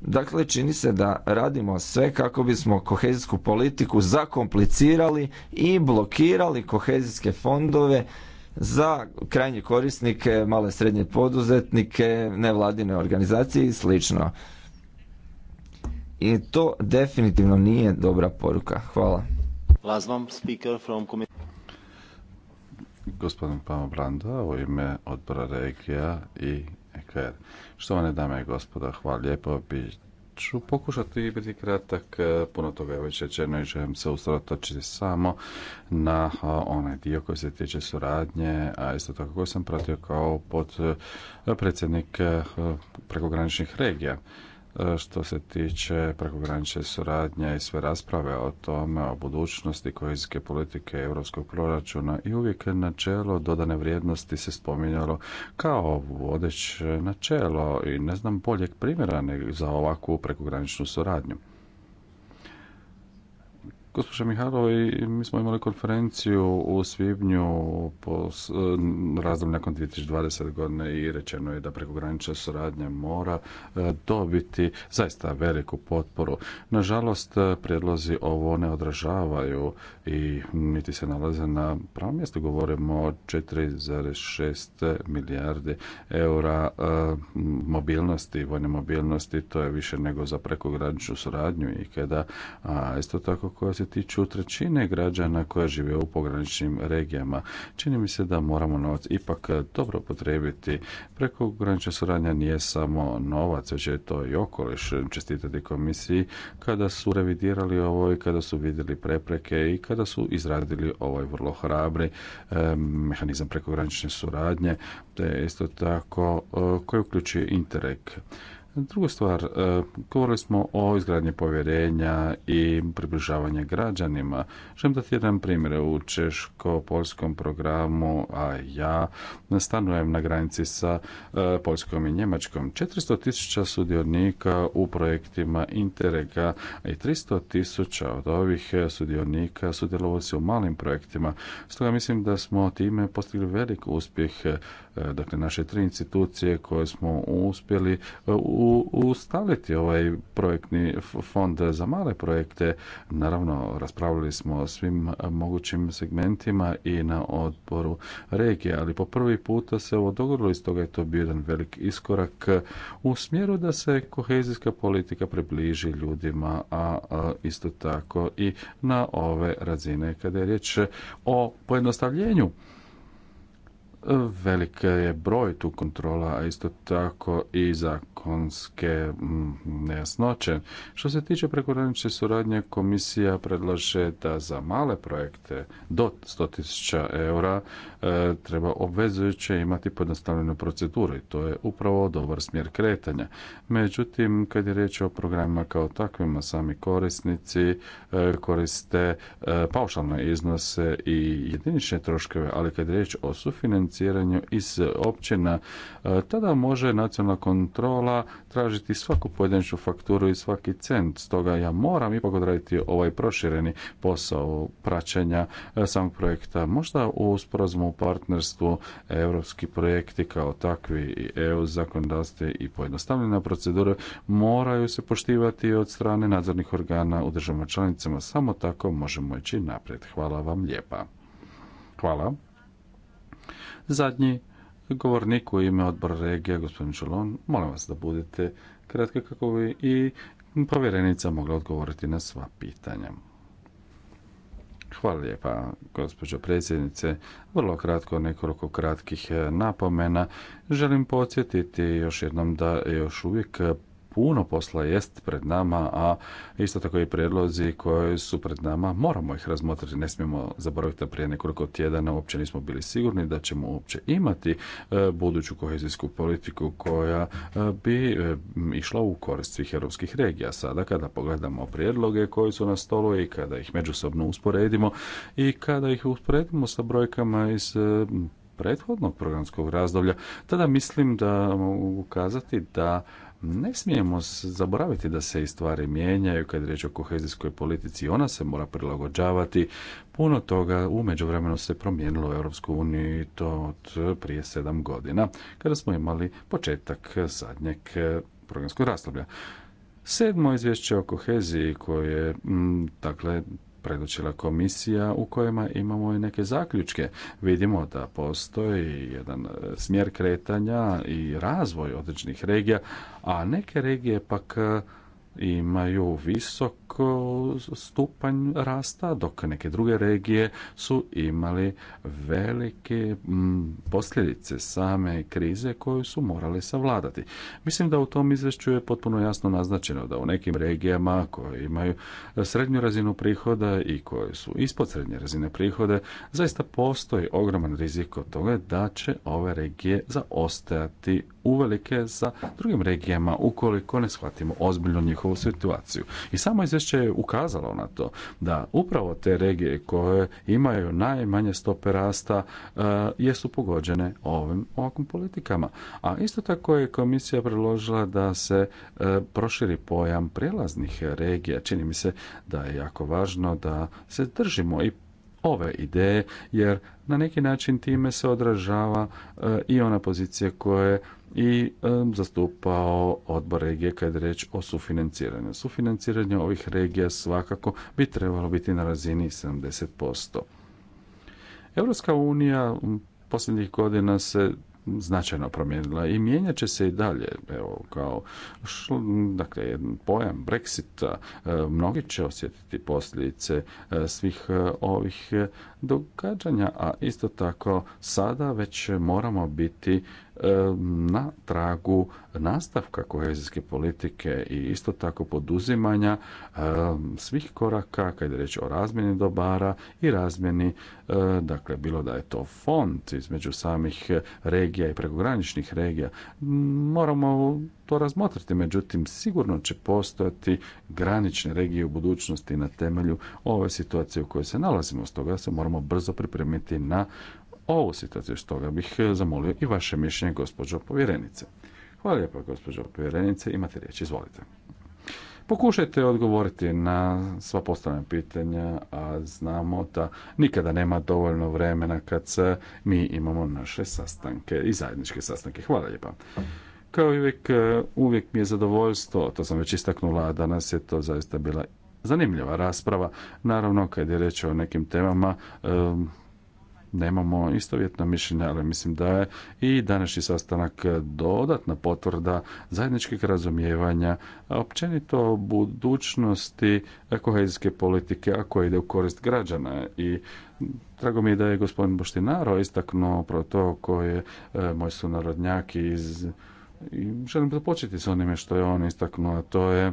Speaker 2: Dakle, čini se da radimo sve kako bismo kohezijsku politiku zakomplicirali i blokirali kohezijske fondove za krajnje korisnike, male srednje poduzetnike, nevladine organizacije i slično. I to definitivno nije dobra poruka. Hvala.
Speaker 3: Lazvam speaker from Gospodin Pamo Branda u ime odbora regija i vam Štovane dame i gospoda, hvala lijepo. Ću pokušati biti kratak, puno toga je već rečeno i želim se usredotočiti samo na onaj dio koji se tiče suradnje, a isto tako koji sam pratio kao pod predsjednik prekograničnih regija što se tiče prekogranične suradnje i sve rasprave o tome, o budućnosti kohezijske politike europskog proračuna i uvijek načelo dodane vrijednosti se spominjalo kao vodeće načelo i ne znam boljeg primjera za ovakvu prekograničnu suradnju. Gospođa Mihalova, mi smo imali konferenciju u svibnju po e, razdoblju nakon 2020. godine i rečeno je da prekogranična suradnja mora e, dobiti zaista veliku potporu. Nažalost, e, prijedlozi ovo ne odražavaju i niti se nalaze na pravom mjestu. Govorimo o 4,6 milijardi eura mobilnosti, vojne mobilnosti, to je više nego za prekograničnu suradnju i kada a isto tako koja se tiču trećine građana koja žive u pograničnim regijama. Čini mi se da moramo novac ipak eh, dobro potrebiti. Preko suradnja nije samo novac, već je to i okoliš. Čestitati komisiji kada su revidirali ovo i kada su vidjeli prepreke i kada su izradili ovaj vrlo hrabri eh, mehanizam prekogranične suradnje, te isto tako eh, koji uključuje Interreg. Druga stvar, e, govorili smo o izgradnji povjerenja i približavanje građanima. Želim dati jedan primjer u češko-polskom programu, a ja stanujem na granici sa e, Poljskom i Njemačkom. 400 tisuća sudionika u projektima Interega i 300 tisuća od ovih sudionika sudjelovali se u malim projektima. Stoga mislim da smo time postigli velik uspjeh E, dakle naše tri institucije koje smo uspjeli e, ustaviti ovaj projektni fond za male projekte. Naravno, raspravljali smo o svim mogućim segmentima i na odboru regije, ali po prvi puta se ovo dogodilo i stoga je to bio jedan velik iskorak u smjeru da se kohezijska politika približi ljudima, a isto tako i na ove razine kada je riječ o pojednostavljenju velik je broj tu kontrola, a isto tako i zakonske mm, nejasnoće. Što se tiče prekogranične suradnje, komisija predlaže da za male projekte do 100.000 eura e, treba obvezujuće imati pojednostavljenu proceduru i to je upravo dobar smjer kretanja. Međutim, kad je riječ o programima kao takvima, sami korisnici e, koriste e, paušalne iznose i jedinične troškove, ali kad je riječ o sufinanciranju financiranju iz općina, e, tada može nacionalna kontrola tražiti svaku pojedinačnu fakturu i svaki cent. Stoga ja moram ipak odraditi ovaj prošireni posao praćenja e, samog projekta. Možda u sporazumu partnerstvu europski projekti kao takvi i EU zakonodavstve i pojednostavljena procedure moraju se poštivati od strane nadzornih organa u državama članicama. Samo tako možemo ići naprijed. Hvala vam lijepa. Hvala. Zadnji govornik u ime odbora regije, gospodin Čolon, molim vas da budete kratki kako bi i povjerenica mogla odgovoriti na sva pitanja. Hvala lijepa, gospođo predsjednice. Vrlo kratko, nekoliko kratkih napomena. Želim podsjetiti još jednom da još uvijek puno posla jest pred nama, a isto tako i prijedlozi koji su pred nama, moramo ih razmotriti, ne smijemo zaboraviti da prije nekoliko tjedana uopće nismo bili sigurni da ćemo uopće imati e, buduću kohezijsku politiku koja e, bi e, išla u korist svih europskih regija. Sada kada pogledamo prijedloge koji su na stolu i kada ih međusobno usporedimo i kada ih usporedimo sa brojkama iz prethodnog programskog razdoblja, tada mislim da mogu ukazati da ne smijemo zaboraviti da se i stvari mijenjaju kad je riječ o kohezijskoj politici. Ona se mora prilagođavati. Puno toga u međuvremenu se promijenilo u EU i to od prije sedam godina kada smo imali početak sadnjeg eh, programskog razdoblja. Sedmo izvješće o koheziji koje je, mm, dakle, predočila komisija u kojima imamo i neke zaključke. Vidimo da postoji jedan e, smjer kretanja i razvoj određenih regija, a neke regije pak e, imaju visok stupanj rasta, dok neke druge regije su imali velike posljedice same krize koju su morali savladati. Mislim da u tom izvješću je potpuno jasno naznačeno da u nekim regijama koje imaju srednju razinu prihoda i koje su ispod srednje razine prihode, zaista postoji ogroman rizik od toga da će ove regije zaostajati uvelike za drugim regijama ukoliko ne shvatimo ozbiljno njihov njihovu situaciju. I samo izvješće je ukazalo na to da upravo te regije koje imaju najmanje stope rasta e, jesu pogođene ovim ovakvim politikama. A isto tako je komisija predložila da se e, proširi pojam prijelaznih regija. Čini mi se da je jako važno da se držimo i ove ideje jer na neki način time se odražava e, i ona pozicija koje i zastupao odbor regije kad je reč o sufinanciranju. Sufinanciranje ovih regija svakako bi trebalo biti na razini 70%. Europska unija posljednjih godina se značajno promijenila i mijenjat će se i dalje. Evo, kao dakle, jedan pojam Brexita, e, mnogi će osjetiti posljedice e, svih e, ovih događanja, a isto tako sada već moramo biti e, na tragu nastavka kohezijske politike i isto tako poduzimanja e, svih koraka kad je reč o razmjeni dobara i razmjeni e, dakle bilo da je to fond između samih regija i prekograničnih regija moramo to razmotriti. Međutim, sigurno će postojati granične regije u budućnosti na temelju ove situacije u kojoj se nalazimo. Stoga se moramo brzo pripremiti na ovu situaciju. Stoga bih zamolio i vaše mišljenje, gospođo povjerenice. Hvala lijepa, gospođo povjerenice. Imate riječ, izvolite. Pokušajte odgovoriti na sva postavljena pitanja, a znamo da nikada nema dovoljno vremena kad mi imamo naše sastanke i zajedničke sastanke. Hvala lijepa. Kao i uvijek, e, uvijek mi je zadovoljstvo, to sam već istaknula, danas je to zaista bila zanimljiva rasprava. Naravno, kad je reč o nekim temama, e, nemamo istovjetno mišljenja, ali mislim da je i današnji sastanak dodatna potvrda zajedničkih razumijevanja, a općenito budućnosti kohezijske politike, a koja ide u korist građana i Drago mi je da je gospodin Boštinaro istaknuo pro to koji je e, moj sunarodnjak iz i želim započeti s onime što je on istaknuo, a to je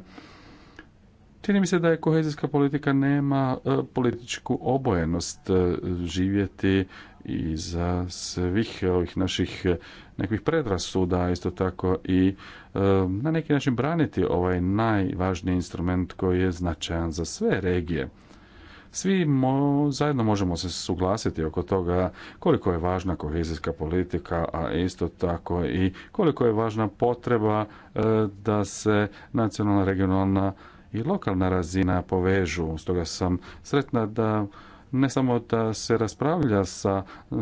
Speaker 3: Čini mi se da je kohezijska politika nema e, političku obojenost e, živjeti i za svih ovih naših nekih predrasuda, isto tako i e, na neki način braniti ovaj najvažniji instrument koji je značajan za sve regije. Svi zajedno možemo se suglasiti oko toga koliko je važna kohezijska politika, a isto tako i koliko je važna potreba e, da se nacionalna, regionalna i lokalna razina povežu. Stoga sam sretna da ne samo da se raspravlja sa e,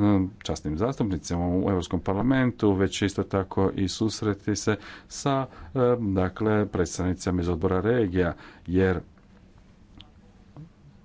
Speaker 3: časnim zastupnicima u Europskom parlamentu, već isto tako i susreti se sa e, dakle, predstavnicama iz odbora regija, jer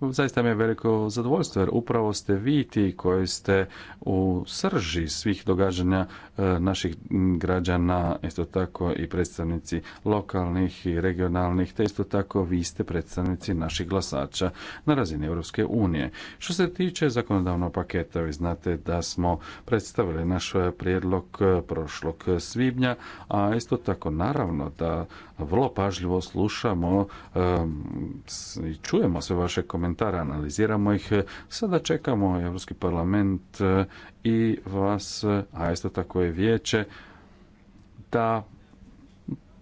Speaker 3: Zaista mi je veliko zadovoljstvo jer upravo ste vi ti koji ste u srži svih događanja e, naših građana, isto tako i predstavnici lokalnih i regionalnih, te isto tako vi ste predstavnici naših glasača na razini Europske unije. Što se tiče zakonodavnog paketa, vi znate da smo predstavili naš prijedlog e, prošlog svibnja, a isto tako naravno da vrlo pažljivo slušamo i čujemo sve vaše komentare, analiziramo ih. Sada čekamo Europski parlament e, i vas, a isto tako je vijeće, da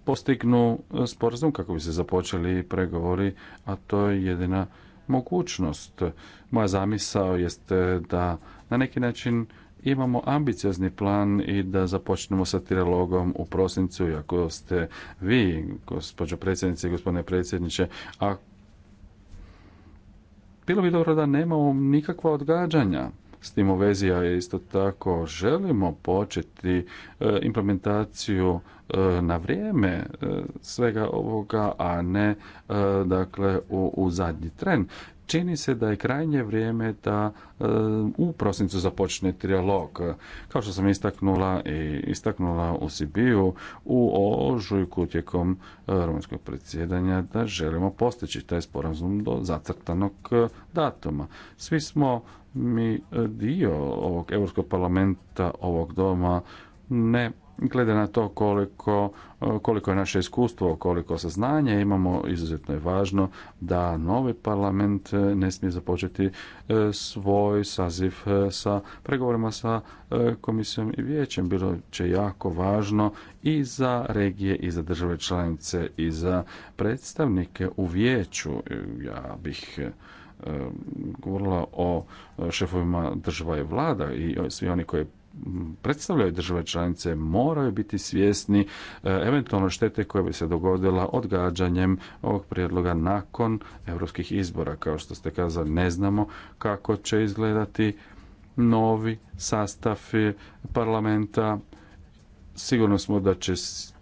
Speaker 3: postignu sporazum kako bi se započeli pregovori, a to je jedina mogućnost. Moja zamisao jeste da na neki način imamo ambiciozni plan i da započnemo sa trilogom u prosincu, iako ste vi, gospođo predsjednice i gospodine predsjedniče, a bilo bi dobro da nemamo nikakva odgađanja. S tim u vezi, a isto tako želimo početi e, implementaciju e, na vrijeme e, svega ovoga, a ne dakle u, u zadnji tren čini se da je krajnje vrijeme da e, u prosincu započne trijalog. Kao što sam istaknula i istaknula u Sibiju u ožujku tijekom e, rumunjskog predsjedanja da želimo postići taj sporazum do zacrtanog e, datuma. Svi smo mi dio ovog Europskog parlamenta, ovog doma, ne glede na to koliko, e, koliko je naše iskustvo, koliko saznanja imamo, izuzetno je važno da novi parlament e, ne smije započeti e, svoj saziv sa pregovorima sa komisijom i vijećem. Bilo će jako važno i za regije, i za države članice, i za predstavnike u vijeću. Ja bih govorila o šefovima država i vlada i svi oni koji predstavljaju države članice moraju biti svjesni e, eventualno štete koja bi se dogodila odgađanjem ovog prijedloga nakon europskih izbora. Kao što ste kazali, ne znamo kako će izgledati novi sastav e, parlamenta. Sigurno smo da će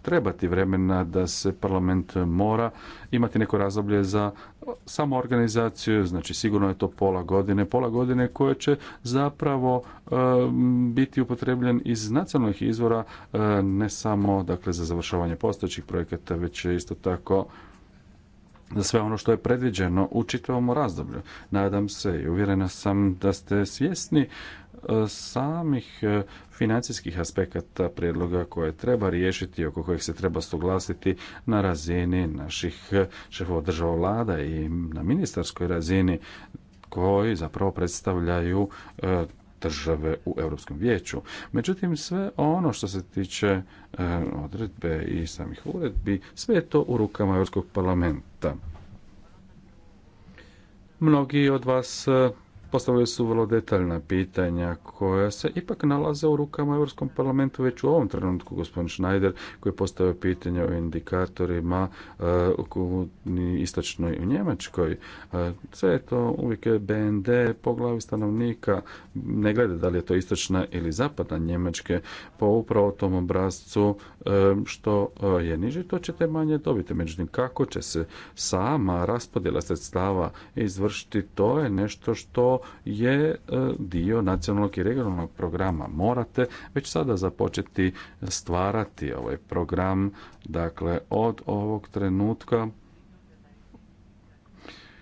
Speaker 3: trebati vremena da se parlament mora imati neko razdoblje za samo organizaciju, znači sigurno je to pola godine, pola godine koje će zapravo e, biti upotrebljen iz nacionalnih izvora, e, ne samo dakle za završavanje postojećih projekata, već isto tako za sve ono što je predviđeno u čitavom razdoblju. Nadam se i uvjerena sam da ste svjesni samih e, financijskih aspekata prijedloga koje treba riješiti, oko kojih se treba suglasiti na razini naših e, šefova država vlada i na ministarskoj razini koji zapravo predstavljaju e, države u Europskom vijeću. Međutim, sve ono što se tiče odredbe i samih uredbi, sve je to u rukama Europskog parlamenta. Mnogi od vas Postavili su vrlo detaljna pitanja koja se ipak nalaze u rukama Europskom parlamentu već u ovom trenutku gospodin Schneider koji je postavio pitanje o indikatorima eh, u istočnoj u Njemačkoj. Eh, sve je to uvijek je BND po glavi stanovnika ne gleda da li je to istočna ili zapadna Njemačke po upravo tom obrazcu eh, što je niži to ćete manje dobiti. Međutim kako će se sama raspodjela sredstava izvršiti to je nešto što je e, dio nacionalnog i regionalnog programa. Morate već sada započeti stvarati ovaj program, dakle od ovog trenutka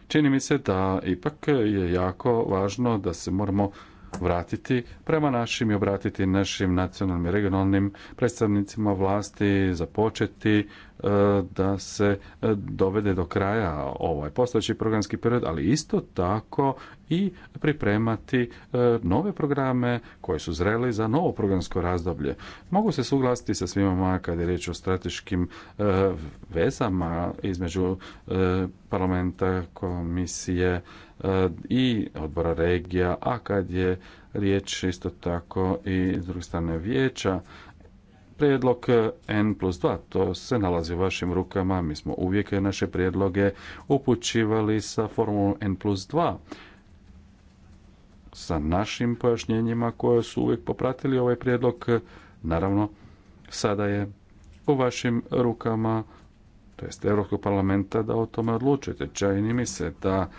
Speaker 3: čini mi se da ipak je jako važno da se moramo vratiti prema našim i obratiti našim nacionalnim i regionalnim predstavnicima vlasti, započeti e, da se e, dovede do kraja ovaj postojeći programski period, ali isto tako i pripremati e, nove programe koji su zreli za novo programsko razdoblje. Mogu se suglasiti sa svima kad je riječ o strateškim e, vezama između e, parlamenta, komisije i odbora regija, a kad je riječ isto tako i s druge strane vijeća, prijedlog N plus 2, to se nalazi u vašim rukama, mi smo uvijek naše prijedloge upućivali sa formulom N plus sa našim pojašnjenjima koje su uvijek popratili ovaj prijedlog. Naravno, sada je u vašim rukama, to jest Europskog parlamenta, da o tome odlučite. Čajni mi se da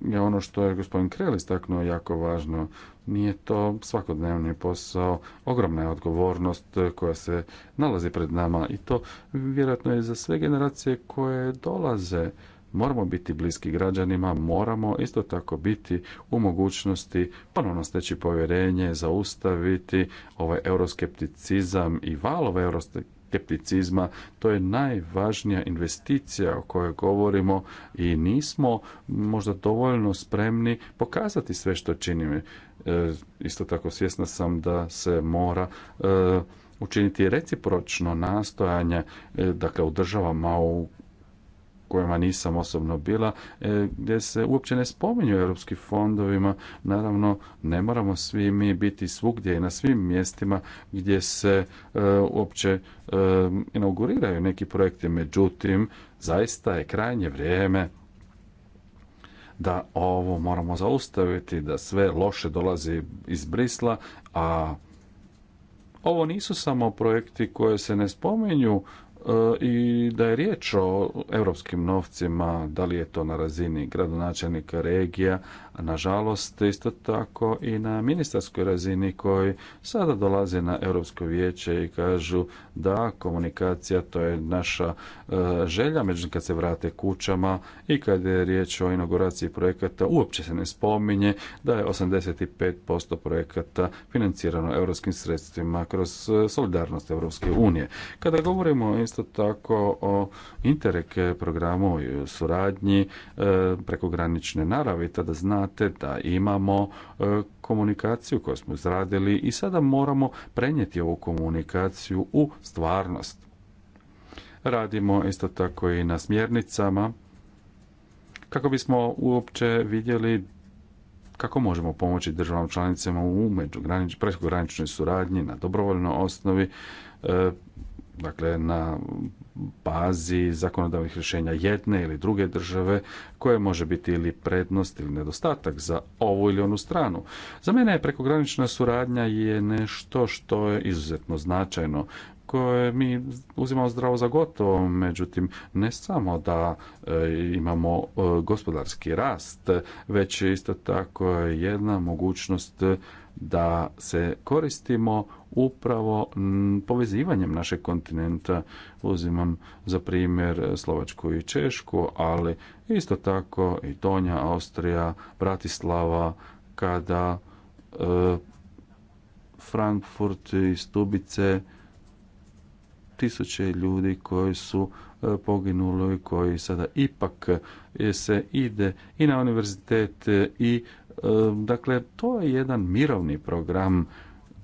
Speaker 3: je ono što je gospodin kreli istaknuo jako važno. Nije to svakodnevni posao, ogromna je odgovornost koja se nalazi pred nama i to vjerojatno je za sve generacije koje dolaze moramo biti bliski građanima, moramo isto tako biti u mogućnosti ponovno steći povjerenje, zaustaviti ovaj euroskepticizam i valove euroskepticizma, to je najvažnija investicija o kojoj govorimo i nismo možda dovoljno spremni pokazati sve što činimo. E, isto tako svjesna sam da se mora e, učiniti recipročno nastojanje, e, dakle u državama u kojima nisam osobno bila, e, gdje se uopće ne spominju europski fondovima. Naravno, ne moramo svi mi biti svugdje i na svim mjestima gdje se e, uopće e, inauguriraju neki projekti. Međutim, zaista je krajnje vrijeme da ovo moramo zaustaviti, da sve loše dolazi iz Brisla, a ovo nisu samo projekti koje se ne spominju E, i da je riječ o europskim novcima, da li je to na razini gradonačelnika regija, nažalost isto tako i na ministarskoj razini koji sada dolaze na Europsko vijeće i kažu da komunikacija to je naša e, želja, međutim kad se vrate kućama i kad je riječ o inauguraciji projekata uopće se ne spominje da je 85% projekata financirano europskim sredstvima kroz e, solidarnost Europske unije. Kada govorimo isto tako o Interreg programu i suradnji e, prekogranične naravi, tada zna znate da imamo e, komunikaciju koju smo izradili i sada moramo prenijeti ovu komunikaciju u stvarnost. Radimo isto tako i na smjernicama kako bismo uopće vidjeli kako možemo pomoći državama članicama u prekograničnoj suradnji na dobrovoljnoj osnovi, e, dakle na bazi zakonodavnih rješenja jedne ili druge države koje može biti ili prednost ili nedostatak za ovu ili onu stranu. Za mene je prekogranična suradnja je nešto što je izuzetno značajno koje mi uzimamo zdravo za gotovo, međutim ne samo da e, imamo e, gospodarski rast, već isto tako jedna mogućnost da se koristimo upravo povezivanjem našeg kontinenta. Uzimam za primjer Slovačku i Češku, ali isto tako i Donja, Austrija, Bratislava, kada e, Frankfurt i Stubice tisuće ljudi koji su e, poginuli, koji sada ipak e, se ide i na univerzitet i E, dakle, to je jedan mirovni program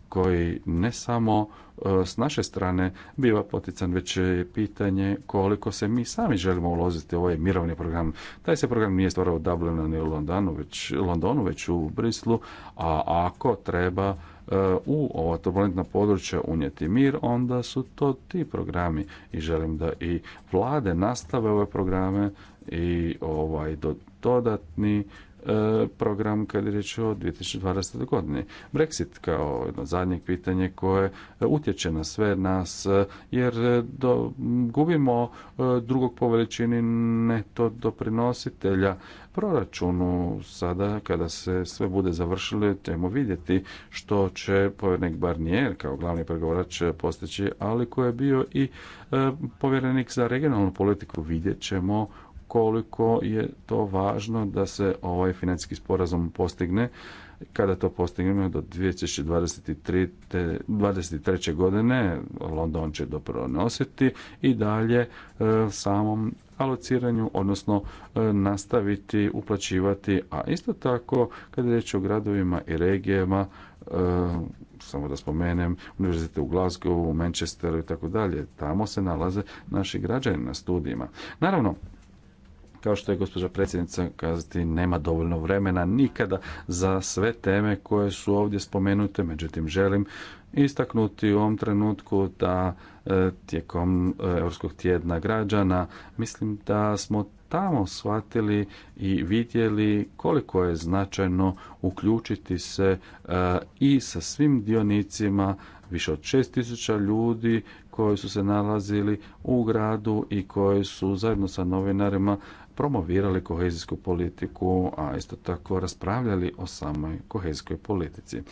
Speaker 3: koji ne samo e, s naše strane biva potican, već je pitanje koliko se mi sami želimo uloziti u ovaj mirovni program. Taj se program nije stvarao u Dublinu ni u Londonu, već, Londonu, već u Brislu, a ako treba e, u ova turbulentna područja unijeti mir, onda su to ti programi i želim da i vlade nastave ove programe i ovaj dodatni E, program kad je riječ o 2020. godini. Brexit kao jedno zadnje pitanje koje utječe na sve nas e, jer e, gubimo drugog po veličini neto doprinositelja proračunu sada kada se sve bude završilo ćemo vidjeti što će povjerenik Barnier kao glavni pregovorač postići ali koji je bio i povjerenik za regionalnu politiku vidjet ćemo koliko je to važno da se ovaj financijski sporazum postigne kada to postignemo do 2023. 23. godine London će doprinositi i dalje e, samom alociranju, odnosno e, nastaviti uplaćivati, a isto tako kada je riječ o gradovima i regijama e, samo da spomenem, univerzite u Glasgowu, u Manchesteru i tako dalje. Tamo se nalaze naši građani na studijima. Naravno, kao što je gospođa predsjednica kazati, nema dovoljno vremena nikada za sve teme koje su ovdje spomenute, međutim želim istaknuti u ovom trenutku da e, tijekom e, Europskog tjedna građana mislim da smo tamo shvatili i vidjeli koliko je značajno uključiti se e, i sa svim dionicima više od 6000 ljudi koji su se nalazili u gradu i koji su zajedno sa novinarima promovirali kohezijsku politiku, a isto tako raspravljali o samoj kohezijskoj politici.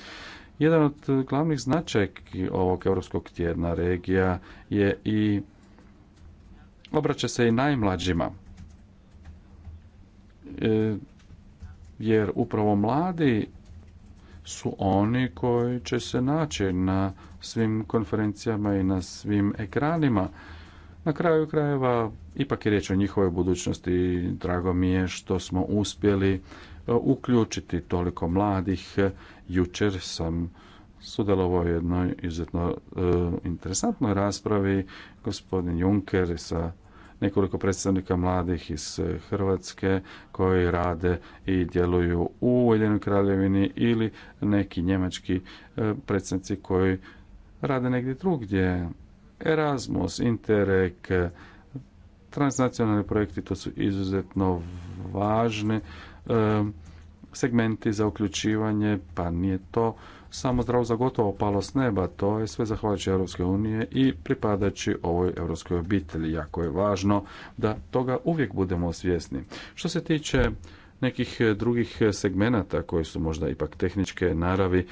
Speaker 3: Jedan od glavnih značajki ovog Europskog tjedna regija je i obraća se i najmlađima. E, jer upravo mladi su oni koji će se naći na svim konferencijama i na svim ekranima na kraju krajeva, ipak je riječ o njihovoj budućnosti i drago mi je što smo uspjeli e, uključiti toliko mladih. Jučer sam sudjelovao u jednoj izuzetno e, interesantnoj raspravi gospodin Juncker sa nekoliko predstavnika mladih iz Hrvatske koji rade i djeluju u Ujedinjenoj kraljevini ili neki njemački e, predstavnici koji rade negdje drugdje Erasmus, Interreg, transnacionalni projekti, to su izuzetno važne segmenti za uključivanje, pa nije to samo zdravo za gotovo palo s neba, to je sve zahvaljujući Europske unije i pripadajući ovoj europskoj obitelji. Jako je važno da toga uvijek budemo svjesni. Što se tiče nekih drugih segmenata koji su možda ipak tehničke naravi,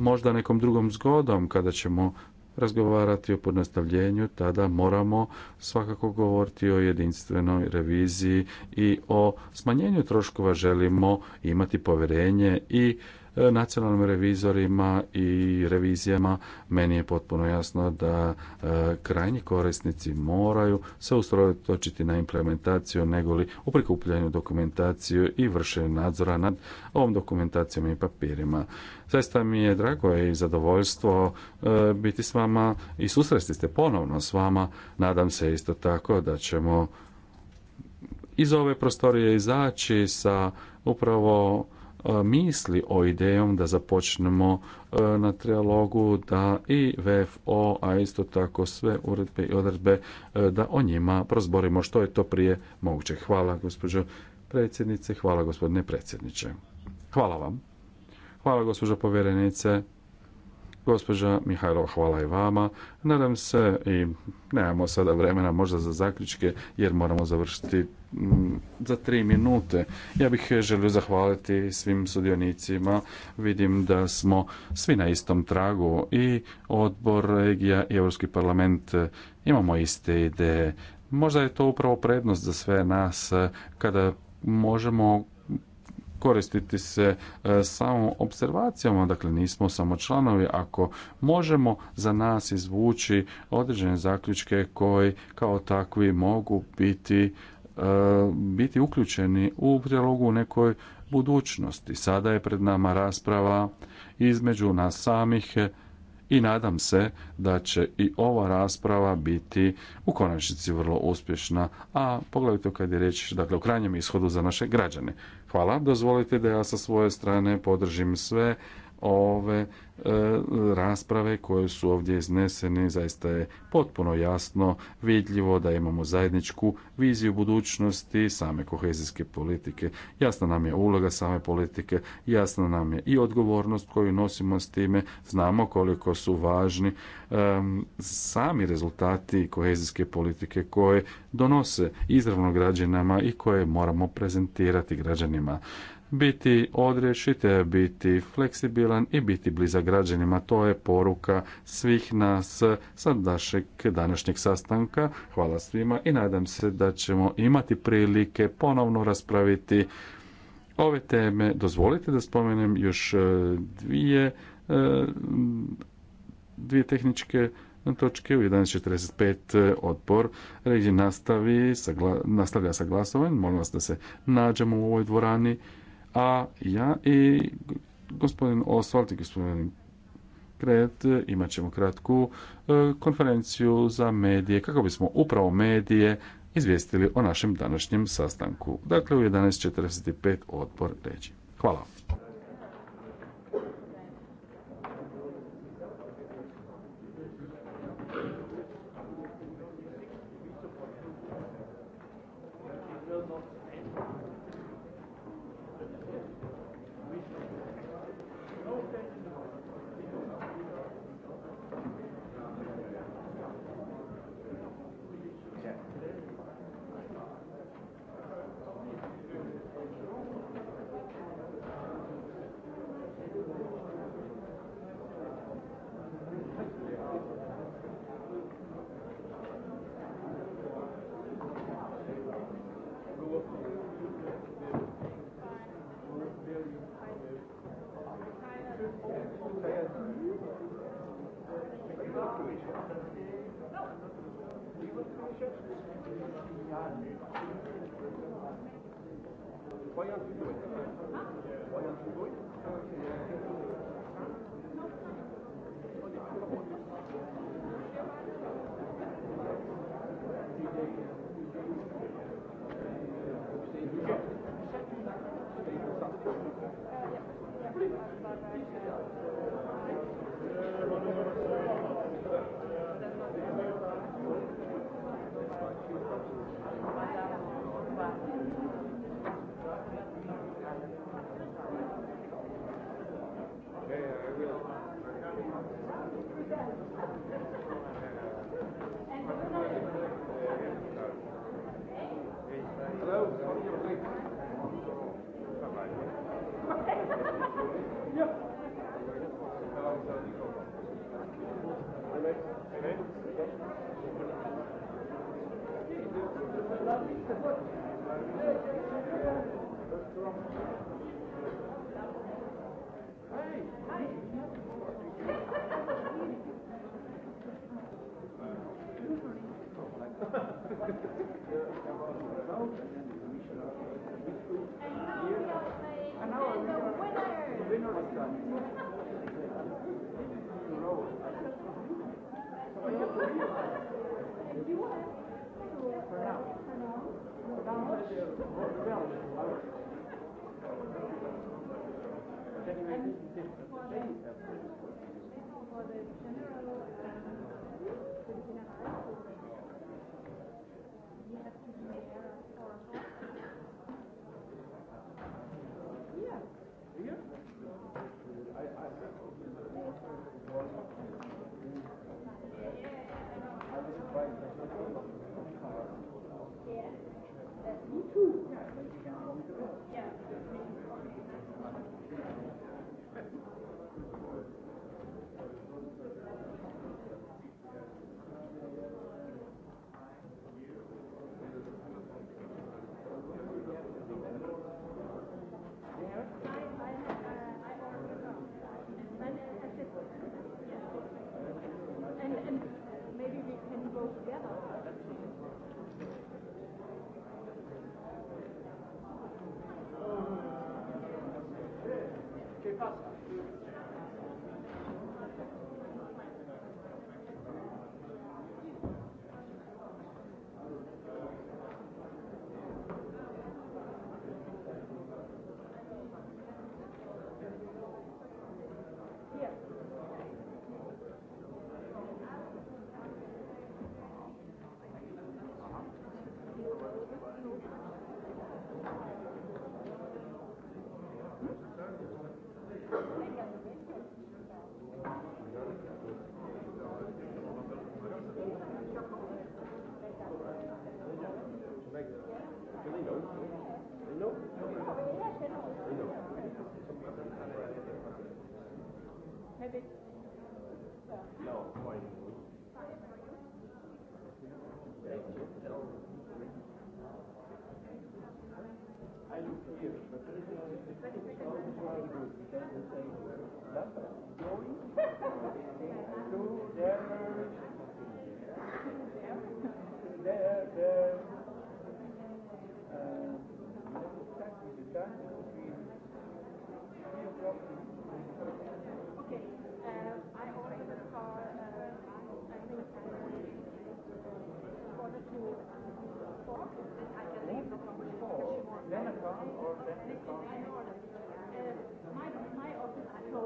Speaker 3: možda nekom drugom zgodom kada ćemo razgovarati o podnastavljenju, tada moramo svakako govoriti o jedinstvenoj reviziji i o smanjenju troškova želimo imati povjerenje i E, nacionalnim revizorima i revizijama, meni je potpuno jasno da e, krajnji korisnici moraju se ustrojiti na implementaciju negoli u prikupljanju dokumentaciju i vršenju nadzora nad ovom dokumentacijom i papirima. Zaista mi je drago i zadovoljstvo e, biti s vama i susresti ste ponovno s vama. Nadam se isto tako da ćemo iz ove prostorije izaći sa upravo E, misli o idejom da započnemo e, na trialogu da i VFO, a isto tako sve uredbe i odredbe, e, da o njima prozborimo što je to prije moguće. Hvala gospođo predsjednice, hvala gospodine predsjedniče. Hvala vam. Hvala gospođo povjerenice. Gospođa Mihajlova, hvala i vama. Nadam se i nemamo sada vremena možda za zaključke jer moramo završiti mm, za tri minute. Ja bih želio zahvaliti svim sudionicima. Vidim da smo svi na istom tragu i odbor regija i Europski parlament e, imamo iste ideje. Možda je to upravo prednost za sve nas e, kada možemo koristiti se e, samo observacijama, dakle nismo samo članovi, ako možemo za nas izvući određene zaključke koji kao takvi mogu biti e, biti uključeni u prilogu u nekoj budućnosti. Sada je pred nama rasprava između nas samih i nadam se da će i ova rasprava biti u konačnici vrlo uspješna, a poglavito kad je riječ dakle, o krajnjem ishodu za naše građane. Hvala, dozvolite da ja sa svoje strane podržim sve ove e, rasprave koje su ovdje iznesene zaista je potpuno jasno vidljivo da imamo zajedničku viziju budućnosti same kohezijske politike. Jasna nam je uloga same politike, jasna nam je i odgovornost koju nosimo s time, znamo koliko su važni e, sami rezultati kohezijske politike koje donose izravno građanima i koje moramo prezentirati građanima biti odrešite, biti fleksibilan i biti bliza građanima. To je poruka svih nas sa našeg današnjeg sastanka. Hvala svima i nadam se da ćemo imati prilike ponovno raspraviti ove teme. Dozvolite da spomenem još e, dvije, e, dvije tehničke točke u 11.45 e, odbor ređi nastavi, nastavlja sa glasovanjem. Molim vas da se nađemo u ovoj dvorani a ja i gospodin Osvald i gospodin Kret imat ćemo kratku e, konferenciju za medije kako bismo upravo medije izvijestili o našem današnjem sastanku. Dakle, u 11.45 odbor reći. Hvala.
Speaker 4: Yeah.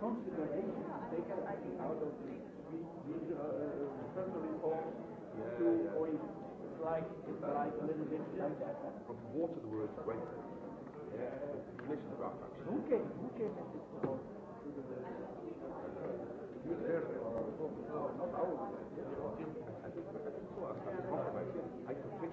Speaker 4: consideration taken out of these to It's like, it's like a little bit like that. From water the word went. Yeah. Commission about that. I think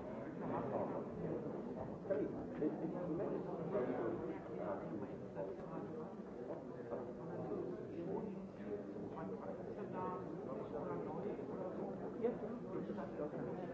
Speaker 4: Hvala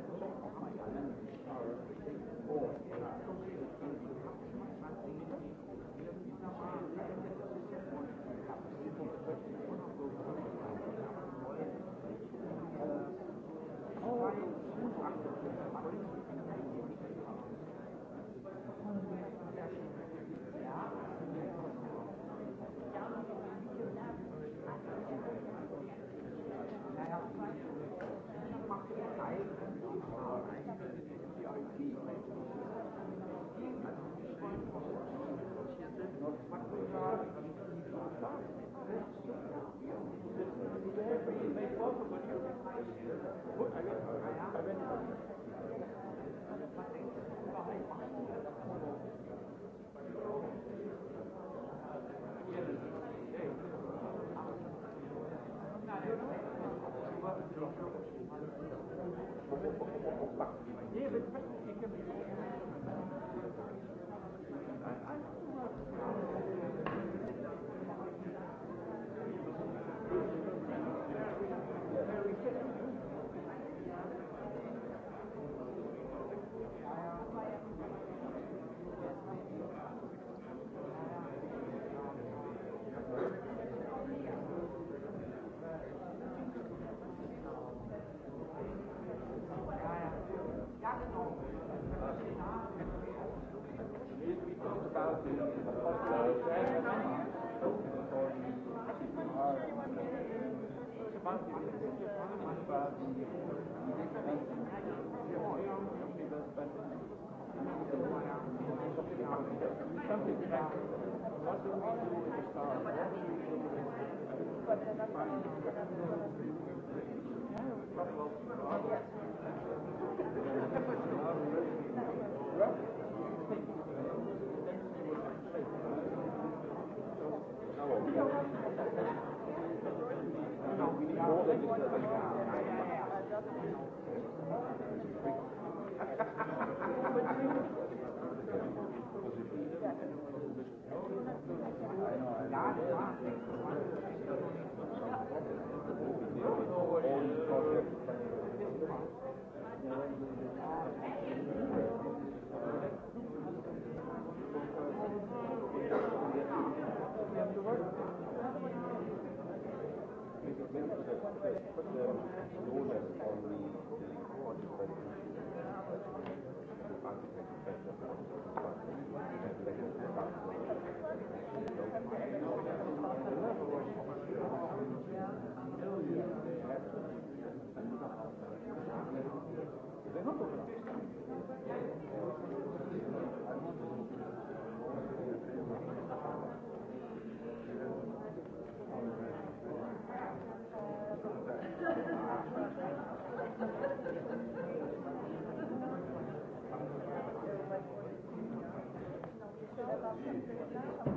Speaker 4: Hvala Hvala. tim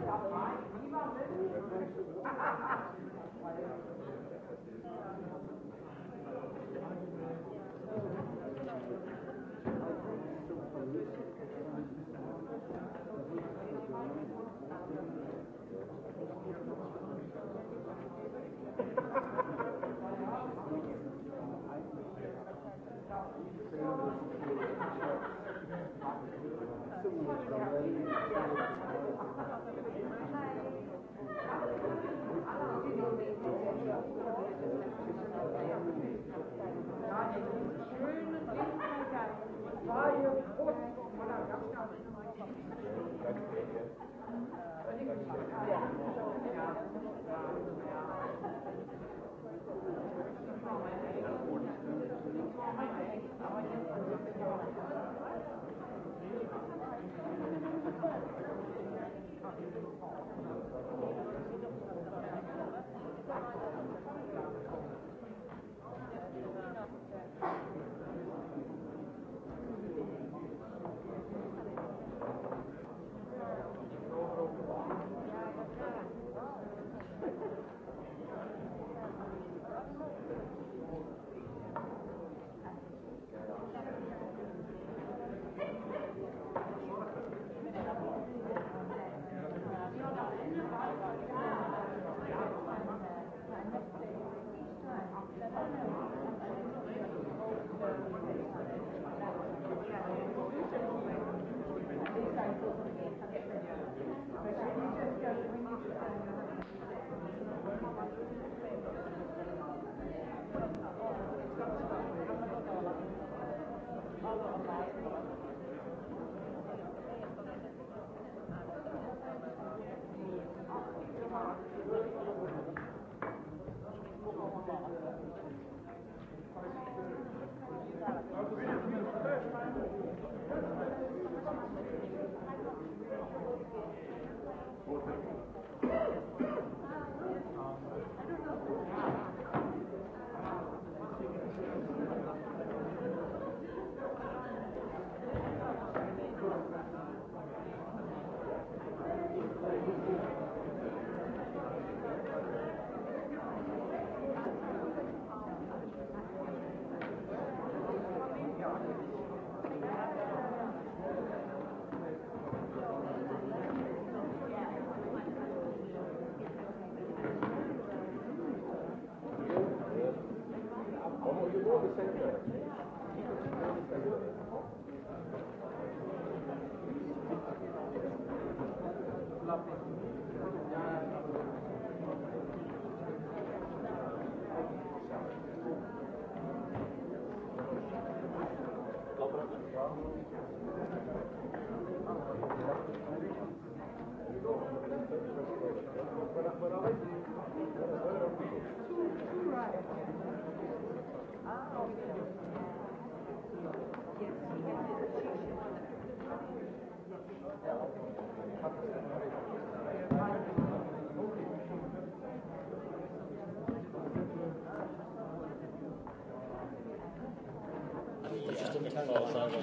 Speaker 4: Ja, Schönen Dienstag, da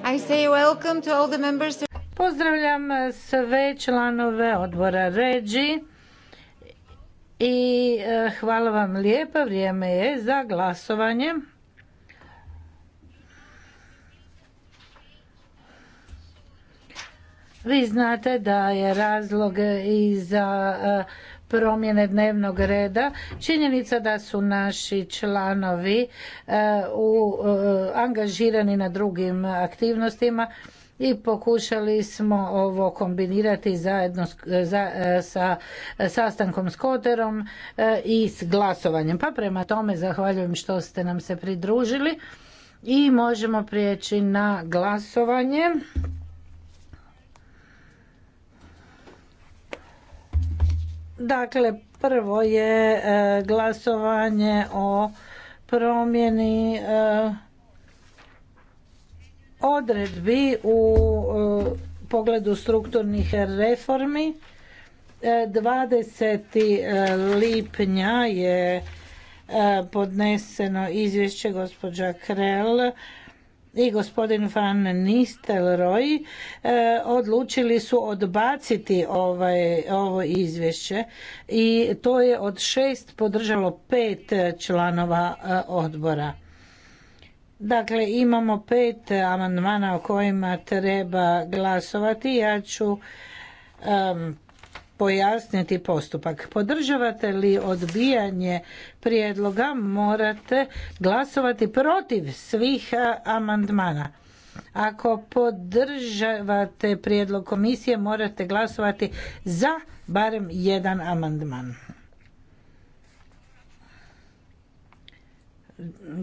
Speaker 4: I say
Speaker 1: welcome to all Pozdravljam sve članove odbora regi i eh, hvala vam lijepa, vrijeme je za glasovanje. Vi znate da je razlog i za e, promjene dnevnog reda činjenica da su naši članovi e, u, e, angažirani na drugim aktivnostima i pokušali smo ovo kombinirati zajedno sa sastankom s Koterom i s glasovanjem. Pa prema tome zahvaljujem što ste nam se pridružili i možemo prijeći na glasovanje. Dakle, prvo je e, glasovanje o promjeni e, odredbi u e, pogledu strukturnih reformi. 20. lipnja je podneseno izvješće gospođa Krell i gospodin Van Nistelrooy e, odlučili su odbaciti ovaj, ovo izvješće i to je od šest podržalo pet članova e, odbora. Dakle, imamo pet amandmana o kojima treba glasovati. Ja ću pojasniti postupak. Podržavate li odbijanje prijedloga morate glasovati protiv svih amandmana. Ako podržavate prijedlog komisije morate glasovati za barem jedan amandman.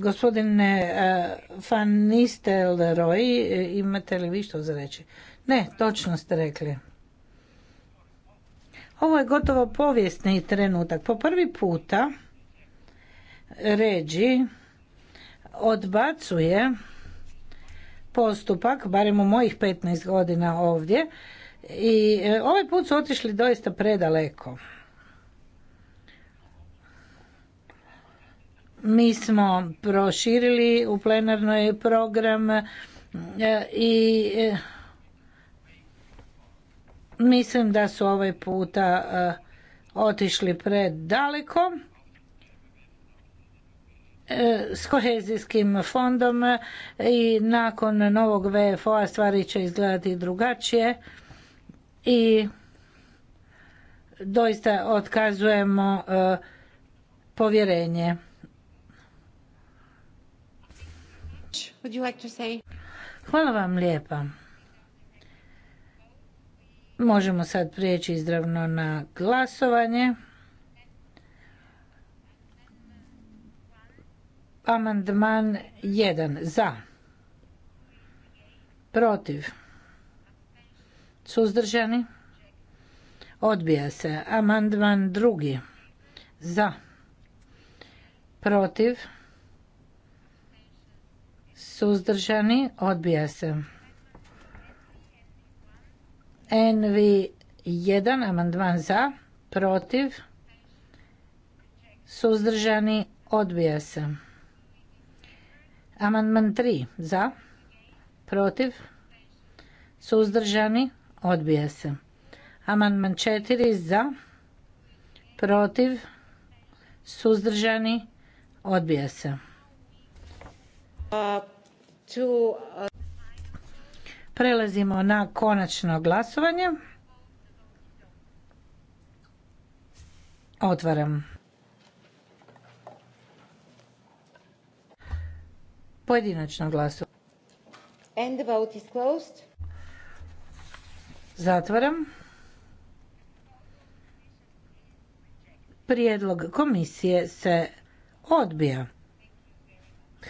Speaker 1: Gospodine Van Nistelrooy, imate li vi što za reći? Ne, točno ste rekli. Ovo je gotovo povijesni trenutak. Po prvi puta ređi odbacuje postupak, barem u mojih 15 godina ovdje, i e, ovaj put su otišli doista predaleko. Mi smo proširili u plenarnoj program e, i e, Mislim da su ovaj puta e, otišli pred daleko e, s kohezijskim fondom e, i nakon novog VFO-a stvari će izgledati drugačije i doista otkazujemo povjerenje. Hvala vam lijepa. Možemo sad prijeći izravno na glasovanje. Amandman 1 za. Protiv. Suzdržani. Odbija se. Amandman drugi. Za. Protiv. Suzdržani. Odbija se. NV1, amandman za, protiv, suzdržani, odbija se. Amandman 3, za, protiv, suzdržani, odbija se. Amandman 4, za, protiv, suzdržani, odbija se.
Speaker 4: Uh, to, uh,
Speaker 1: Prelazimo na konačno glasovanje. Otvaram. Pojedinačno glasovanje. And vote is closed. Zatvaram. Prijedlog komisije se odbija.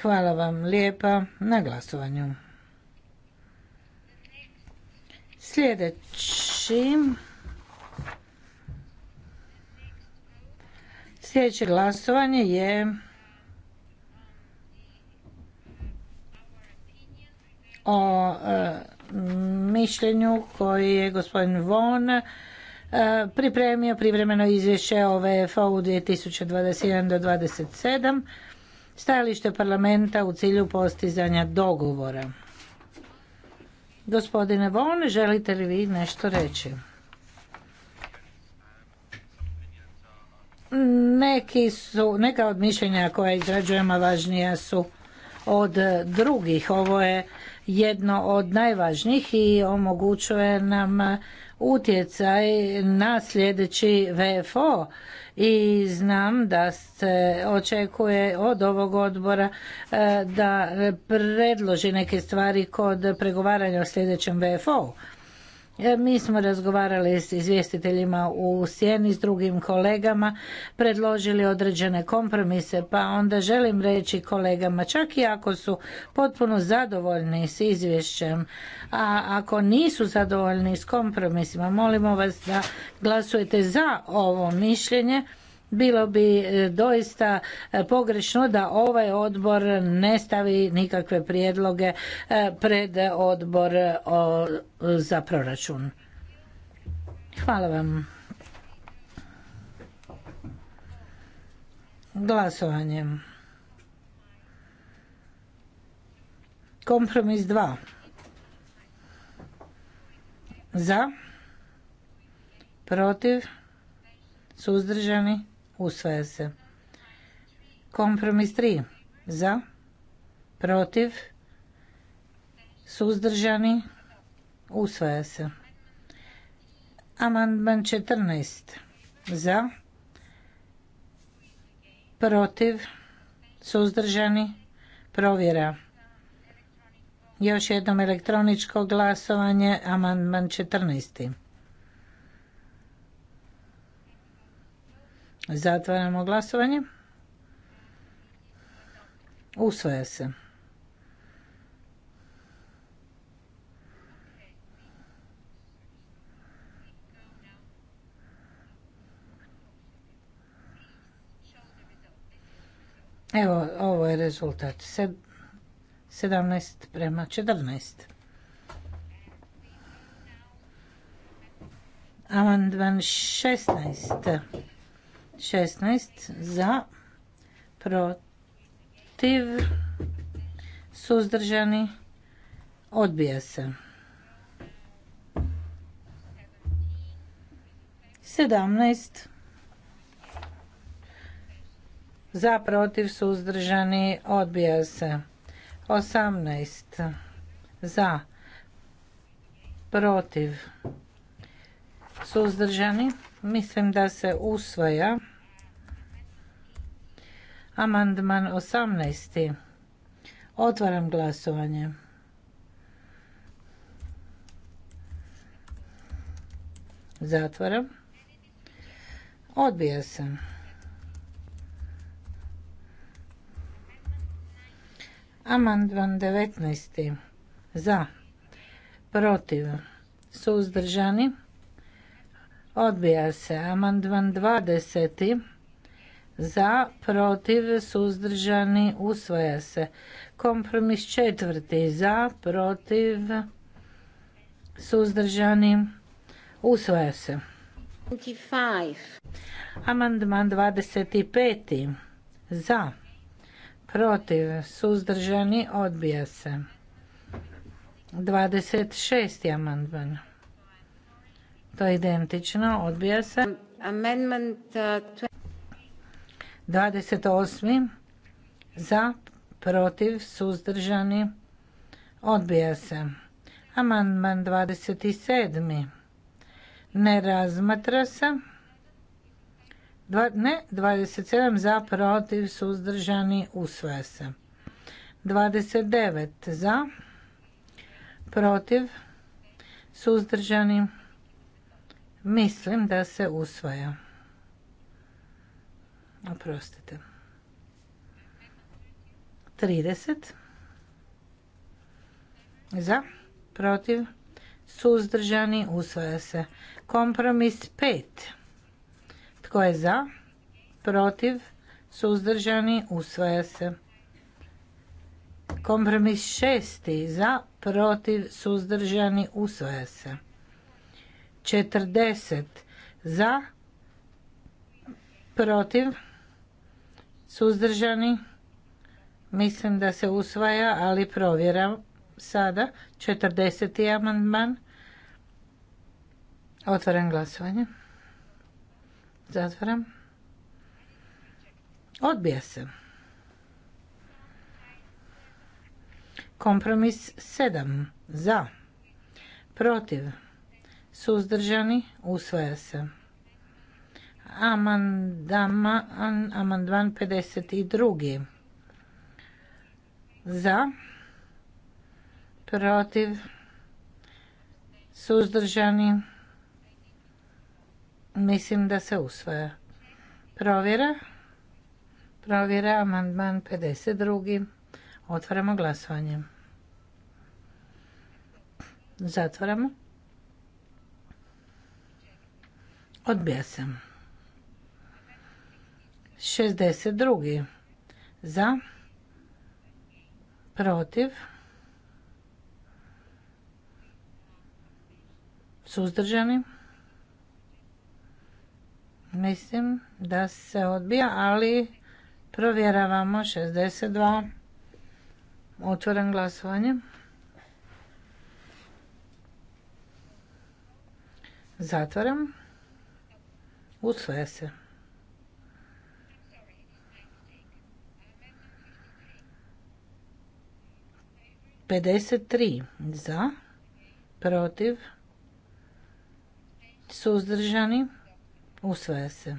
Speaker 1: Hvala vam lijepa na glasovanju. Sljedeći... Sljedeće glasovanje je o e, mišljenju koji je gospodin Von e, pripremio privremeno izvješće o VFO-u 2021 do 27 stajalište parlamenta u cilju postizanja dogovora. Gospodine Von, želite li vi nešto reći? Neki su, neka od mišljenja koja izrađujemo važnija su od drugih. Ovo je jedno od najvažnijih i omogućuje nam utjecaj na sljedeći VFO i znam da se očekuje od ovog odbora e, da predloži neke stvari kod pregovaranja o sljedećem VFO-u E, mi smo razgovarali s izvjestiteljima u sjeni s drugim kolegama, predložili određene kompromise, pa onda želim reći kolegama, čak i ako su potpuno zadovoljni s izvješćem, a ako nisu zadovoljni s kompromisima, molimo vas da glasujete za ovo mišljenje bilo bi e, doista e, pogrešno da ovaj odbor ne stavi nikakve prijedloge e, pred odbor za proračun. Hvala vam. Glasovanjem. Kompromis 2. Za. Protiv. Suzdržani usvaja se. Kompromis 3 za, protiv, suzdržani, usvaja se. Amandman 14 za, protiv, suzdržani, provjera. Još jednom elektroničko glasovanje, amandman 14. Zatvaramo glasovanje. Usvaja se. Evo, ovo je rezultat. 17 prema 14. Amandman 16. 16 za, protiv, suzdržani, odbija se. 17 za, protiv, suzdržani, odbija se. 18 za, protiv, suzdržani, Mislim da se usvaja amandman 18. Otvaram glasovanje. Zatvaram. Odbija se. Amandman 19. Za. Protiv. Suzdržani. Odbija se. Amandman 20. Za, protiv, suzdržani, usvaja se. Kompromis četvrti. Za, protiv, suzdržani, usvaja se. 25. Amandman 25. Za, protiv, suzdržani, odbija se. 26. amandman. To je identično, odbija se. Amendment 28. Uh, za, protiv, suzdržani, odbija se. Amandman 27. Ne razmatra se. ne, 27 za, protiv, suzdržani, usvaja se. 29 za, protiv, suzdržani, Mislim da se usvaja. Oprostite. 30. Za, protiv, suzdržani, usvaja se. Kompromis 5. Tko je za, protiv, suzdržani, usvaja se. Kompromis 6. Za, protiv, suzdržani, usvaja se. 40 za, protiv, suzdržani, mislim da se usvaja, ali provjeram sada. 40. amandman. Otvaram glasovanje. Zatvaram. Odbija se. Kompromis 7. Za. Protiv suzdržani, usvaja se. amandman 52. Za, protiv, suzdržani, mislim da se usvaja. Provjera, provjera, amandman 52. Otvaramo glasovanje. Zatvaramo. Odbija se. 62. Za. Protiv. Suzdržani. Mislim da se odbija, ali provjeravamo 62. Otvoren glasovanje. Zatvaram. Usvaja se. 53. za, protiv, suzdržani, usvaja se.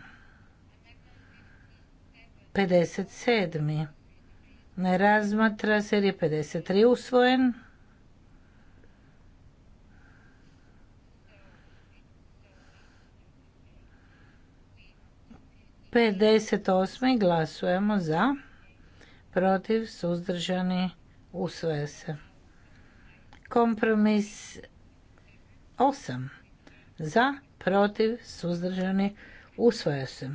Speaker 1: 57. Ne razmatra se je 53 usvojen. 58. glasujemo za, protiv, suzdržani, usvaja se. Kompromis 8. Za, protiv, suzdržani, usvoje se.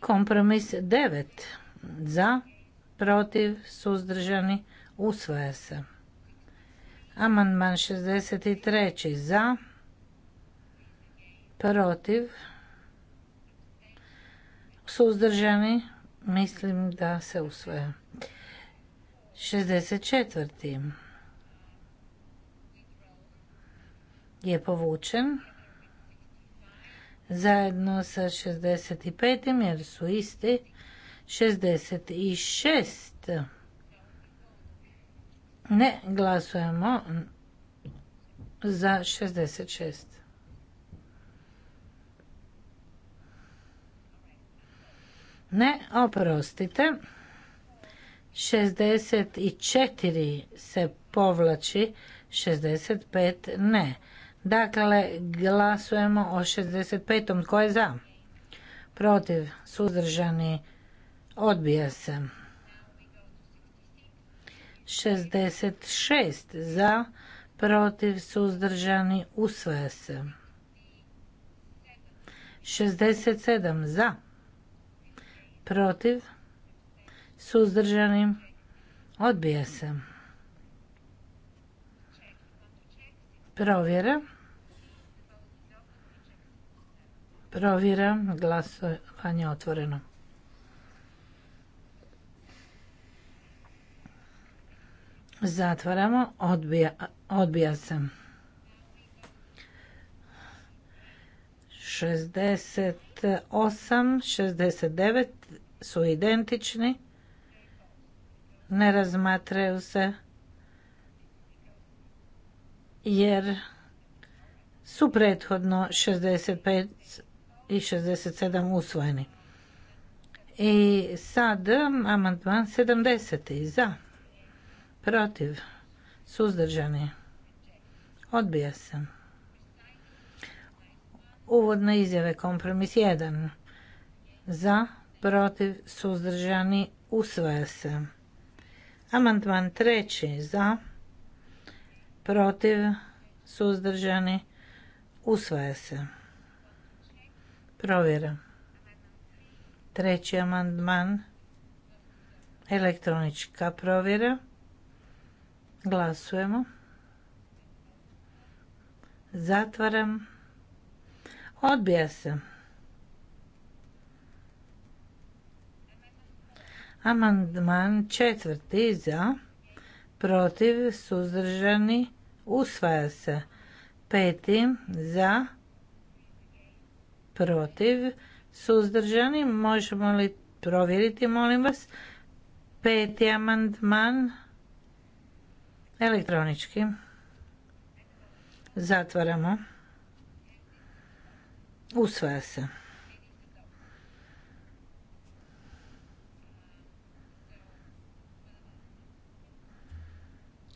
Speaker 1: Kompromis 9. Za, protiv, suzdržani, usvoje se. Amandman 63. za, protiv, suzdržani, mislim da se usvoja. 64. je povučen zajedno sa 65. jer su isti 66. Ne glasujemo za 66. Ne, oprostite. 64 se povlači, 65 ne. Dakle, glasujemo o 65. Tko je za? Protiv, suzdržani, odbija se. 66 za, protiv, suzdržani, usvaja se. 67 za, protiv, suzdržani, odbija se. Provjera. Provjera, glasovanje otvoreno. Zatvaramo. Odbija, odbija se. 68, 69 su identični. Ne razmatraju se jer su prethodno 65 i 67 usvojeni. I sad amandman 70. za protiv, suzdržani, odbija se. Uvodne izjave kompromis 1. Za, protiv, suzdržani, usvaja se. Amandman 3 za, protiv, suzdržani, usvaja se. Provjera. Treći amandman, elektronička provjera. Glasujemo. Zatvaram. Odbija se. Amandman četvrti za, protiv, suzdržani, usvaja se. Peti za, protiv, suzdržani, možemo li provjeriti, molim vas. Peti amandman, Elektronički. Zatvaramo. Usvaja se.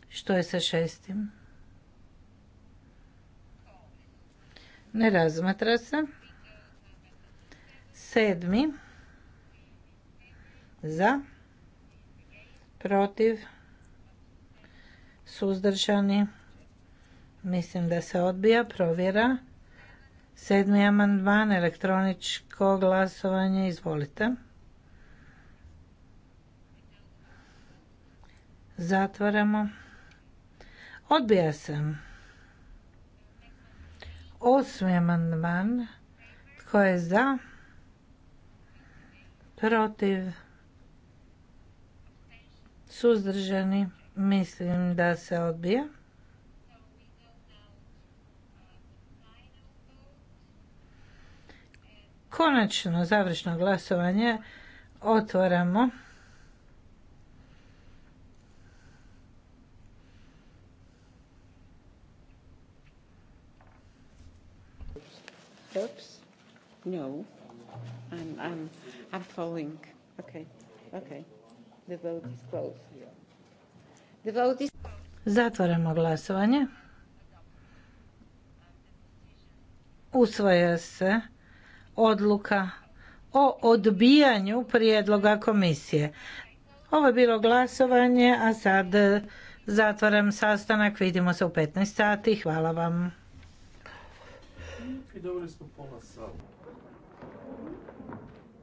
Speaker 1: Što je sa šestim? Ne razmatra se. Sedmi. Za. Protiv suzdržani. Mislim da se odbija, provjera. Sedmi amandman, elektroničko glasovanje, izvolite. Zatvaramo. Odbija se. Osmi amandman. Tko je za? Protiv? Suzdržani? Mislim da se odbija. Konačno završno glasovanje otvaramo.
Speaker 4: Oops. No. I'm I'm I'm following. Okay. Okay. The vote is closed.
Speaker 1: Zatvaramo glasovanje. Usvaja se odluka o odbijanju prijedloga komisije. Ovo je bilo glasovanje, a sad zatvaram sastanak. Vidimo se u 15 sati. Hvala vam.